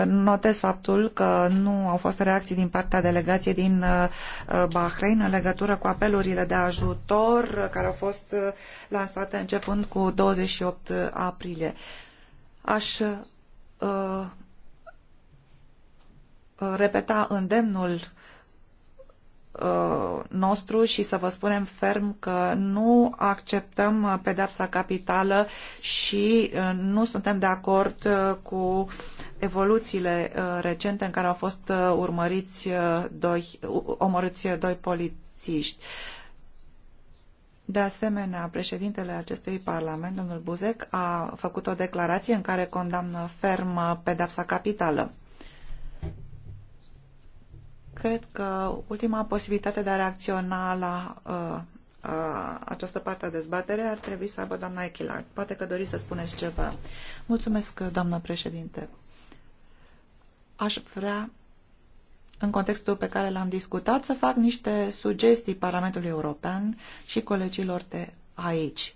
[SPEAKER 4] notez faptul că nu au fost reacții din partea delegației din uh, uh, Bahrain în legătură cu apelurile de ajutor care au fost uh, lansate începând cu 28 aprilie. Aș uh, repeta îndemnul Uh, nostru și să vă spunem ferm că nu acceptăm uh, pedepsa capitală și uh, nu suntem de acord cu evoluțiile recente în care au fost urmăriți doi, omorâți doi polițiști. De asemenea, președintele acestui parlament, domnul Buzek, a făcut o declarație în care condamnă ferm pedepsa capitală. Cred că ultima posibilitate de a reacționa la uh, uh, această parte a dezbatere ar trebui să aibă doamna Echilar. Poate că doriți să spuneți ceva. Mulțumesc, doamnă președinte. Aș vrea, în contextul pe care l-am discutat, să fac niște sugestii Parlamentului European și colegilor de aici.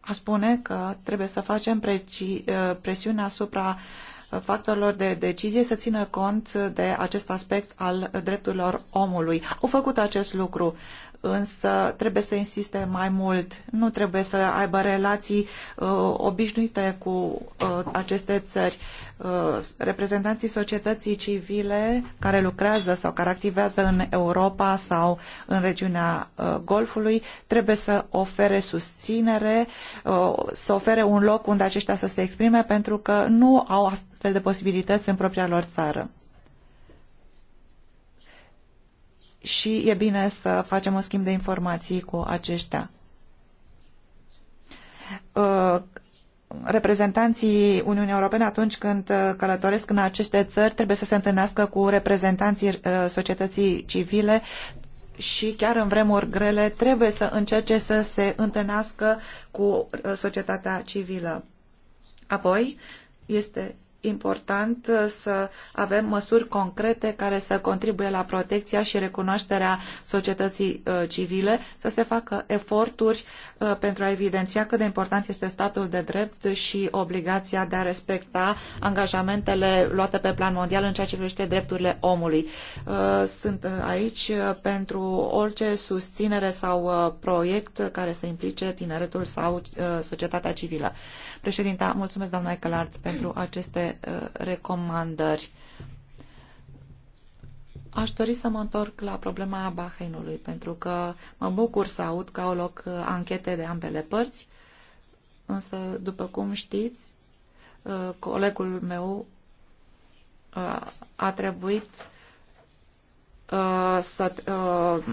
[SPEAKER 4] A spune că trebuie să facem uh, presiune asupra uh, factorilor de decizie să țină cont de acest aspect al drepturilor omului. Au făcut acest lucru însă trebuie să insiste mai mult. Nu trebuie să aibă relații uh, obișnuite cu uh, aceste țări. Uh, reprezentanții societății civile care lucrează sau care activează în Europa sau în regiunea uh, Golfului trebuie să ofere susținere, uh, să ofere un loc unde aceștia să se exprime pentru că nu au astfel de posibilități în propria lor țară. și e bine să facem un schimb de informații cu aceștia. Uh, reprezentanții Uniunii Europene atunci când uh, călătoresc în aceste țări trebuie să se întâlnească cu reprezentanții uh, societății civile și chiar în vremuri grele trebuie să încerce să se întâlnească cu societatea civilă. Apoi, este important uh, să avem măsuri concrete care să contribuie la protecția și recunoașterea societății uh, civile, să se facă eforturi uh, pentru a evidenția cât de important este statul de drept și obligația de a respecta angajamentele luate pe plan mondial în ceea ce privește drepturile omului. Sunt aici pentru orice susținere sau proiect care să implice tineretul sau societatea civilă. Președinta, mulțumesc doamna Ecălard pentru aceste uh, recomandări. Aș dori să mă întorc la problema Bahreinului, pentru că mă bucur să aud că au loc uh, anchete de ambele părți, însă, după cum știți, uh, colegul meu a trebuit Uh, să uh,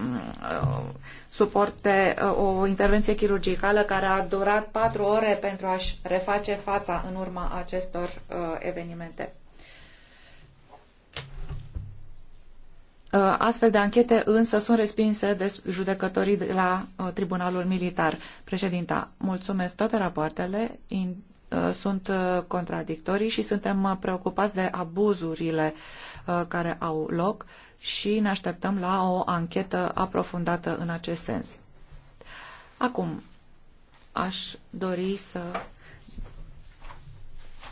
[SPEAKER 4] suporte uh, o intervenție chirurgicală care a durat patru ore pentru a-și reface fața în urma acestor evenimente. Astfel de anchete însă sunt respinse de judecătorii de la Tribunalul Militar. Președinta, mulțumesc toate rapoartele, in, sunt contradictorii și suntem preocupați de abuzurile care au loc și ne așteptăm la o anchetă aprofundată în acest sens. Acum, aș dori să...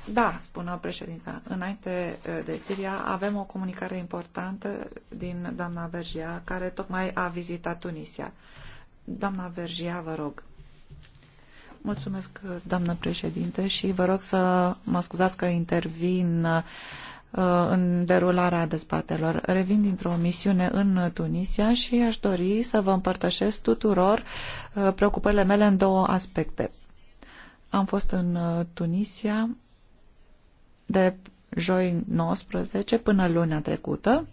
[SPEAKER 4] Da, spunea președinta, înainte de Siria avem o comunicare importantă din doamna Vergia, care tocmai a vizitat Tunisia. Doamna Vergia, vă rog. Mulțumesc, doamnă președinte, și vă rog să mă scuzați că intervin Uh, în derularea dezbaterilor. Revin dintr-o misiune în Tunisia și aș dori să vă împărtășesc tuturor uh, preocupările mele în două aspecte. Am fost în uh, Tunisia de joi 19 până luna trecută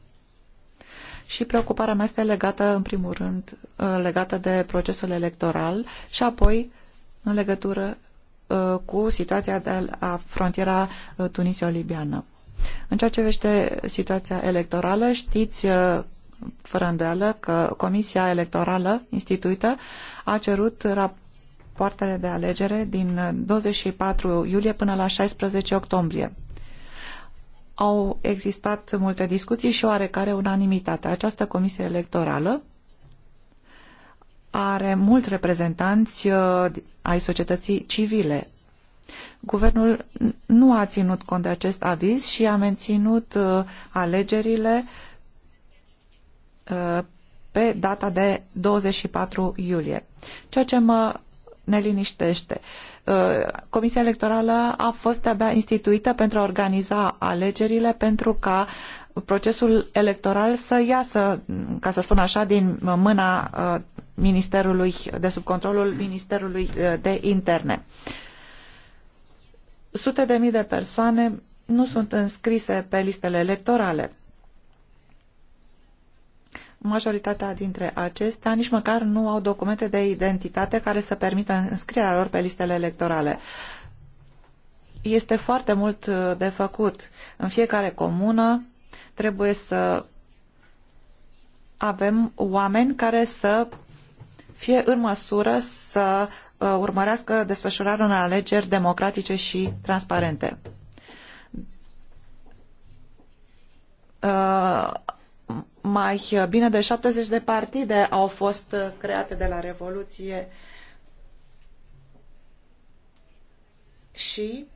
[SPEAKER 4] și preocuparea mea este legată, în primul rând, legată de procesul electoral și apoi în legătură cu situația de la frontiera tunisio-libiană. În ceea ce vește situația electorală, știți uh, fără îndoială că Comisia Electorală instituită a cerut rapoartele de alegere din 24 uh, iulie până la 16 octombrie. Au existat multe discuții și oarecare unanimitate. Această Comisie Electorală are mulți reprezentanți uh, ai societății civile Guvernul nu a ținut cont de acest aviz și a menținut uh, alegerile uh, pe data de 24 iulie, ceea ce mă neliniștește. Uh, Comisia Electorală a fost abia instituită pentru a organiza alegerile pentru ca procesul electoral să iasă, ca să spun așa, din mâna Ministerului, de sub controlul Ministerului de Interne. Uh, sute de mii de persoane nu sunt înscrise pe listele electorale. Majoritatea dintre acestea nici măcar nu au documente de identitate care să permită înscrierea lor pe listele electorale. Este foarte mult uh, de făcut. În fiecare comună trebuie să avem oameni care să fie în măsură să Uh, urmărească desfășurarea unor alegeri democratice și transparente. Uh, mai bine de 70 de partide au fost create de la Revoluție și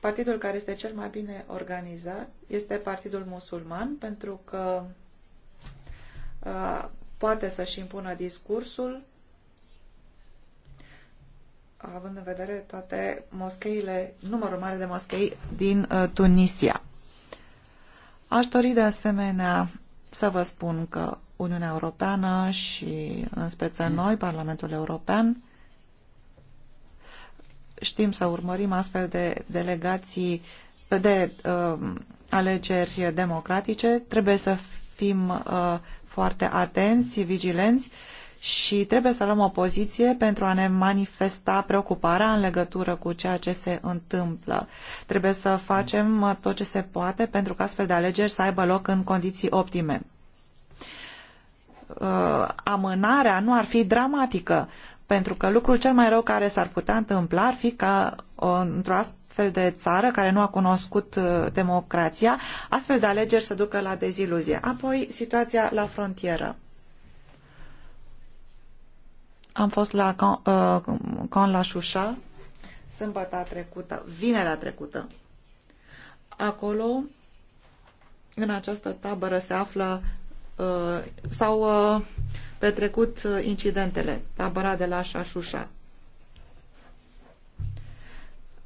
[SPEAKER 4] Partidul care este cel mai bine organizat este Partidul Musulman, pentru că uh, poate să-și impună discursul, având în vedere toate moscheile, numărul mare de moschei din uh, Tunisia. Aș dori de asemenea să vă spun că Uniunea Europeană și în speță noi, Parlamentul European, știm să urmărim astfel de delegații de uh, alegeri democratice. Trebuie să fim uh, foarte atenți, vigilenți și trebuie să luăm o poziție pentru a ne manifesta preocuparea în legătură cu ceea ce se întâmplă. Trebuie să facem tot ce se poate pentru ca astfel de alegeri să aibă loc în condiții optime. Uh, amânarea nu ar fi dramatică, pentru că lucrul cel mai rău care s-ar putea întâmpla ar fi ca uh, într-o astfel astfel de țară care nu a cunoscut uh, democrația, astfel de alegeri să ducă la deziluzie. Apoi, situația la frontieră. Am fost la Con uh, la Șușa sâmbătă trecută, vinerea trecută. Acolo, în această tabără se află uh, sau petrecut incidentele, tabăra de la Șașușa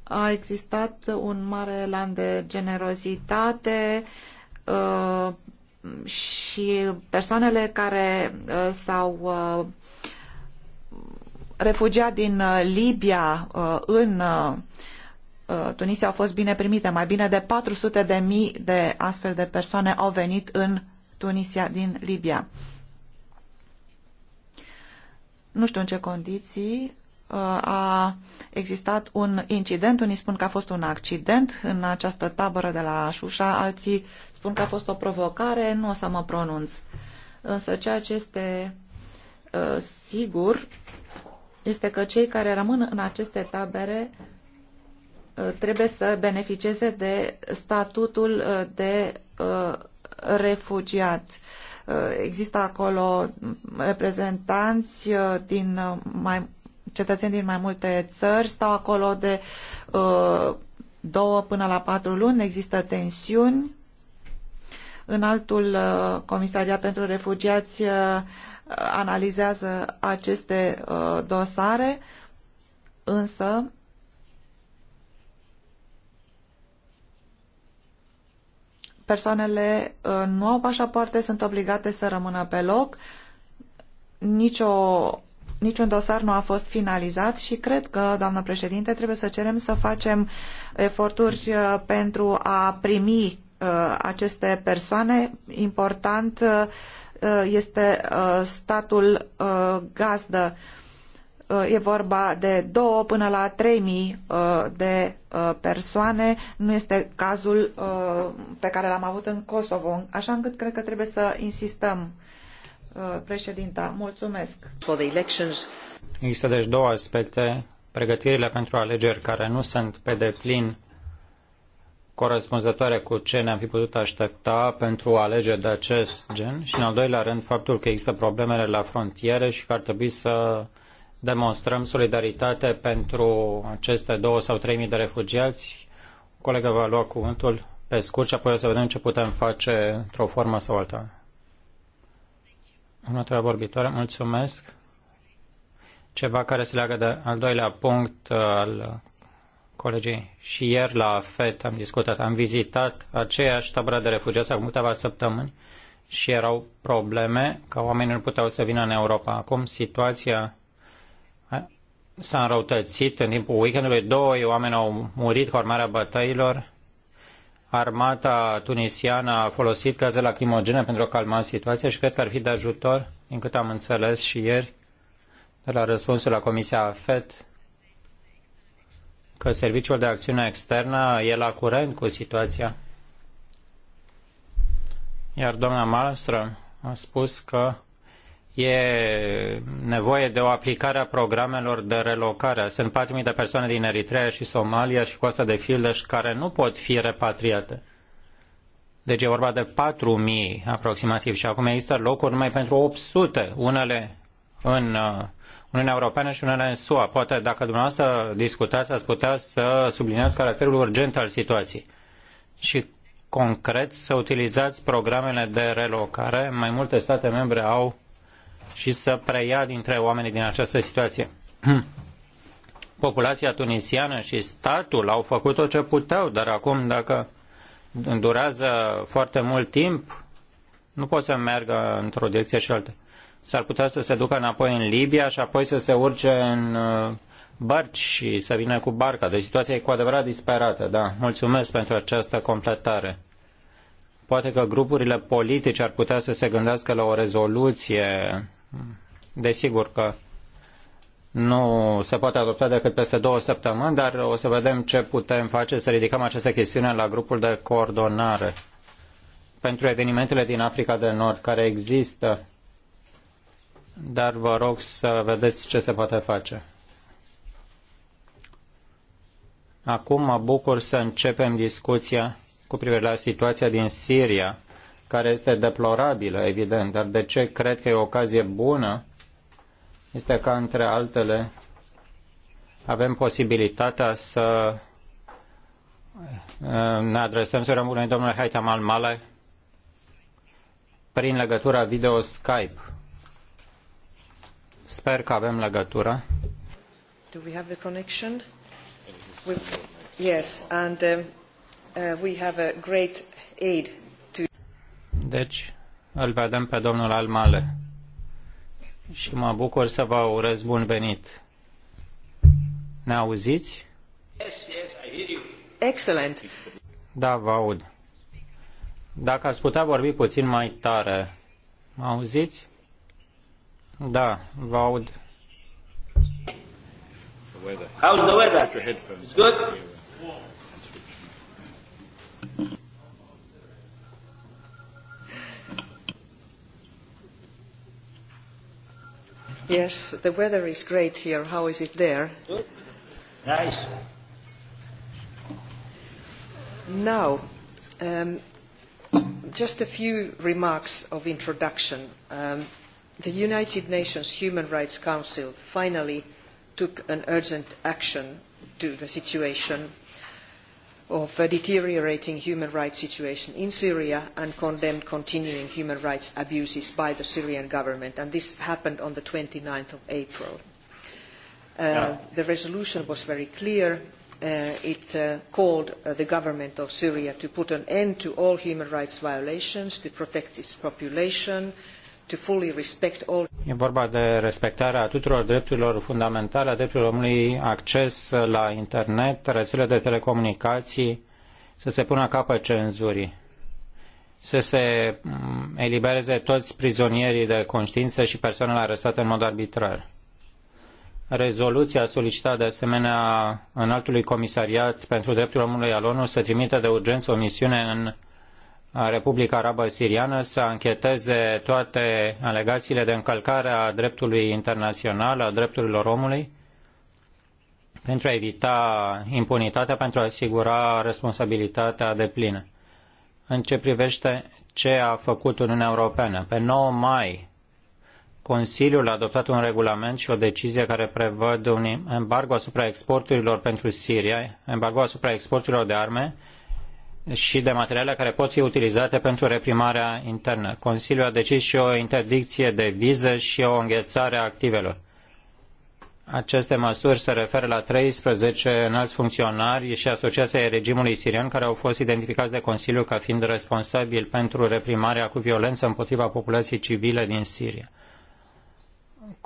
[SPEAKER 4] a existat un mare elan de generozitate uh, și persoanele care uh, s-au uh, refugiat din uh, Libia uh, în uh, Tunisia au fost bine primite. Mai bine de 400 de mii de astfel de persoane au venit în Tunisia din Libia. Nu știu în ce condiții a existat un incident, unii spun că a fost un accident în această tabără de la Șușa, alții spun că a fost o provocare, nu o să mă pronunț. Însă ceea ce este uh, sigur este că cei care rămân în aceste tabere uh, trebuie să beneficieze de statutul uh, de refugiat. Există acolo reprezentanți din mai cetățeni din mai multe țări stau acolo de uh, două până la patru luni, există tensiuni. În altul uh, Comisaria pentru Refugiați uh, analizează aceste uh, dosare, însă persoanele uh, nu au pașapoarte, sunt obligate să rămână pe loc. Nicio niciun dosar nu a fost finalizat și cred că, doamnă președinte, trebuie să cerem să facem eforturi uh, pentru a primi uh, aceste persoane. Important uh, este statul gazdă. E vorba de 2 până la 3000 de persoane. Nu este cazul pe care l-am avut în Kosovo, așa încât cred că trebuie să insistăm Uh, președinta. Mulțumesc.
[SPEAKER 2] Există deci două aspecte. Pregătirile pentru alegeri care nu sunt pe deplin corespunzătoare cu ce ne-am fi putut aștepta pentru alegeri de acest gen și, în al doilea rând, faptul că există problemele la frontiere și că ar trebui să demonstrăm solidaritate pentru aceste două sau trei mii de refugiați. Colega va lua cuvântul pe scurt și apoi o să vedem ce putem face într-o formă sau alta. Următoarea vorbitoare, mulțumesc. Ceva care se leagă de al doilea punct al colegii. Și ieri la FET am discutat, am vizitat aceeași tabără de refugiați acum câteva săptămâni și erau probleme că oamenii nu puteau să vină în Europa. Acum situația s-a înrăutățit în timpul weekendului. Doi oameni au murit cu urmarea bătăilor armata tunisiană a folosit gaze lacrimogene pentru a calma situația și cred că ar fi de ajutor, din cât am înțeles și ieri, de la răspunsul la Comisia AFET, că Serviciul de Acțiune Externă e la curent cu situația. Iar doamna Malmström a spus că e nevoie de o aplicare a programelor de relocare. Sunt 4.000 de persoane din Eritrea și Somalia și Costa de Fildeș care nu pot fi repatriate. Deci e vorba de 4.000 aproximativ și acum există locuri numai pentru 800, unele în uh, Uniunea Europeană și unele în SUA. Poate dacă dumneavoastră discutați, ați putea să subliniați caracterul urgent al situației și concret să utilizați programele de relocare. Mai multe state membre au și să preia dintre oamenii din această situație. Populația tunisiană și statul au făcut tot ce puteau, dar acum dacă durează foarte mult timp, nu pot să meargă într-o direcție și altă. S-ar putea să se ducă înapoi în Libia și apoi să se urce în uh, barci și să vină cu barca. Deci situația e cu adevărat disperată, da. Mulțumesc pentru această completare. Poate că grupurile politice ar putea să se gândească la o rezoluție Desigur că nu se poate adopta decât peste două săptămâni, dar o să vedem ce putem face să ridicăm această chestiune la grupul de coordonare pentru evenimentele din Africa de Nord care există, dar vă rog să vedeți ce se poate face. Acum mă bucur să începem discuția cu privire la situația din Siria care este deplorabilă, evident, dar de ce cred că e o ocazie bună este că, între altele, avem posibilitatea să uh, ne adresăm să rămâne domnului Haitham al Male prin legătura video Skype. Sper că avem legătura.
[SPEAKER 1] Do we have the connection? We... Yes, and uh, uh, we have a great aid
[SPEAKER 2] deci, îl vedem pe domnul Almale. Și mă bucur să vă urez bun venit. Ne auziți? Excelent. Da, vă aud. Dacă ați putea vorbi puțin mai tare, mă auziți? Da, vă aud.
[SPEAKER 5] How's the weather? Good.
[SPEAKER 1] Yes, the weather is great here. How is it there?
[SPEAKER 5] Good. Nice.
[SPEAKER 1] Now, um, just a few remarks of introduction. Um, the United Nations Human Rights Council finally took an urgent action to the situation of a deteriorating human rights situation in Syria and condemned continuing human rights abuses by the Syrian government. And this happened on the 29th of April. Uh, The resolution was very clear. Uh, it uh, called uh, the government of Syria to put an end to all human rights violations, to protect its population, to fully respect all.
[SPEAKER 2] E vorba de respectarea tuturor drepturilor fundamentale, a drepturilor omului, acces la internet, rețele de telecomunicații, să se pună capăt cenzurii, să se mm, elibereze toți prizonierii de conștiință și persoanele arestate în mod arbitrar. Rezoluția solicitată de asemenea înaltului comisariat pentru drepturile omului al ONU să trimită de urgență o misiune în Republica Arabă Siriană să ancheteze toate alegațiile de încălcare a dreptului internațional, a drepturilor omului, pentru a evita impunitatea, pentru a asigura responsabilitatea deplină. În ce privește ce a făcut Uniunea Europeană, pe 9 mai Consiliul a adoptat un regulament și o decizie care prevăd un embargo asupra exporturilor pentru Siria, embargo asupra exporturilor de arme, și de materiale care pot fi utilizate pentru reprimarea internă. Consiliul a decis și o interdicție de vize și o înghețare a activelor. Aceste măsuri se referă la 13 înalți funcționari și asociații ai regimului sirian care au fost identificați de Consiliu ca fiind responsabili pentru reprimarea cu violență împotriva populației civile din Siria.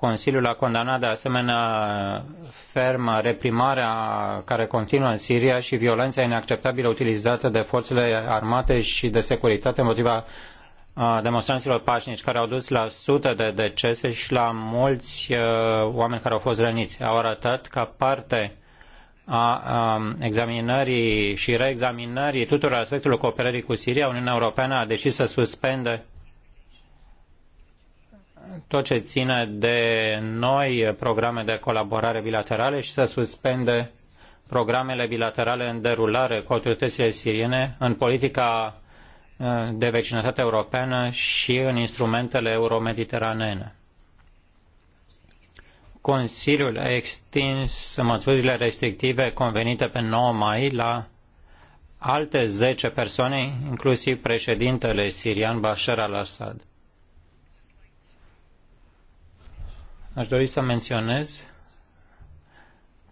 [SPEAKER 2] Consiliul a condamnat de asemenea ferm reprimarea care continuă în Siria și violența inacceptabilă utilizată de forțele armate și de securitate împotriva demonstranților pașnici, care au dus la sute de decese și la mulți oameni care au fost răniți. Au arătat ca parte a examinării și reexaminării tuturor aspectelor cooperării cu Siria, Uniunea Europeană a decis să suspende tot ce ține de noi programe de colaborare bilaterale și să suspende programele bilaterale în derulare cu autoritățile siriene în politica uh, de vecinătate europeană și în instrumentele euromediteraneene. Consiliul a extins măsurile restrictive convenite pe 9 mai la alte zece persoane, inclusiv președintele sirian Bashar al-Assad. Aș dori să menționez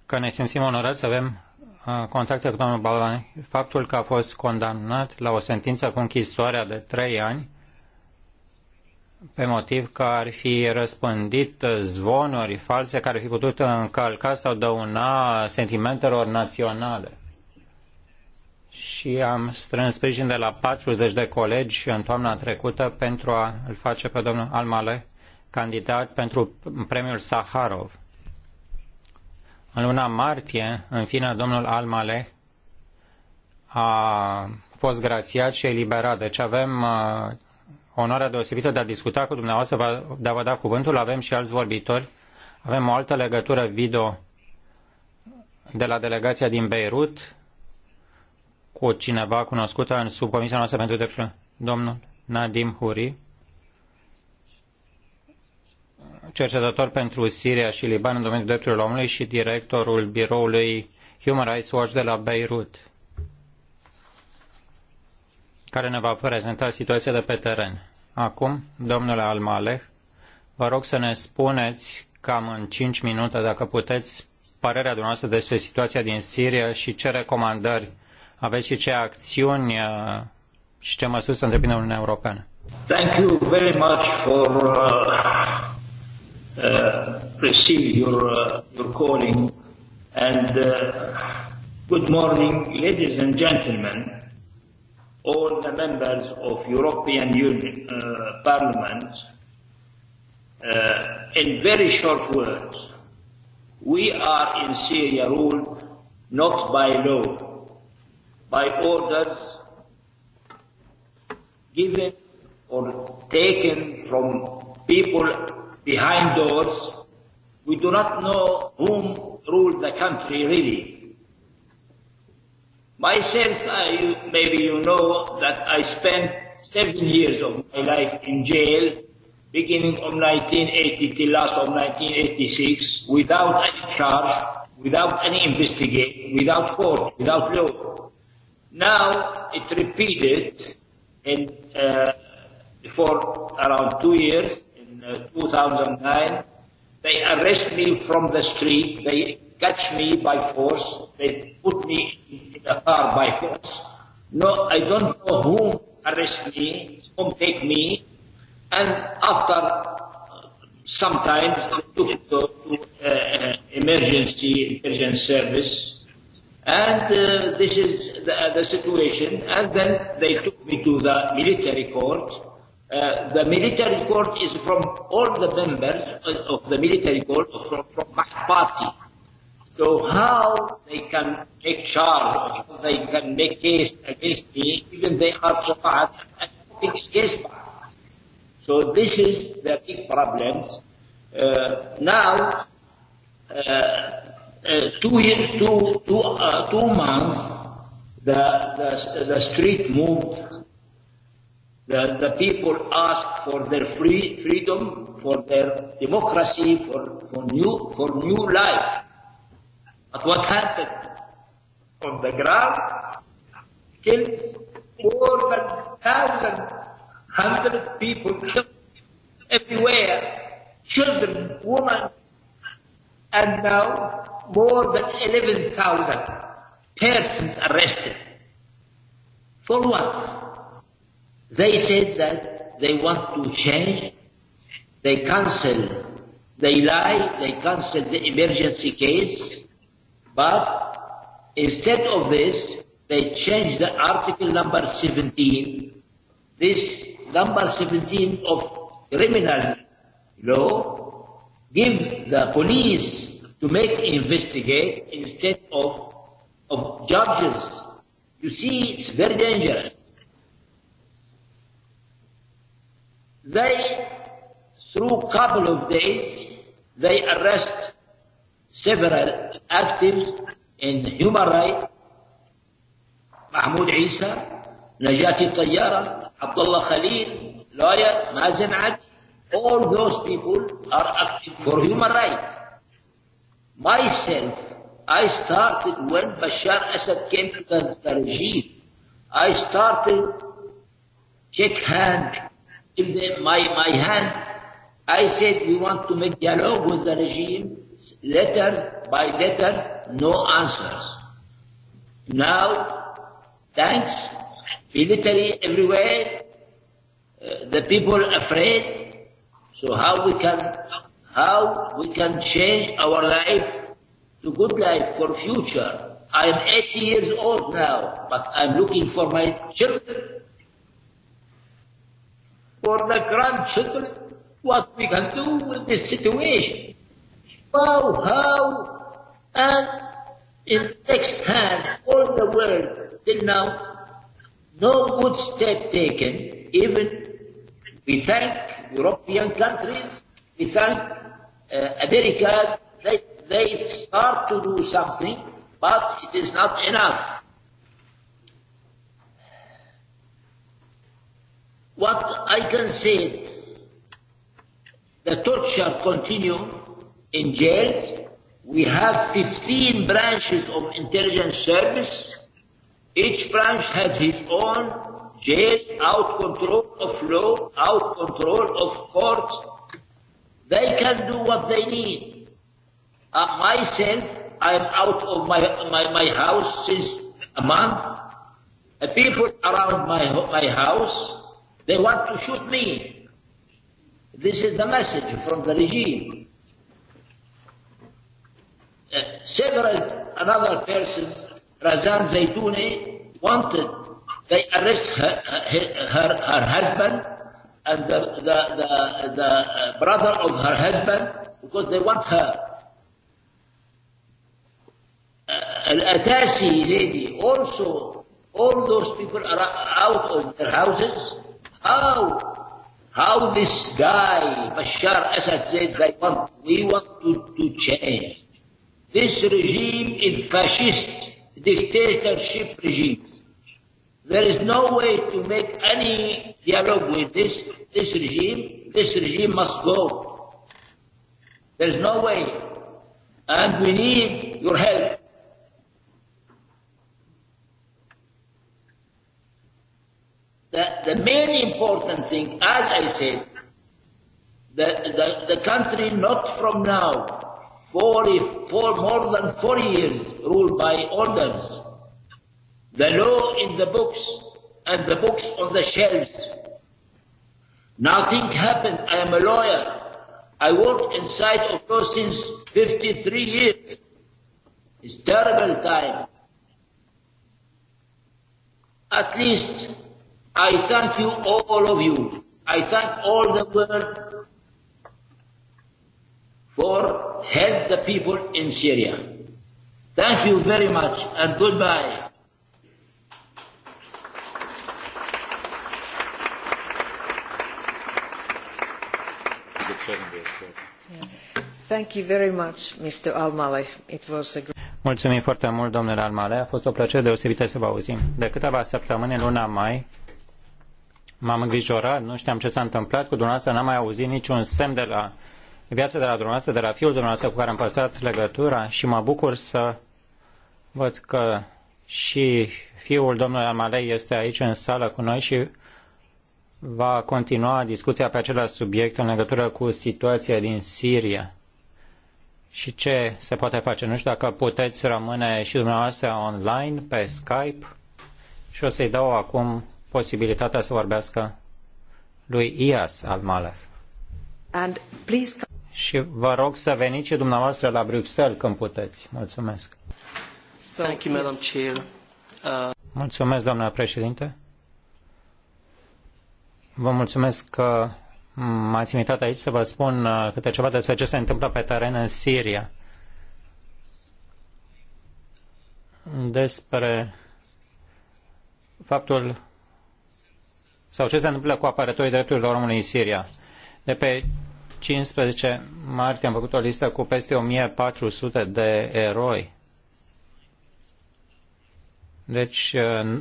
[SPEAKER 2] că ne simțim onorați să avem uh, contacte cu domnul Balvan. Faptul că a fost condamnat la o sentință cu închisoarea de trei ani pe motiv că ar fi răspândit uh, zvonuri false care ar fi putut uh, încalca sau dăuna sentimentelor naționale. Și am strâns sprijin de la 40 de colegi în toamna trecută pentru a-l face pe domnul Almale candidat pentru premiul Saharov. În luna martie, în fine, domnul Al-Maleh a fost grațiat și eliberat. Deci avem uh, onoarea deosebită de a discuta cu dumneavoastră, de a vă da cuvântul. Avem și alți vorbitori. Avem o altă legătură video de la delegația din Beirut cu cineva cunoscută în subcomisia noastră pentru drepturile, domnul Nadim Huri cercetător pentru Siria și Liban în domeniul drepturilor omului și directorul biroului Human Rights Watch de la Beirut, care ne va prezenta situația de pe teren. Acum, domnule Almaleh, vă rog să ne spuneți cam în cinci minute, dacă puteți, părerea dumneavoastră despre situația din Siria și ce recomandări aveți și ce acțiuni uh, și ce măsuri să întreprinde Uniunea Europeană.
[SPEAKER 5] Thank you very much for uh, Uh, receive your, uh, your calling. And uh, good morning, ladies and gentlemen, all the members of European Union uh, Parliament. Uh, in very short words, we are in Syria ruled not by law, by orders given or taken from people behind doors. We do not know whom ruled the country really. Myself, I, maybe you know that I spent seven years of my life in jail, beginning of 1980 till last of 1986, without any charge, without any investigation, without court, without law. Now it repeated, and uh, for around two years, 2009. Uh, they arrest me from the street. They catch me by force. They put me in the car by force. No, I don't know who arrest me, who take me. And after uh, some time, they took to, to uh, emergency intelligence service. And uh, this is the, the situation. And then they took me to the military court Uh, the military court is from all the members uh, of the military court from, from my party. So how they can take charge, How they can make case against me, even they are so bad, against me. So this is the big problem. Uh, now, uh, uh, two, year, two, two, uh, two months, the, the, the street moved The, the people ask for their free freedom, for their democracy, for, for new for new life. But what happened on the ground killed more than thousand hundred people killed everywhere, children, women, and now more than eleven thousand persons arrested. For what? They said that they want to change, they cancel, they lie, they cancel the emergency case, but instead of this, they change the article number 17, this number 17 of criminal law, give the police to make investigate instead of, of judges. You see, it's very dangerous. They, through couple of days, they arrest several actives in human rights, محمود عيسى نجاة الطيارة عبد الله خليل lawyer مازن عدي all those people are active for human rights myself I started when Bashar Assad came to the, the regime I started check hand if they, my, my hand, I said we want to make dialogue with the regime, letter by letter, no answers. Now, thanks, military everywhere, uh, the people afraid, so how we can, how we can change our life to good life for future. I'm 80 years old now, but I'm looking for my children For the grandchildren what we can do with this situation. How, how, and in the next hand, all the world till now, no good step taken. Even we thank European countries, we thank uh, America, they, they start to do something, but it is not enough. What I can say, the torture continue in jails. We have 15 branches of intelligence service. Each branch has his own jail, out control of law, out control of court. They can do what they need. Uh, myself, I'm out of my, my, my house since a month. The people around my, my house, They want to shoot me. This is the message from the regime. Uh, several another person, Razan Zaytouni, wanted. They arrest her, her, her, her husband and the, the, the, the uh, brother of her husband because they want her. Uh, Al-Atasi lady also, all those people are out of their houses How? How this guy, Bashar Assad, said they want, we want to, to change. This regime is fascist dictatorship regime. There is no way to make any dialogue with this, this regime. This regime must go. There is no way. And we need your help. The, the main important thing, as I said, the, the, the country not from now, if, for more than four years ruled by orders, the law in the books and the books on the shelves. Nothing happened. I am a lawyer. I work inside of those since 53 years. It's terrible time. At least I thank you, all of you. I thank all the world for help the people in Syria. Thank you very much and goodbye.
[SPEAKER 1] Thank you very much, Mr. Al-Maleh. It was a great...
[SPEAKER 2] Mulțumim foarte mult, domnule Almale. A fost o plăcere deosebită să vă auzim. De câteva săptămâni, în luna mai, m-am îngrijorat, nu știam ce s-a întâmplat cu dumneavoastră, n-am mai auzit niciun semn de la viața de la dumneavoastră, de la fiul dumneavoastră cu care am păstrat legătura și mă bucur să văd că și fiul domnului Amalei este aici în sală cu noi și va continua discuția pe același subiect în legătură cu situația din Siria și ce se poate face. Nu știu dacă puteți rămâne și dumneavoastră online pe Skype și o să-i dau acum posibilitatea să vorbească lui Ias al Malach. And please... Și vă rog să veniți și dumneavoastră la Bruxelles când puteți. Mulțumesc.
[SPEAKER 6] So, Thank you,
[SPEAKER 5] Madam Chair. Uh...
[SPEAKER 2] Mulțumesc, doamna președinte. Vă mulțumesc că m-ați invitat aici să vă spun uh, câte ceva despre ce se întâmplă pe teren în Siria. Despre faptul sau ce se întâmplă cu apărătorii drepturilor omului în Siria. De pe 15 martie am făcut o listă cu peste 1400 de eroi. Deci, uh,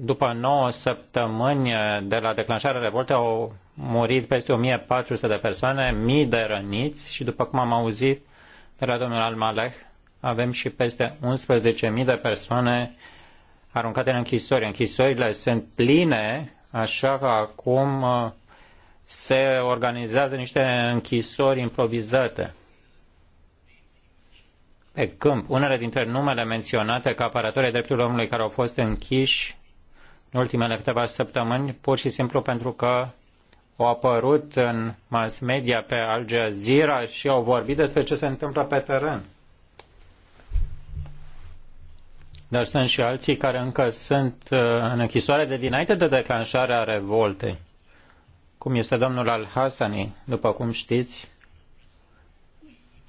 [SPEAKER 2] după 9 săptămâni de la declanșarea revoltei au murit peste 1400 de persoane, mii de răniți și, după cum am auzit de la domnul Al-Malek, avem și peste 11.000 de persoane aruncate în închisori. Închisorile sunt pline Așa că acum uh, se organizează niște închisori improvizate pe câmp. Unele dintre numele menționate ca apărători drepturilor omului care au fost închiși în ultimele câteva săptămâni, pur și simplu pentru că au apărut în mass media pe Al Jazeera și au vorbit despre ce se întâmplă pe teren. Dar sunt și alții care încă sunt uh, în închisoare de dinainte de declanșarea revoltei. Cum este domnul Al-Hassani, după cum știți,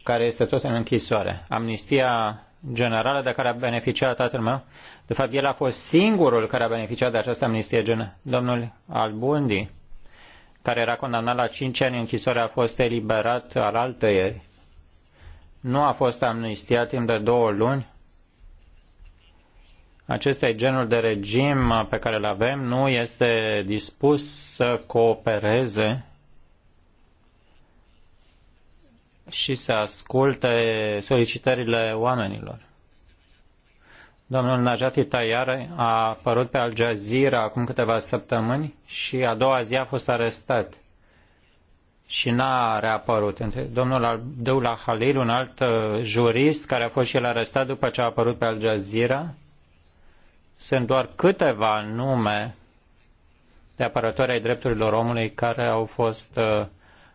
[SPEAKER 2] care este tot în închisoare. Amnistia generală de care a beneficiat tatăl meu. De fapt, el a fost singurul care a beneficiat de această amnistie generală. Domnul Albundi, care era condamnat la 5 ani închisoare, a fost eliberat al altăieri. Nu a fost amnistiat timp de două luni, acesta e genul de regim pe care îl avem, nu este dispus să coopereze și să asculte solicitările oamenilor. Domnul Najati Tayar a apărut pe Al Jazeera acum câteva săptămâni și a doua zi a fost arestat și n-a reapărut. Domnul Abdullah Halil, un alt uh, jurist care a fost și el arestat după ce a apărut pe Al Jazeera, sunt doar câteva nume de apărători ai drepturilor omului care au fost uh,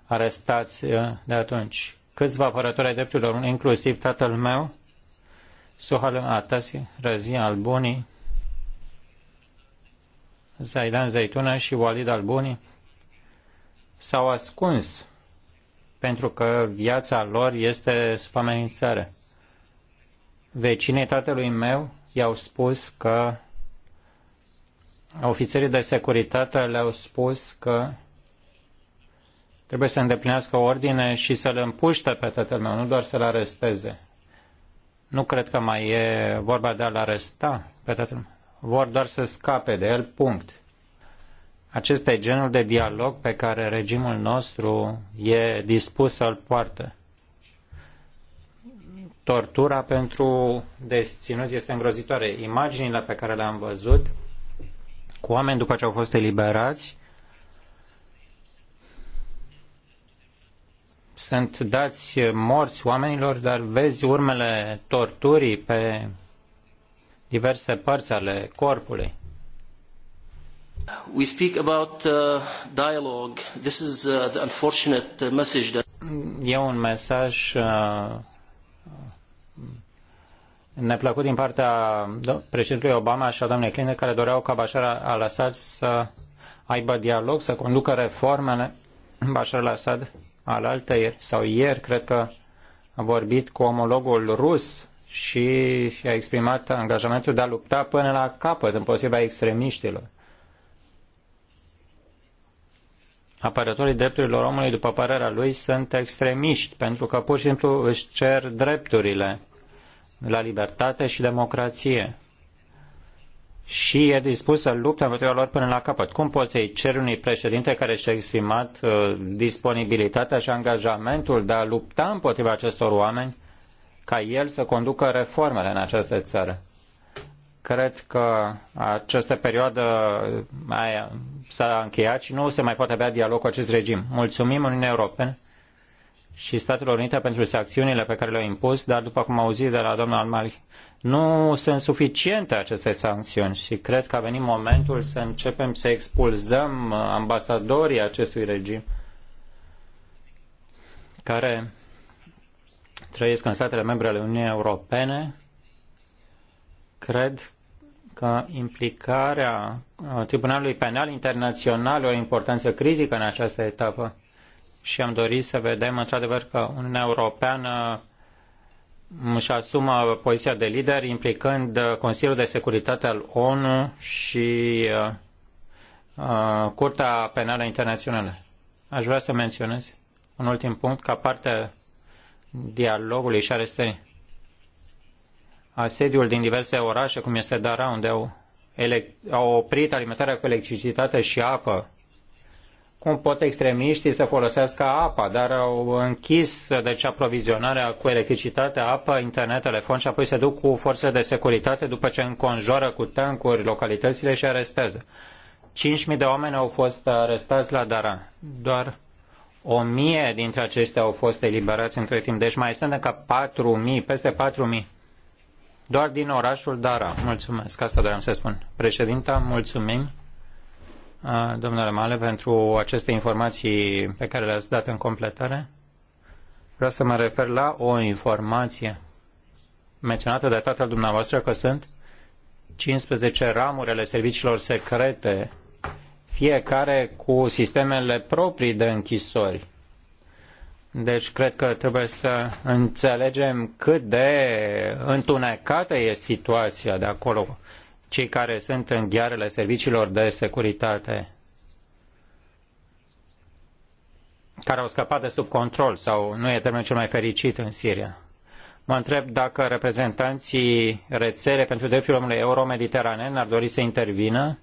[SPEAKER 2] arestați uh, de atunci. Câțiva apărători ai drepturilor omului, inclusiv tatăl meu, Suhal Atasi, Razi Albuni, Zaidan Zaituna și Walid Albuni, s-au ascuns pentru că viața lor este spamenințare. Vecinii tatălui meu i-au spus că ofițerii de securitate le-au spus că trebuie să îndeplinească ordine și să l împuște pe tatăl meu, nu doar să-l aresteze. Nu cred că mai e vorba de a-l aresta pe tatăl meu. Vor doar să scape de el, punct. Acesta e genul de dialog pe care regimul nostru e dispus să-l poartă tortura pentru deținuți este îngrozitoare. Imaginile pe care le-am văzut cu oameni după ce au fost eliberați sunt dați morți oamenilor, dar vezi urmele torturii pe diverse părți ale corpului. We speak about uh,
[SPEAKER 5] dialogue. This is uh, the unfortunate uh, message that
[SPEAKER 2] E un mesaj uh, neplăcut din partea președintelui Obama și a doamnei Clinton, care doreau ca Bashar al-Assad să aibă dialog, să conducă reformele. Bashar al-Assad al altăieri sau ieri, cred că a vorbit cu omologul rus și a exprimat angajamentul de a lupta până la capăt împotriva extremiștilor. Apărătorii drepturilor omului, după părerea lui, sunt extremiști pentru că pur și simplu își cer drepturile la libertate și democrație. Și e dispus să lupte împotriva lor până la capăt. Cum poți să-i ceri unui președinte care și-a exprimat uh, disponibilitatea și angajamentul de a lupta împotriva acestor oameni ca el să conducă reformele în această țară? Cred că această perioadă uh, s-a încheiat și nu se mai poate avea dialog cu acest regim. Mulțumim Uniunii Europene și Statelor Unite pentru sancțiunile pe care le-au impus, dar după cum au auzit de la domnul Almari, nu sunt suficiente aceste sancțiuni și cred că a venit momentul să începem să expulzăm ambasadorii acestui regim care trăiesc în statele membre ale Uniunii Europene. Cred că implicarea uh, Tribunalului Penal Internațional are o importanță critică în această etapă și am dorit să vedem într-adevăr că Uniunea Europeană își asumă poziția de lider implicând uh, Consiliul de Securitate al ONU și uh, uh, Curtea Penală Internațională. Aș vrea să menționez un ultim punct ca parte dialogului și arestării. Asediul din diverse orașe, cum este Dara, unde au, au oprit alimentarea cu electricitate și apă cum pot extremiștii să folosească apa, dar au închis deci aprovizionarea cu electricitate, apă, internet, telefon și apoi se duc cu forțe de securitate după ce înconjoară cu tancuri localitățile și arestează. 5.000 de oameni au fost arestați la Dara. Doar 1.000 dintre aceștia au fost eliberați între timp. Deci mai sunt încă 4.000, peste 4.000. Doar din orașul Dara. Mulțumesc. Asta doream să spun. Președinta, mulțumim domnule Male, pentru aceste informații pe care le-ați dat în completare. Vreau să mă refer la o informație menționată de tatăl dumneavoastră că sunt 15 ramuri ale serviciilor secrete, fiecare cu sistemele proprii de închisori. Deci cred că trebuie să înțelegem cât de întunecată e situația de acolo cei care sunt în ghearele serviciilor de securitate, care au scăpat de sub control sau nu e termenul cel mai fericit în Siria. Mă întreb dacă reprezentanții rețele pentru drepturile omului euromediteranen ar dori să intervină.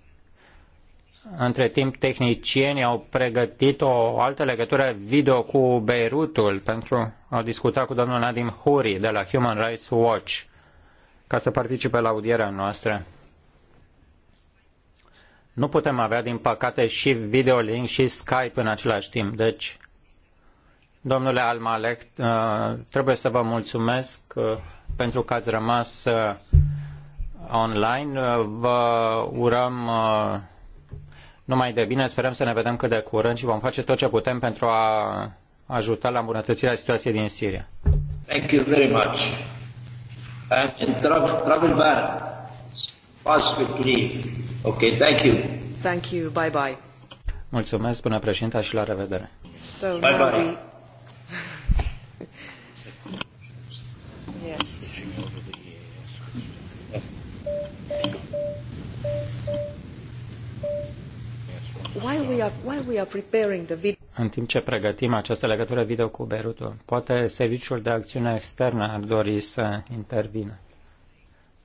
[SPEAKER 2] Între timp, tehnicienii au pregătit o altă legătură video cu Beirutul pentru a discuta cu domnul Nadim Huri de la Human Rights Watch ca să participe la audierea noastră. Nu putem avea, din păcate, și videolink și Skype în același timp. Deci, domnule Almalek, uh, trebuie să vă mulțumesc uh, pentru că ați rămas uh, online. Vă urăm numai de bine, sperăm să ne vedem cât de curând și vom face tot ce putem pentru a ajuta la îmbunătățirea situației din Siria.
[SPEAKER 5] Thank you very much. And travel, travel back. Pass Ok,
[SPEAKER 1] thank you. Thank you, bye bye.
[SPEAKER 2] Mulțumesc, spune președinta și la revedere.
[SPEAKER 1] So, bye bye. We... yes. While we are, while we are preparing the video...
[SPEAKER 2] În timp ce pregătim această legătură video cu Berutu, poate Serviciul de Acțiune Externă ar dori să intervină,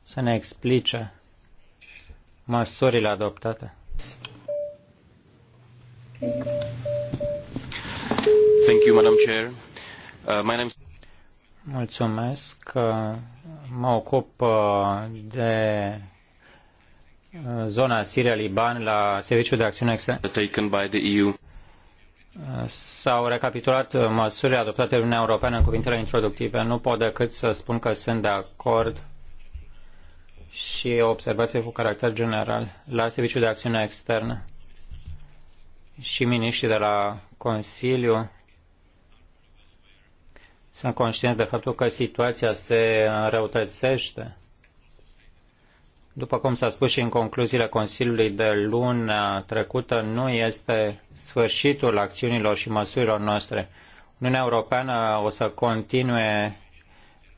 [SPEAKER 2] să ne explice măsurile adoptate. Thank you, Madam Chair. Uh, my name... Mulțumesc. Mă ocup uh, de uh, zona Siria-Liban la Serviciul de Acțiune Externă. S-au recapitulat uh, măsurile adoptate de Uniunea Europeană în cuvintele introductive. Nu pot decât să spun că sunt de acord și o observație cu caracter general la Serviciul de Acțiune Externă și miniștrii de la Consiliu sunt conștienți de faptul că situația se înrăutățește. După cum s-a spus și în concluziile Consiliului de luna trecută, nu este sfârșitul acțiunilor și măsurilor noastre. Uniunea Europeană o să continue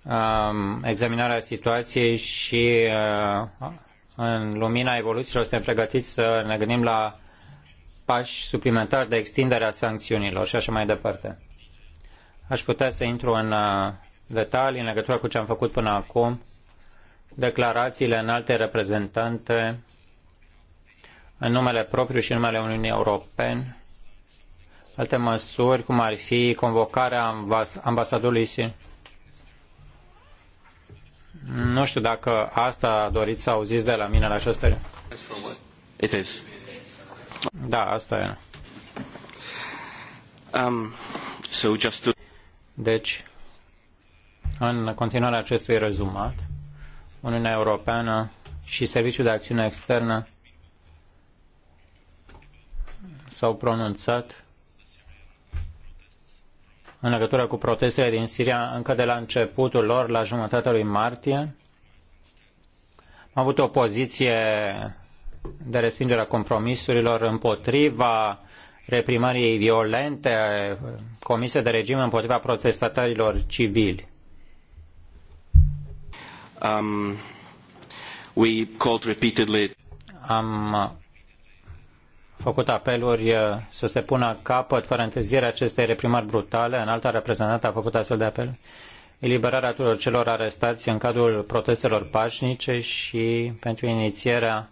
[SPEAKER 2] Um, examinarea situației și uh, în lumina evoluțiilor suntem pregătiți să ne gândim la pași suplimentari de extindere a sancțiunilor și așa mai departe. Aș putea să intru în uh, detalii în legătură cu ce am făcut până acum, declarațiile în alte reprezentante, în numele propriu și în numele Uniunii Europene, alte măsuri, cum ar fi convocarea ambas- ambasadorului nu știu dacă asta doriți să auziți de la mine la această It is. Da, asta e. Um, so just to... Deci, în continuarea acestui rezumat, Uniunea Europeană și Serviciul de Acțiune Externă s-au pronunțat în legătură cu protestele din Siria încă de la începutul lor, la jumătatea lui martie. Am avut o poziție de respingere a compromisurilor împotriva reprimării violente comise de regim împotriva protestatarilor civili. Um, we called repeatedly. Am făcut apeluri uh, să se pună capăt fără întârziere acestei reprimări brutale. În alta reprezentantă a făcut astfel de apel. Eliberarea tuturor celor arestați în cadrul protestelor pașnice și pentru inițierea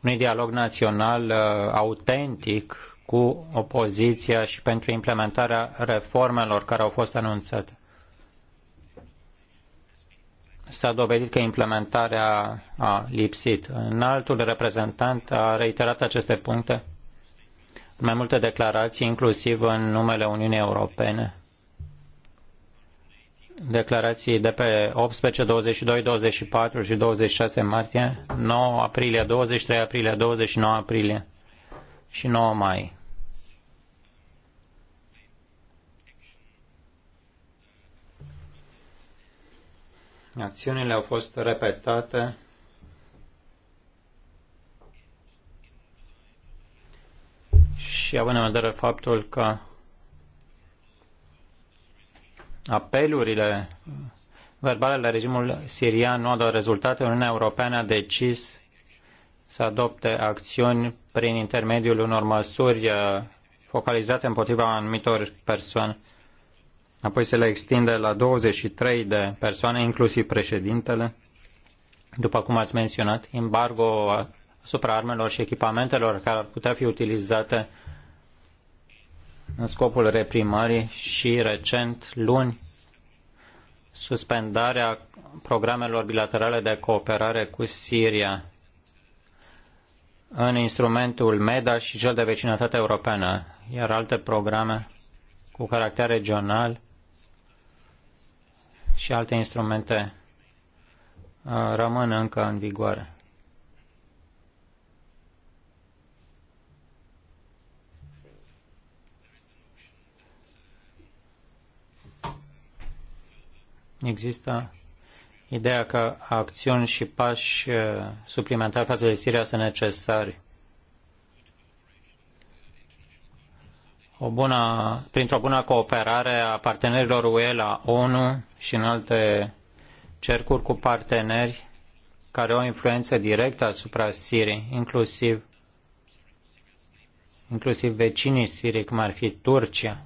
[SPEAKER 2] unui dialog național uh, autentic cu opoziția și pentru implementarea reformelor care au fost anunțate s-a dovedit că implementarea a lipsit. Înaltul reprezentant a reiterat aceste puncte mai multe declarații, inclusiv în numele Uniunii Europene. Declarații de pe 18, 22, 24 și 26 martie, 9 aprilie, 23 aprilie, 29 aprilie și 9 mai. Acțiunile au fost repetate și având în vedere faptul că apelurile verbale la regimul sirian nu au dat rezultate, Uniunea Europeană a decis să adopte acțiuni prin intermediul unor măsuri uh, focalizate împotriva anumitor persoane apoi se le extinde la 23 de persoane, inclusiv președintele, după cum ați menționat, embargo asupra armelor și echipamentelor care ar putea fi utilizate în scopul reprimării și recent, luni, suspendarea programelor bilaterale de cooperare cu Siria în instrumentul MEDA și cel de vecinătate europeană, iar alte programe cu caracter regional și alte instrumente uh, rămân încă în vigoare. Există ideea că acțiuni și pași uh, suplimentari față de Siria sunt necesari o bună, printr-o bună cooperare a partenerilor UE la ONU și în alte cercuri cu parteneri care au influență directă asupra Siriei, inclusiv, inclusiv vecinii Siriei, cum ar fi Turcia.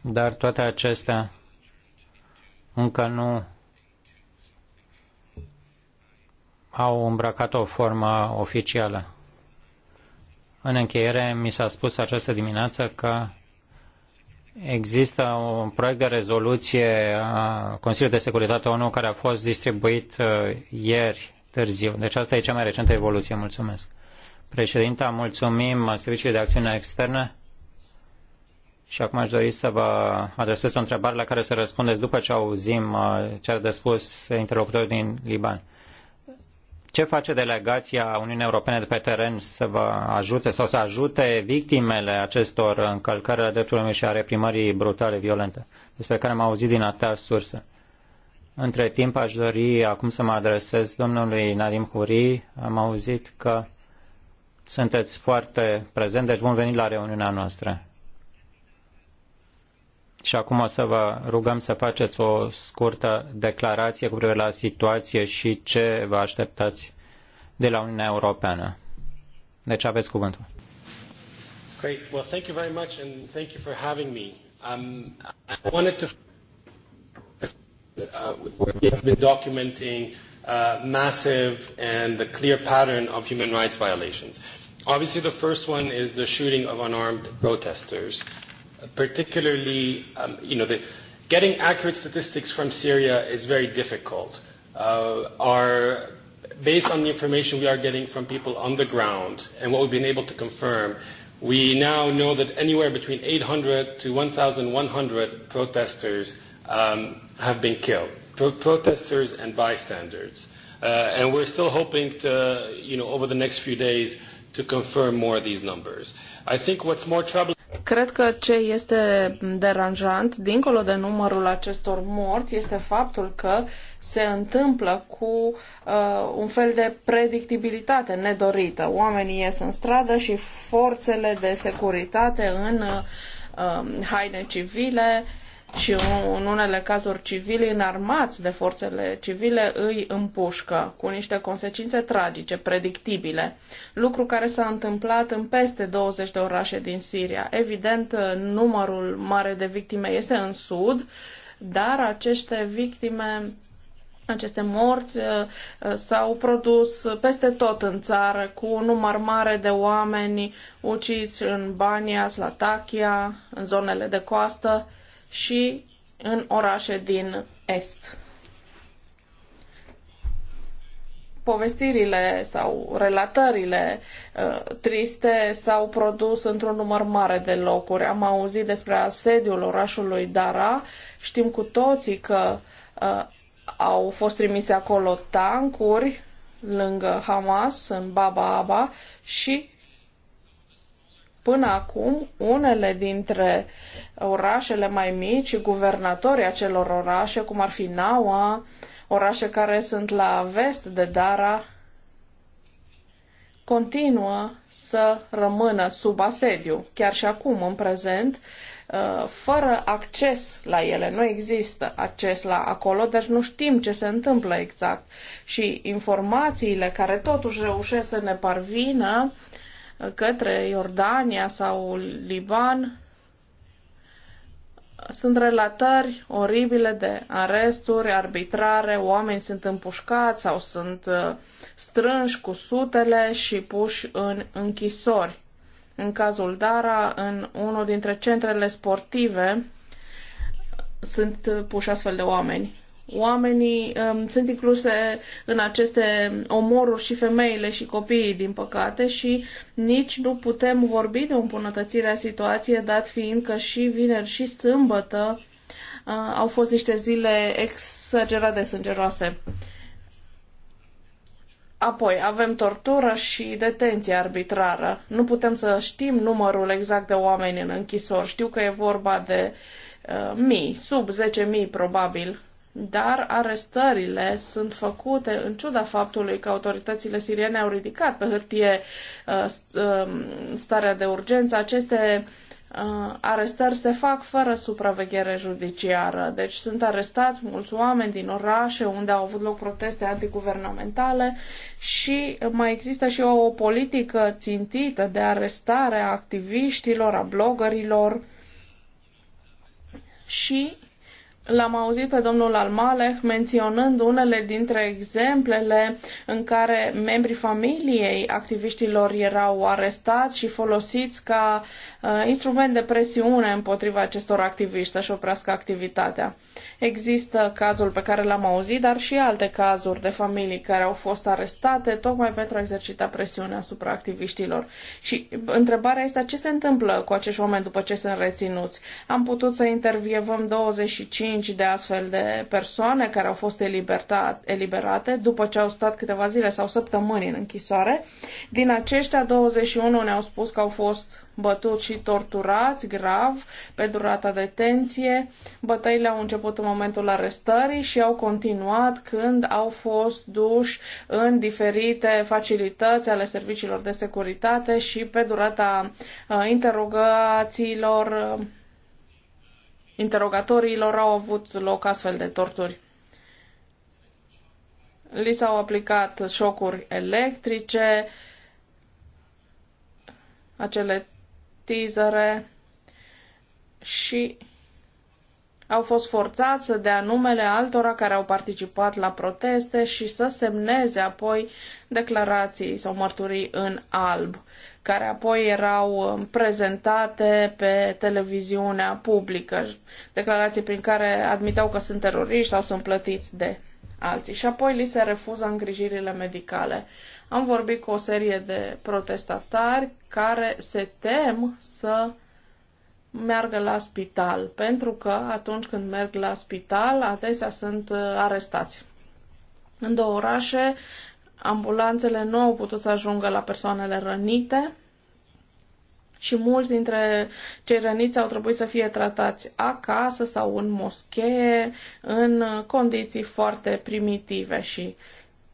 [SPEAKER 2] Dar toate acestea încă nu au îmbrăcat o formă oficială. În încheiere, mi s-a spus această dimineață că există un proiect de rezoluție a Consiliului de Securitate ONU care a fost distribuit uh, ieri târziu. Deci asta e cea mai recentă evoluție. Mulțumesc. Președinta, mulțumim Serviciului de Acțiune Externă. Și acum aș dori să vă adresez o întrebare la care să răspundeți după ce auzim uh, ce a de spus interlocutorul din Liban. Ce face delegația Uniunii Europene de pe teren să vă ajute sau să ajute victimele acestor încălcări ale drepturilor și a reprimării brutale, violente, despre care am auzit din atâtea surse? Între timp aș dori acum să mă adresez domnului Nadim Huri. Am auzit că sunteți foarte prezent, deci vom veni la reuniunea noastră. Și acum o să vă rugăm să faceți o scurtă declarație cu privire la situație și ce vă așteptați de la Uniunea Europeană. Deci aveți cuvântul.
[SPEAKER 6] Great. Well, thank you very much and thank you for having me. Um, I wanted to uh, have been documenting uh, massive and the clear pattern of human rights violations. Obviously, the first one is the shooting of unarmed protesters particularly, um, you know, the, getting accurate statistics from Syria is very difficult. Uh, our, based on the information we are getting from people on the ground and what we've been able to confirm, we now know that anywhere between 800 to 1,100 protesters um, have been killed, pro- protesters and bystanders. Uh, and we're still hoping to, you know, over the next few days to confirm more of these numbers. I think what's more troubling
[SPEAKER 3] Cred că ce este deranjant, dincolo de numărul acestor morți, este faptul că se întâmplă cu uh, un fel de predictibilitate nedorită. Oamenii ies în stradă și forțele de securitate în uh, haine civile uh, și în unele cazuri civili înarmați de forțele civile îi împușcă cu niște consecințe tragice, predictibile, lucru care s-a întâmplat în peste 20 de orașe din Siria. Evident, numărul mare de victime este în sud, dar aceste victime aceste morți uh, uh, s-au produs peste tot în țară, cu un număr mare de oameni uciți în Bania, Slatakia, în zonele de coastă, și în orașe din Est. Povestirile sau relatările uh, triste s-au produs într-un număr mare de locuri. Am auzit despre asediul orașului Dara. Știm cu toții că uh, au fost trimise acolo tancuri lângă Hamas, în Baba Aba, și Până acum, unele dintre orașele mai mici guvernatorii acelor orașe, cum ar fi Naua, orașe care sunt la vest de Dara, continuă să rămână sub asediu, chiar și acum, în prezent, uh, fără acces la ele. Nu există acces la acolo, deci nu știm ce se întâmplă exact. Și informațiile care totuși reușesc să ne parvină către Iordania sau Liban. Sunt relatări oribile de aresturi arbitrare, oameni sunt împușcați sau sunt uh, strânși cu sutele și puși în închisori. În cazul Dara, în unul dintre centrele sportive, sunt puși astfel de oameni. Oamenii um, sunt incluse în aceste omoruri și femeile și copiii, din păcate, și nici nu putem vorbi de o îmbunătățire a situației, dat fiind că și vineri și sâmbătă uh, au fost niște zile exagerate, sângeroase. Apoi, avem tortură și detenție arbitrară. Nu putem să știm numărul exact de oameni în închisori. Știu că e vorba de uh, mii, sub 10.000 probabil, dar arestările sunt făcute în ciuda faptului că autoritățile siriene au ridicat pe hârtie uh, um, starea de urgență. Aceste uh, arestări se fac fără supraveghere judiciară. Deci sunt arestați mulți oameni din orașe unde au avut loc proteste antiguvernamentale și mai există și o politică țintită de arestare a activiștilor, a blogărilor și L-am auzit pe domnul Almaleh menționând unele dintre exemplele în care membrii familiei activiștilor erau arestați și folosiți ca uh, instrument de presiune împotriva acestor activiști să-și oprească activitatea. Există cazul pe care l-am auzit, dar și alte cazuri de familii care au fost arestate tocmai pentru a exercita presiune asupra activiștilor. Și întrebarea este ce se întâmplă cu acești oameni după ce sunt reținuți. Am putut să intervievăm 25 cinci de astfel de persoane care au fost eliberate după ce au stat câteva zile sau săptămâni în închisoare. Din aceștia, 21 ne-au spus că au fost bătuți și torturați grav pe durata detenție. Bătăile au început în momentul arestării și au continuat când au fost duși în diferite facilități ale serviciilor de securitate și pe durata uh, interogațiilor uh, interogatoriilor au avut loc astfel de torturi. Li s-au aplicat șocuri electrice, acele tizere și au fost forțați să dea numele altora care au participat la proteste și să semneze apoi declarații sau mărturii în alb, care apoi erau um, prezentate pe televiziunea publică, declarații prin care admiteau că sunt teroriști sau sunt plătiți de alții. Și apoi li se refuză îngrijirile medicale. Am vorbit cu o serie de protestatari care se tem să meargă la spital, pentru că atunci când merg la spital, adesea sunt uh, arestați. În două orașe, ambulanțele nu au putut să ajungă la persoanele rănite și mulți dintre cei răniți au trebuit să fie tratați acasă sau în moschee, în condiții foarte primitive și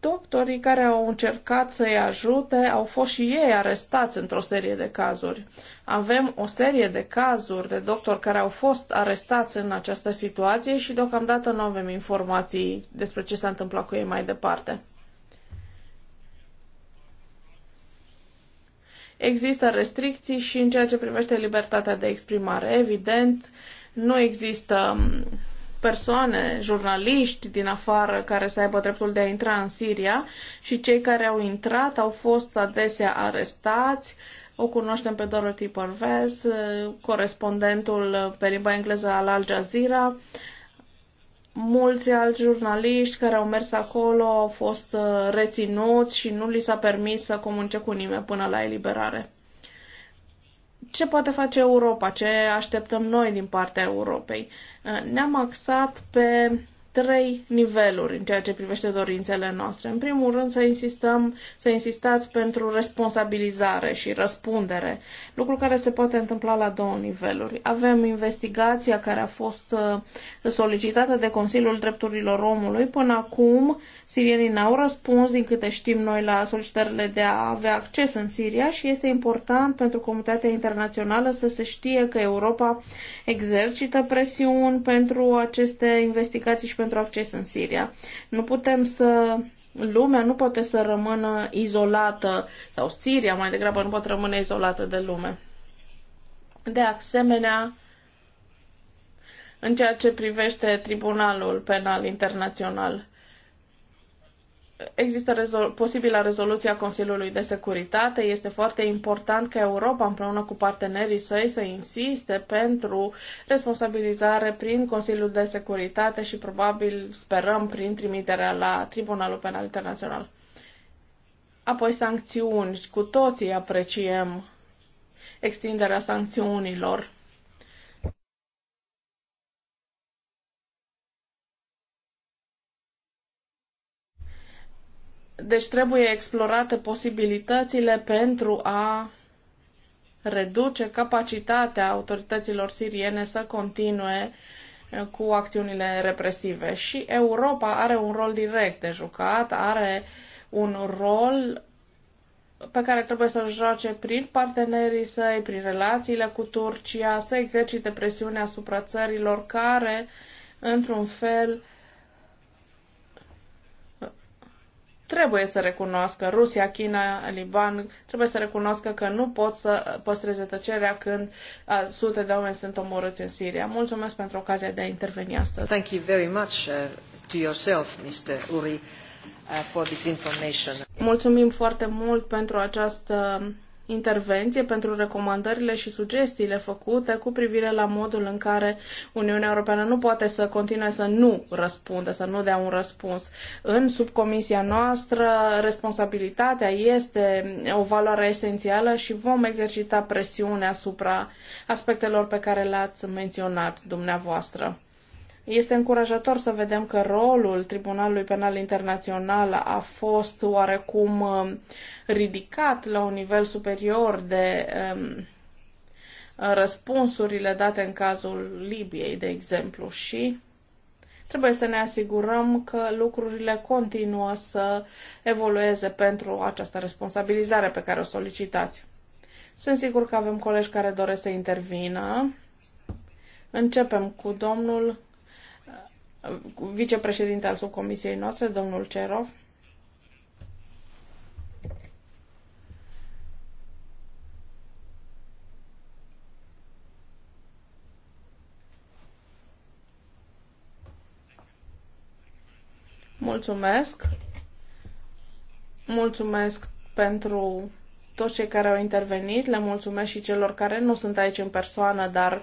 [SPEAKER 3] doctorii care au încercat să-i ajute au fost și ei arestați într-o serie de cazuri. Avem o serie de cazuri de doctori care au fost arestați în această situație și deocamdată nu avem informații despre ce s-a întâmplat cu ei mai departe. Există restricții și în ceea ce privește libertatea de exprimare. Evident, nu există mm, persoane, jurnaliști din afară care să aibă dreptul de a intra în Siria și cei care au intrat au fost adesea arestați, uh, o cunoaștem pe Dorothy Parvez, corespondentul pe limba engleză al Al Jazeera. Mulți alți jurnaliști care au mers acolo au fost uh, reținuți și nu li s-a permis să comunice cu nimeni până la eliberare. Ce poate face Europa? Ce așteptăm noi din partea Europei? Uh, ne-am axat pe trei niveluri în ceea ce privește dorințele noastre. În primul rând să insistăm, să insistați pentru responsabilizare și răspundere, lucru care se poate întâmpla la două niveluri. Avem investigația care a fost uh, solicitată de Consiliul Drepturilor Omului. Până acum, sirienii n-au răspuns, din câte știm noi, la solicitările de a avea acces în Siria și este important pentru comunitatea internațională să se știe că Europa exercită presiuni pentru aceste investigații și pentru acces în Siria. Nu putem să lumea nu poate să rămână izolată, sau Siria mai degrabă nu poate rămâne izolată de lume. De asemenea, în ceea ce privește Tribunalul Penal Internațional, Există rezol- posibilă rezoluție a Consiliului de Securitate. Este foarte important ca Europa, împreună cu partenerii săi, să insiste pentru responsabilizare prin Consiliul de Securitate și probabil sperăm prin trimiterea la Tribunalul Penal Internațional. Apoi sancțiuni. Cu toții apreciem extinderea sancțiunilor Deci trebuie explorate posibilitățile pentru a reduce capacitatea autorităților siriene să continue cu acțiunile represive. Și Europa are un rol direct de jucat, are un rol pe care trebuie să-l joace prin partenerii săi, prin relațiile cu Turcia, să exercite presiune asupra țărilor care, într-un fel, trebuie să recunoască, Rusia, China, Liban, trebuie să recunoască că nu pot să păstreze tăcerea când sute de oameni sunt omorâți în Siria. Mulțumesc pentru ocazia de a interveni astăzi.
[SPEAKER 1] Thank you very much uh, to yourself, Mr. Uri, uh, for this information.
[SPEAKER 3] Mulțumim foarte mult pentru această intervenție pentru recomandările și sugestiile făcute cu privire la modul în care Uniunea Europeană nu poate să continue să nu răspundă, să nu dea un răspuns. În subcomisia noastră, responsabilitatea este o valoare esențială și vom exercita presiune asupra aspectelor pe care le-ați menționat dumneavoastră. Este încurajator să vedem că rolul Tribunalului Penal Internațional a fost oarecum um, ridicat la un nivel superior de um, răspunsurile date în cazul Libiei, de exemplu, și trebuie să ne asigurăm că lucrurile continuă să evolueze pentru această responsabilizare pe care o solicitați. Sunt sigur că avem colegi care doresc să intervină. Începem cu domnul vicepreședinte al subcomisiei noastre, domnul Cerov. Mulțumesc. Mulțumesc pentru toți cei care au intervenit, le mulțumesc și celor care nu sunt aici în persoană, dar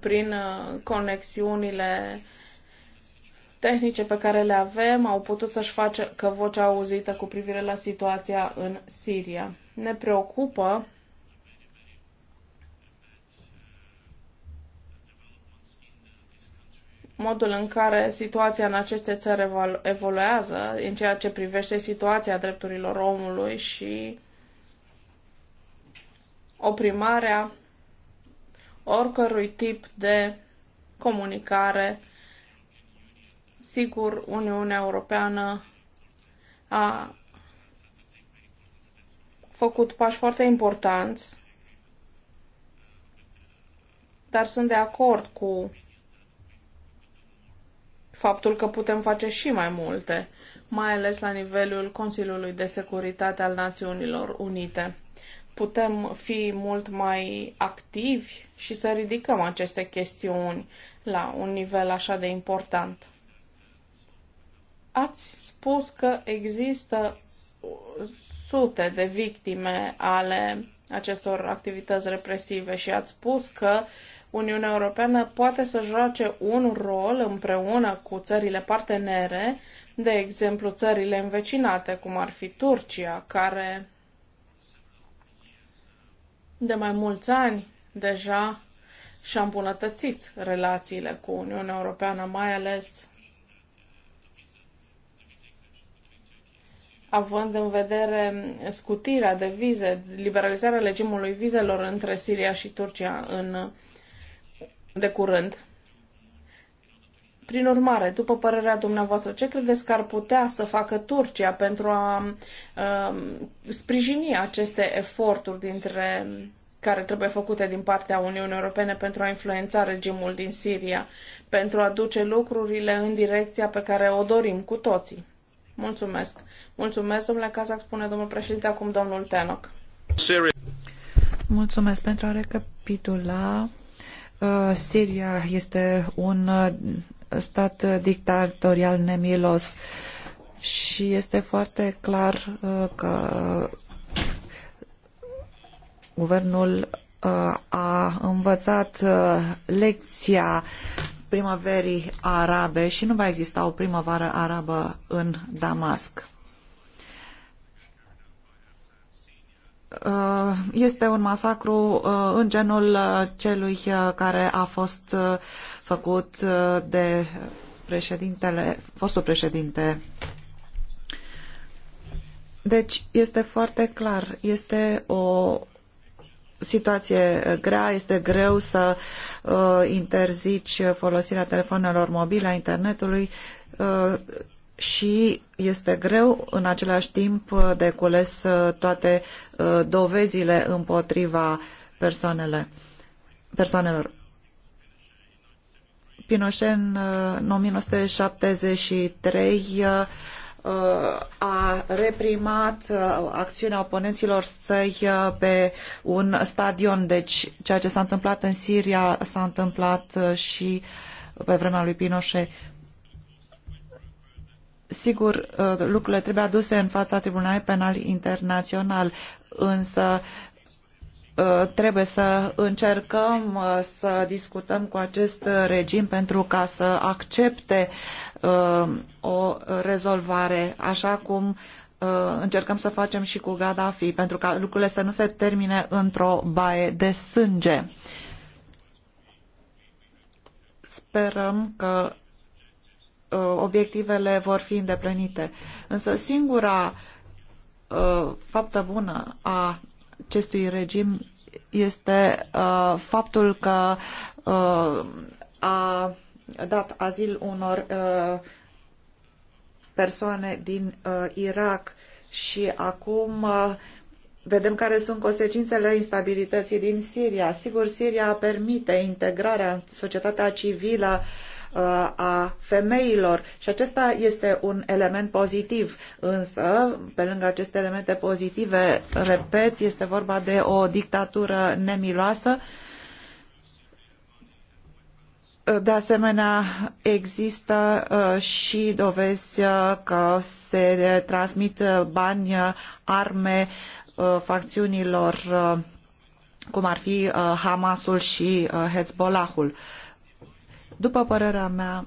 [SPEAKER 3] prin uh, conexiunile tehnice pe care le avem au putut să-și facă că vocea auzită cu privire la situația în Siria. Ne preocupă modul în care situația în aceste țări evoluează în ceea ce privește situația drepturilor omului și oprimarea oricărui tip de comunicare Sigur, Uniunea Europeană a făcut pași foarte importanți, dar sunt de acord cu faptul că putem face și mai multe, mai ales la nivelul Consiliului de Securitate al Națiunilor Unite. Putem fi mult mai activi și să ridicăm aceste chestiuni la un nivel așa de important. Ați spus că există sute de victime ale acestor activități represive și ați spus că Uniunea Europeană poate să joace un rol împreună cu țările partenere, de exemplu țările învecinate, cum ar fi Turcia, care de mai mulți ani deja și-a îmbunătățit relațiile cu Uniunea Europeană, mai ales având în vedere scutirea de vize, liberalizarea regimului vizelor între Siria și Turcia în, de curând. Prin urmare, după părerea dumneavoastră, ce credeți că ar putea să facă Turcia pentru a uh, sprijini aceste eforturi dintre care trebuie făcute din partea Uniunii Europene pentru a influența regimul din Siria, pentru a duce lucrurile în direcția pe care o dorim cu toții? Mulțumesc. Mulțumesc, domnule Cazac, spune domnul președinte, acum domnul Tenoc.
[SPEAKER 4] Mulțumesc pentru a recapitula. Uh, Siria este un uh, stat dictatorial nemilos și este foarte clar uh, că guvernul a învățat lecția primăverii arabe și nu va exista o primăvară arabă în Damasc. Uh, este un masacru uh, în genul uh, celui care a fost făcut de președintele, fostul președinte deci, este foarte clar, este o situație grea, este greu să uh, interzici folosirea telefonelor mobile, a internetului uh, și este greu în același timp de cules uh, toate uh, dovezile împotriva persoanele, persoanelor. Pinochet uh, în uh, 1973 Uh, a reprimat uh, acțiunea oponenților săi uh, pe un stadion. Deci ceea ce s-a întâmplat în Siria s-a întâmplat și pe vremea lui Pinochet. Sigur, lucrurile trebuie aduse în fața Tribunalului Penal Internațional, însă trebuie să încercăm să discutăm cu acest regim pentru ca să accepte uh, Uh, o rezolvare, așa cum uh, încercăm să facem și cu Gaddafi, pentru ca lucrurile să nu se termine într-o baie de sânge. Sperăm că uh, obiectivele vor fi îndeplinite. Însă singura faptă bună a acestui regim este faptul că a dat azil unor uh, persoane din uh, Irak și acum uh, vedem care sunt consecințele instabilității din Siria. Sigur, Siria permite integrarea în societatea civilă a femeilor și acesta este un element pozitiv. Însă, pe lângă aceste elemente pozitive, repet, este vorba de o dictatură nemiloasă uh, de asemenea, există uh, și dovezi uh, că se transmit uh, bani, arme facțiunilor cum ar fi Hamasul și Hezbollahul. După părerea mea,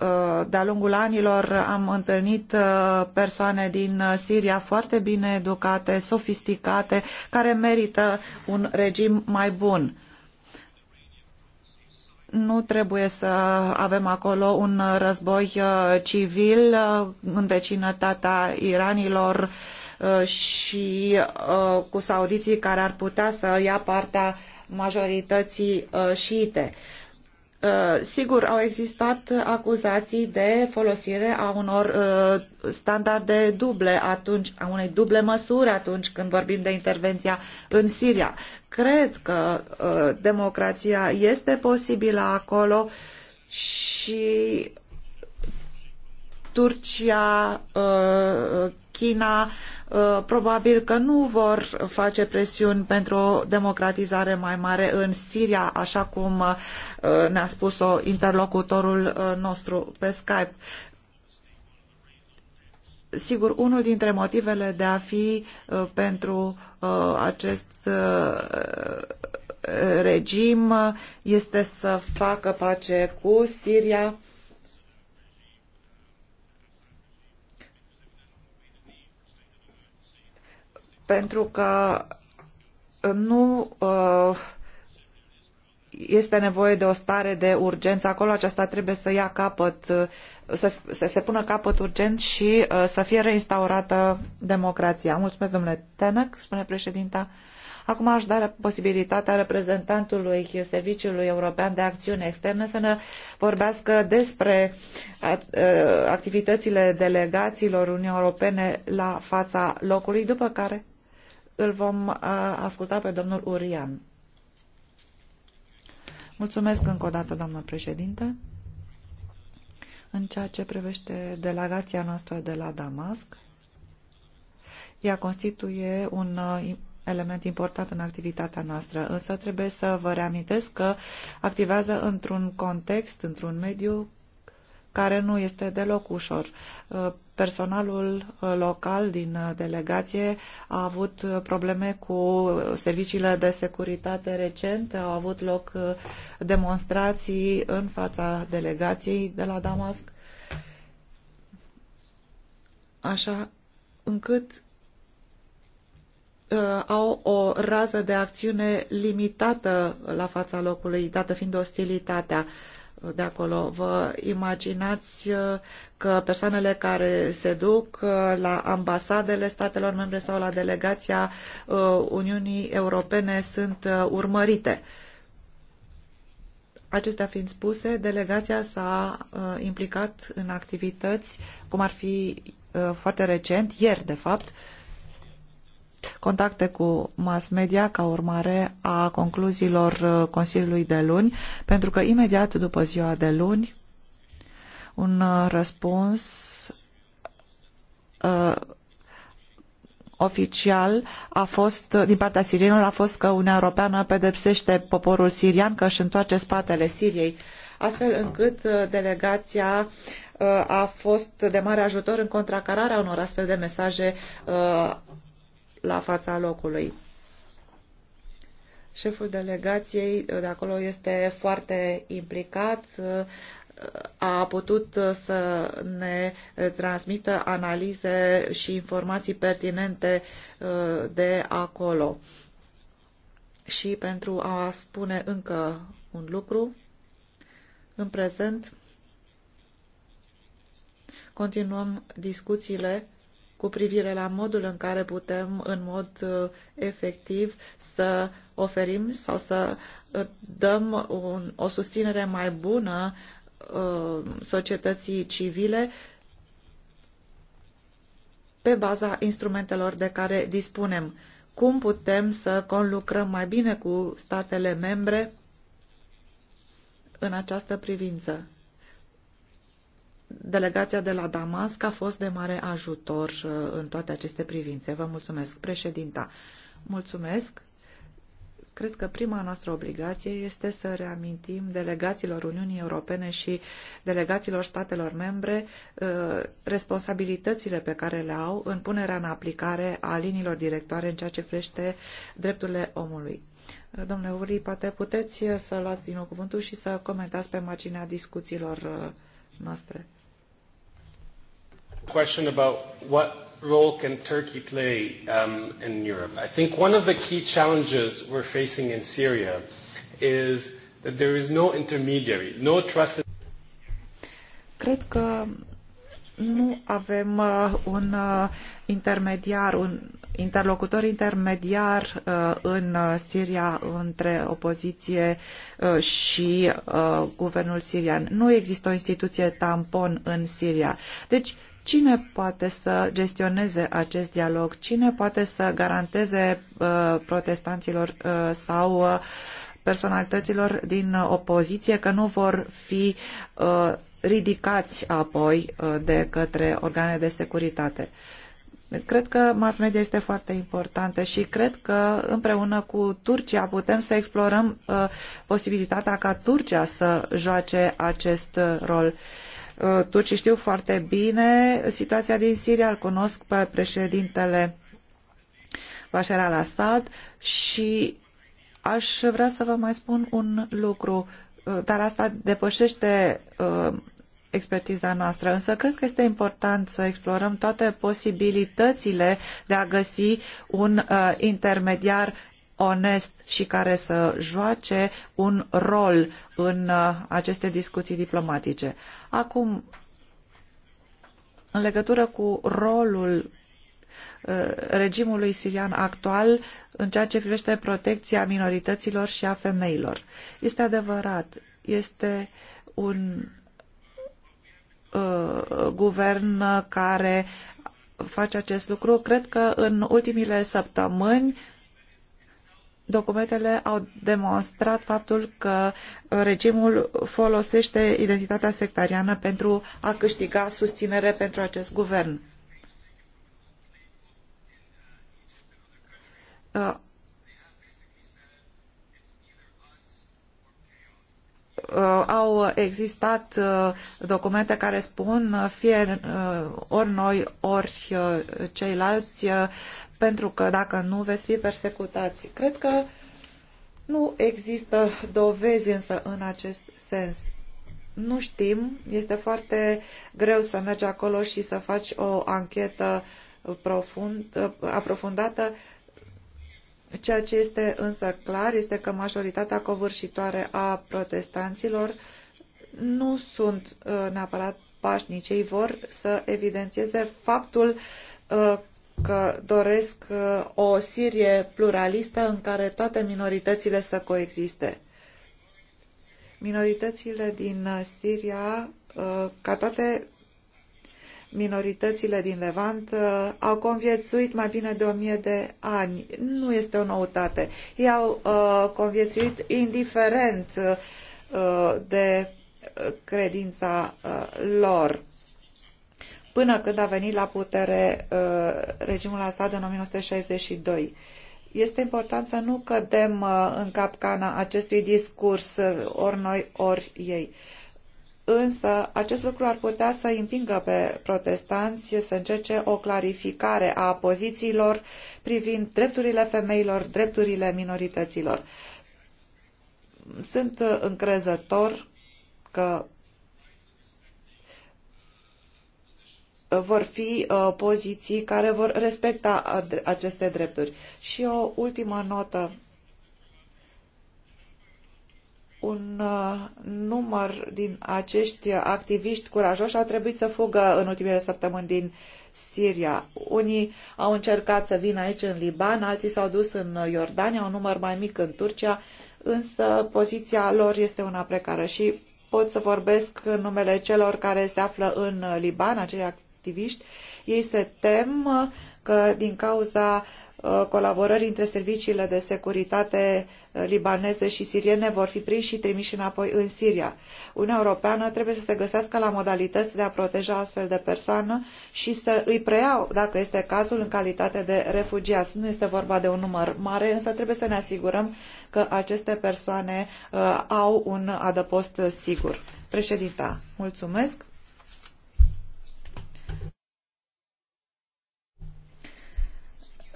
[SPEAKER 4] Uh, de-a lungul anilor am întâlnit uh, persoane din uh, Siria foarte bine educate, sofisticate, care merită un regim mai bun. Nu trebuie să avem acolo un război civil în vecinătatea iranilor și cu saudiții care ar putea să ia partea majorității șiite. Uh, Uh, sigur, au existat acuzații de folosire a unor uh, standarde duble atunci, a unei duble măsuri atunci când vorbim de intervenția în Siria. Cred că uh, democrația este posibilă acolo și Turcia, China uh, probabil că nu vor face presiuni pentru o democratizare mai mare în Siria, așa cum uh, ne-a spus-o interlocutorul uh, nostru pe Skype. Sigur, unul dintre motivele de a fi pentru acest regim este să facă pace cu Siria, pentru că nu uh, este nevoie de o stare de urgență acolo, aceasta trebuie să ia capăt, uh, să, să se pună capăt urgent și uh, să fie reinstaurată democrația. Mulțumesc, domnule Tenăc, spune președinta. Acum aș da posibilitatea reprezentantului Serviciului European de Acțiune Externă să ne vorbească despre activitățile delegațiilor Uniunii Europene la fața locului, după care îl vom uh, asculta pe domnul Urian. Mulțumesc încă o dată, doamnă președinte. În ceea ce privește delegația noastră de la Damasc, ea constituie un uh, element important în activitatea noastră, însă trebuie să vă reamintesc că activează într-un context, într-un mediu care nu este deloc ușor. Uh, personalul uh, local din uh, delegație a avut uh, probleme cu serviciile de securitate recent, au avut loc demonstrații în fața delegației de la Damasc, așa încât au o rază de acțiune limitată la fața locului, dată fiind ostilitatea. Uh, de acolo. Vă imaginați uh, că persoanele care se duc uh, la ambasadele statelor membre sau la delegația uh, Uniunii Europene sunt urmărite. Acestea fiind spuse, delegația s-a implicat în activități, cum ar fi foarte recent, ieri de fapt, contacte cu mass media ca urmare a concluziilor uh, Consiliului de luni, pentru că imediat după ziua de luni un uh, răspuns uh, oficial a fost, uh, din partea sirienilor a fost că Uniunea Europeană pedepsește poporul sirian că își întoarce spatele Siriei, astfel încât delegația a fost de mare ajutor în contracararea unor astfel de mesaje la fața locului. Șeful delegației de acolo este foarte implicat, a putut să ne transmită analize și informații pertinente uh, de acolo. Și pentru a spune încă un lucru, în prezent continuăm discuțiile cu privire la modul în care putem în mod uh, efectiv să oferim sau să uh, dăm un, o susținere mai bună uh, societății civile pe baza instrumentelor de care dispunem. Cum putem să conlucrăm mai bine cu statele membre în această privință? Delegația de la Damasc a fost de mare ajutor uh, în toate aceste privințe. Vă mulțumesc, președinta. Mulțumesc. Cred că prima noastră obligație este să reamintim delegațiilor Uniunii Europene și delegațiilor statelor membre uh, responsabilitățile pe care le au în punerea în aplicare a liniilor directoare în ceea ce privește drepturile omului. Uh, domnule Uri, poate puteți să luați din nou cuvântul și să comentați pe marginea discuțiilor noastre.
[SPEAKER 6] Question about what role can Turkey play um, in Europe? I think one of the key challenges we're facing in Syria is that there is no intermediary, no trusted.
[SPEAKER 4] Cred că nu avem uh, un uh, intermediar, un interlocutor intermediar uh, în uh, Siria între opoziție uh, și uh, guvernul sirian. Nu există o instituție tampon în Siria. Deci, uh, Cine poate să gestioneze acest dialog? Cine poate să garanteze uh, protestanților uh, sau uh, personalităților din opoziție că nu vor fi uh, ridicați apoi uh, de către organele de securitate? Cred că mass media este foarte importantă și cred că împreună cu Turcia putem să explorăm uh, posibilitatea ca Turcia să joace acest rol. Uh, Uh, turcii știu foarte bine situația din Siria, îl cunosc pe președintele Bashar al-Assad și aș vrea să vă mai spun un lucru, uh, dar asta depășește uh, expertiza noastră, însă cred că este important să explorăm toate posibilitățile de a găsi un uh, intermediar onest și care să joace un rol în uh, aceste discuții diplomatice. Acum, în legătură cu rolul uh, regimului sirian actual în ceea ce privește protecția minorităților și a femeilor. Este adevărat, este un uh, guvern care face acest lucru. Cred că în ultimile săptămâni Documentele au demonstrat faptul că regimul folosește identitatea sectariană pentru a câștiga susținere pentru acest guvern. au existat uh, documente care spun fie uh, ori noi, ori uh, ceilalți pentru că dacă nu veți fi persecutați. Cred că nu există dovezi însă în acest sens. Nu știm, este foarte greu să mergi acolo și să faci o anchetă profund, aprofundată. Ceea ce este însă clar este că majoritatea covârșitoare a protestanților nu sunt uh, neapărat pașnici. Ei vor să evidențieze faptul uh, că doresc uh, o Sirie pluralistă în care toate minoritățile să coexiste. Minoritățile din uh, Siria, uh, ca toate minoritățile din Levant au conviețuit mai bine de o mie de ani. Nu este o noutate. Ei au conviețuit indiferent de credința lor până când a venit la putere uh, regimul Assad în 1962. Este important să nu cădem uh, în capcana acestui discurs uh, ori noi, ori ei. Însă, acest lucru ar putea să împingă pe protestanți să încerce o clarificare a pozițiilor privind drepturile femeilor, drepturile minorităților. Sunt încrezător că vor fi uh, poziții care vor respecta aceste drepturi. Și o ultimă notă. Un uh, număr din acești activiști curajoși au trebuit să fugă în ultimele săptămâni din Siria. Unii au încercat să vină aici în Liban, alții s-au dus în Iordania, un număr mai mic în Turcia, însă poziția lor este una precară și pot să vorbesc în numele celor care se află în Liban, acei activiști, ei se tem uh, că din cauza uh, colaborării între serviciile de securitate uh, libaneze și siriene vor fi prinși și trimiși înapoi în Siria. Uniunea Europeană trebuie să se găsească la modalități de a proteja astfel de persoană și să îi preiau, dacă este cazul, în calitate de refugiați. Nu este vorba de un număr mare, însă trebuie să ne asigurăm că aceste persoane uh, au un adăpost sigur. Președinta, mulțumesc.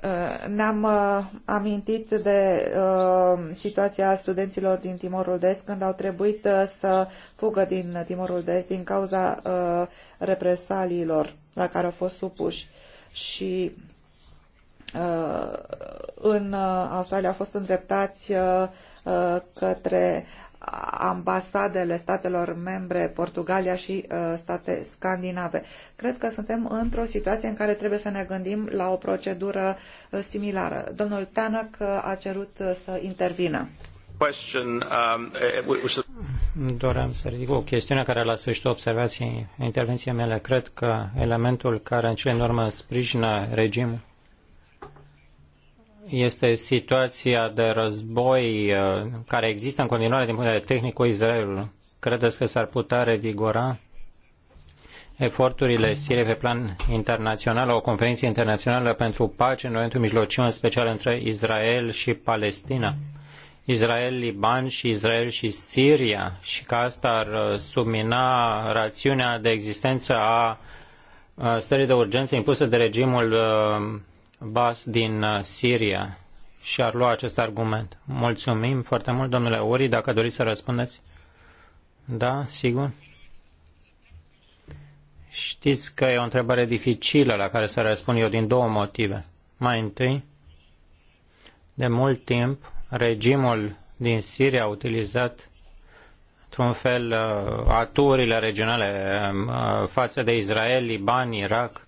[SPEAKER 4] Uh, ne-am uh, amintit de uh, situația studenților din Timorul de Est când au trebuit să fugă din Timorul de Est din cauza represaliilor la care au fost supuși și în Australia au fost îndreptați către ambasadele statelor membre, Portugalia și uh, state scandinave. Cred că suntem într-o situație în care trebuie să ne gândim la o procedură uh, similară. Domnul Tanăc uh, a cerut să intervină.
[SPEAKER 6] Um,
[SPEAKER 2] doream să ridic o chestiune care la sfârșitul observației intervenției mele cred că elementul care în cele din urmă sprijină regimul este situația de război uh, care există în continuare din punct de vedere tehnic cu Israelul? Credeți că s-ar putea revigora eforturile Siriei pe plan internațional, o conferință internațională pentru pace în Orientul Mijlociu, în special între Israel și Palestina? Israel, Liban și Israel și Siria și că asta ar uh, submina rațiunea de existență a uh, stării de urgență impusă de regimul Bas din uh, Siria și ar lua acest argument. Mulțumim foarte mult, domnule Ori, dacă doriți să răspundeți. Da, sigur. Știți că e o întrebare dificilă la care să răspund eu din două motive. Mai întâi, de mult timp, regimul din Siria a utilizat într-un fel uh, aturile regionale um, uh, față de Israel, Liban, Irak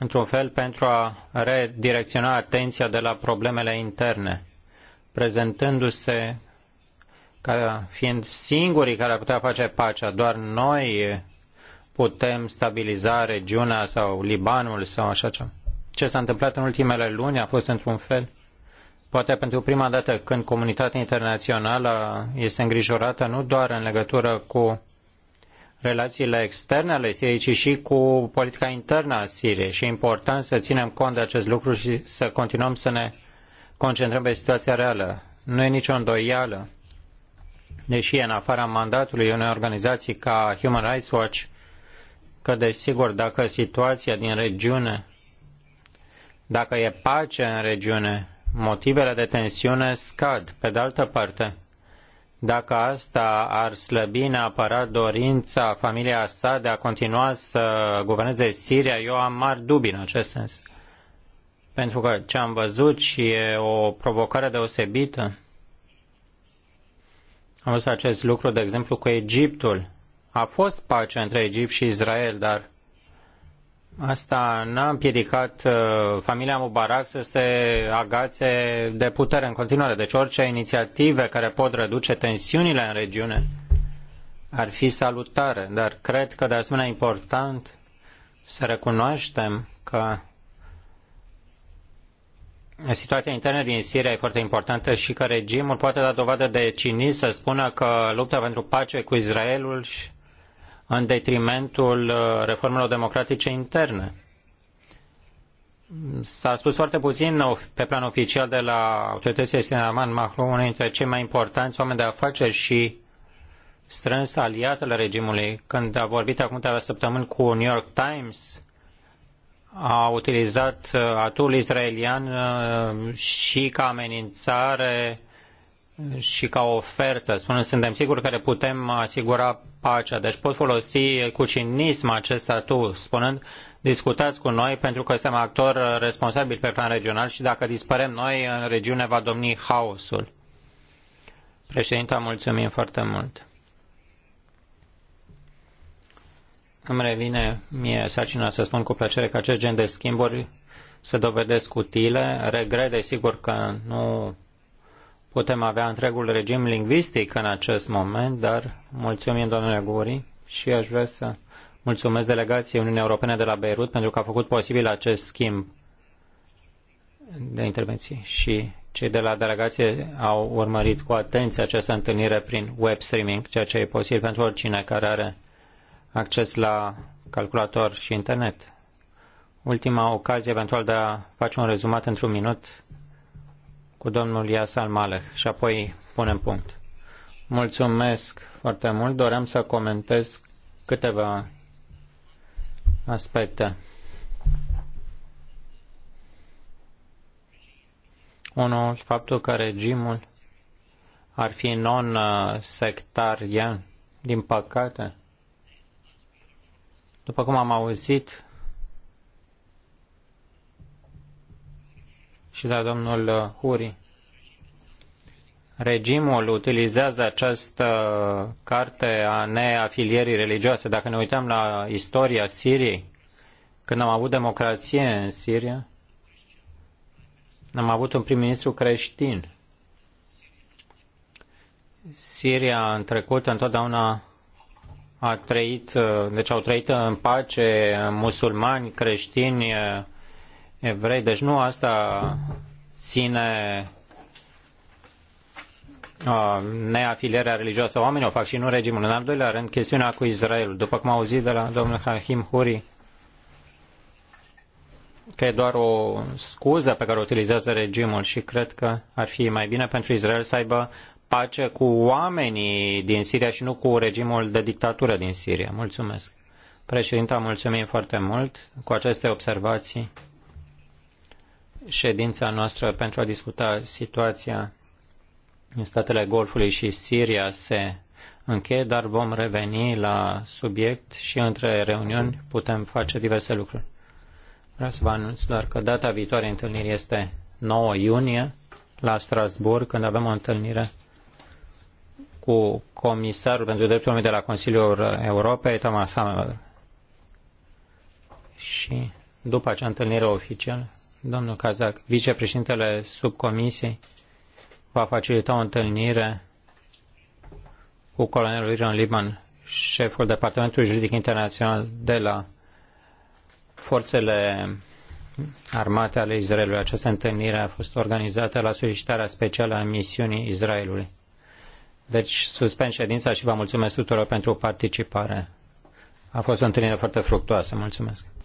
[SPEAKER 2] într-un fel pentru a redirecționa atenția de la problemele interne, prezentându-se ca fiind singurii care ar putea face pacea, doar noi putem stabiliza regiunea sau Libanul sau așa ceva. Ce s-a întâmplat în ultimele luni a fost într-un fel, poate pentru prima dată când comunitatea internațională este îngrijorată nu doar în legătură cu relațiile externe ale Siriei, ci și cu politica internă a Siriei. Și e important să ținem cont de acest lucru și să continuăm să ne concentrăm pe situația reală. Nu e nicio îndoială, deși e în afara mandatului unei organizații ca Human Rights Watch, că desigur dacă situația din regiune, dacă e pace în regiune, motivele de tensiune scad. Pe de altă parte, dacă asta ar slăbi neapărat dorința familiei Assad de a continua să guverneze Siria, eu am mari dubii în acest sens. Pentru că ce am văzut și e o provocare deosebită. Am văzut acest lucru, de exemplu, cu Egiptul. A fost pace între Egipt și Israel, dar Asta n-a împiedicat uh, familia Mubarak să se agațe de putere în continuare. Deci orice inițiative care pot reduce tensiunile în regiune ar fi salutare, dar cred că de asemenea important să recunoaștem că situația internă din Siria e foarte importantă și că regimul poate da dovadă de cinism să spună că lupta pentru pace cu Israelul și în detrimentul uh, reformelor democratice interne. S-a spus foarte puțin pe plan oficial de la autoritățile Sinaraman Mahlou, unul dintre cei mai importanți oameni de afaceri și strâns aliatele regimului. Când a vorbit acum câteva săptămâni cu New York Times, a utilizat uh, atul israelian uh, și ca amenințare și ca ofertă, spunând, suntem siguri că le putem asigura pacea. Deci pot folosi cu cinism acest statut, spunând, discutați cu noi pentru că suntem actor responsabil pe plan regional și dacă dispărem noi, în regiune va domni haosul. Președinte, mulțumim foarte mult. Îmi revine mie sarcina să spun cu plăcere că acest gen de schimburi se dovedesc utile. Regret, desigur, că nu Putem avea întregul regim lingvistic în acest moment, dar mulțumim, domnule Guri, și aș vrea să mulțumesc delegației Uniunii Europene de la Beirut pentru că a făcut posibil acest schimb de intervenții și cei de la delegație au urmărit cu atenție această întâlnire prin web streaming, ceea ce e posibil pentru oricine care are acces la calculator și internet. Ultima ocazie eventual de a face un rezumat într-un minut cu domnul Iasan Maleh și apoi punem punct. Mulțumesc foarte mult. Doream să comentez câteva aspecte. Unul, faptul că regimul ar fi non-sectarian, din păcate. După cum am auzit și la da, domnul Huri. Regimul utilizează această carte a neafilierii religioase. Dacă ne uităm la istoria Siriei, când am avut democrație în Siria, am avut un prim-ministru creștin. Siria în trecut întotdeauna a trăit, deci au trăit în pace musulmani, creștini, evrei. Deci nu asta ține neafilierea religioasă. Oamenii o fac și nu regimul. În al doilea rând, chestiunea cu Israelul. După cum auzit de la domnul Hahim Huri, că e doar o scuză pe care o utilizează regimul și cred că ar fi mai bine pentru Israel să aibă pace cu oamenii din Siria și nu cu regimul de dictatură din Siria. Mulțumesc. Președinte, mulțumim foarte mult cu aceste observații ședința noastră pentru a discuta situația în statele Golfului și Siria se încheie, dar vom reveni la subiect și între reuniuni putem face diverse lucruri. Vreau să vă anunț doar că data viitoare întâlnirii este 9 iunie la Strasbourg, când avem o întâlnire cu comisarul pentru drepturile omului de la Consiliul Europei, Thomas Hammer. Și după acea întâlnire oficială, domnul Kazak, vicepreședintele subcomisiei, va facilita o întâlnire cu colonelul Iron Liban, șeful Departamentului Juridic Internațional de la Forțele Armate ale Israelului. Această întâlnire a fost organizată la solicitarea specială a misiunii Israelului. Deci suspend ședința și vă mulțumesc tuturor pentru participare. A fost o întâlnire foarte fructuoasă. Mulțumesc.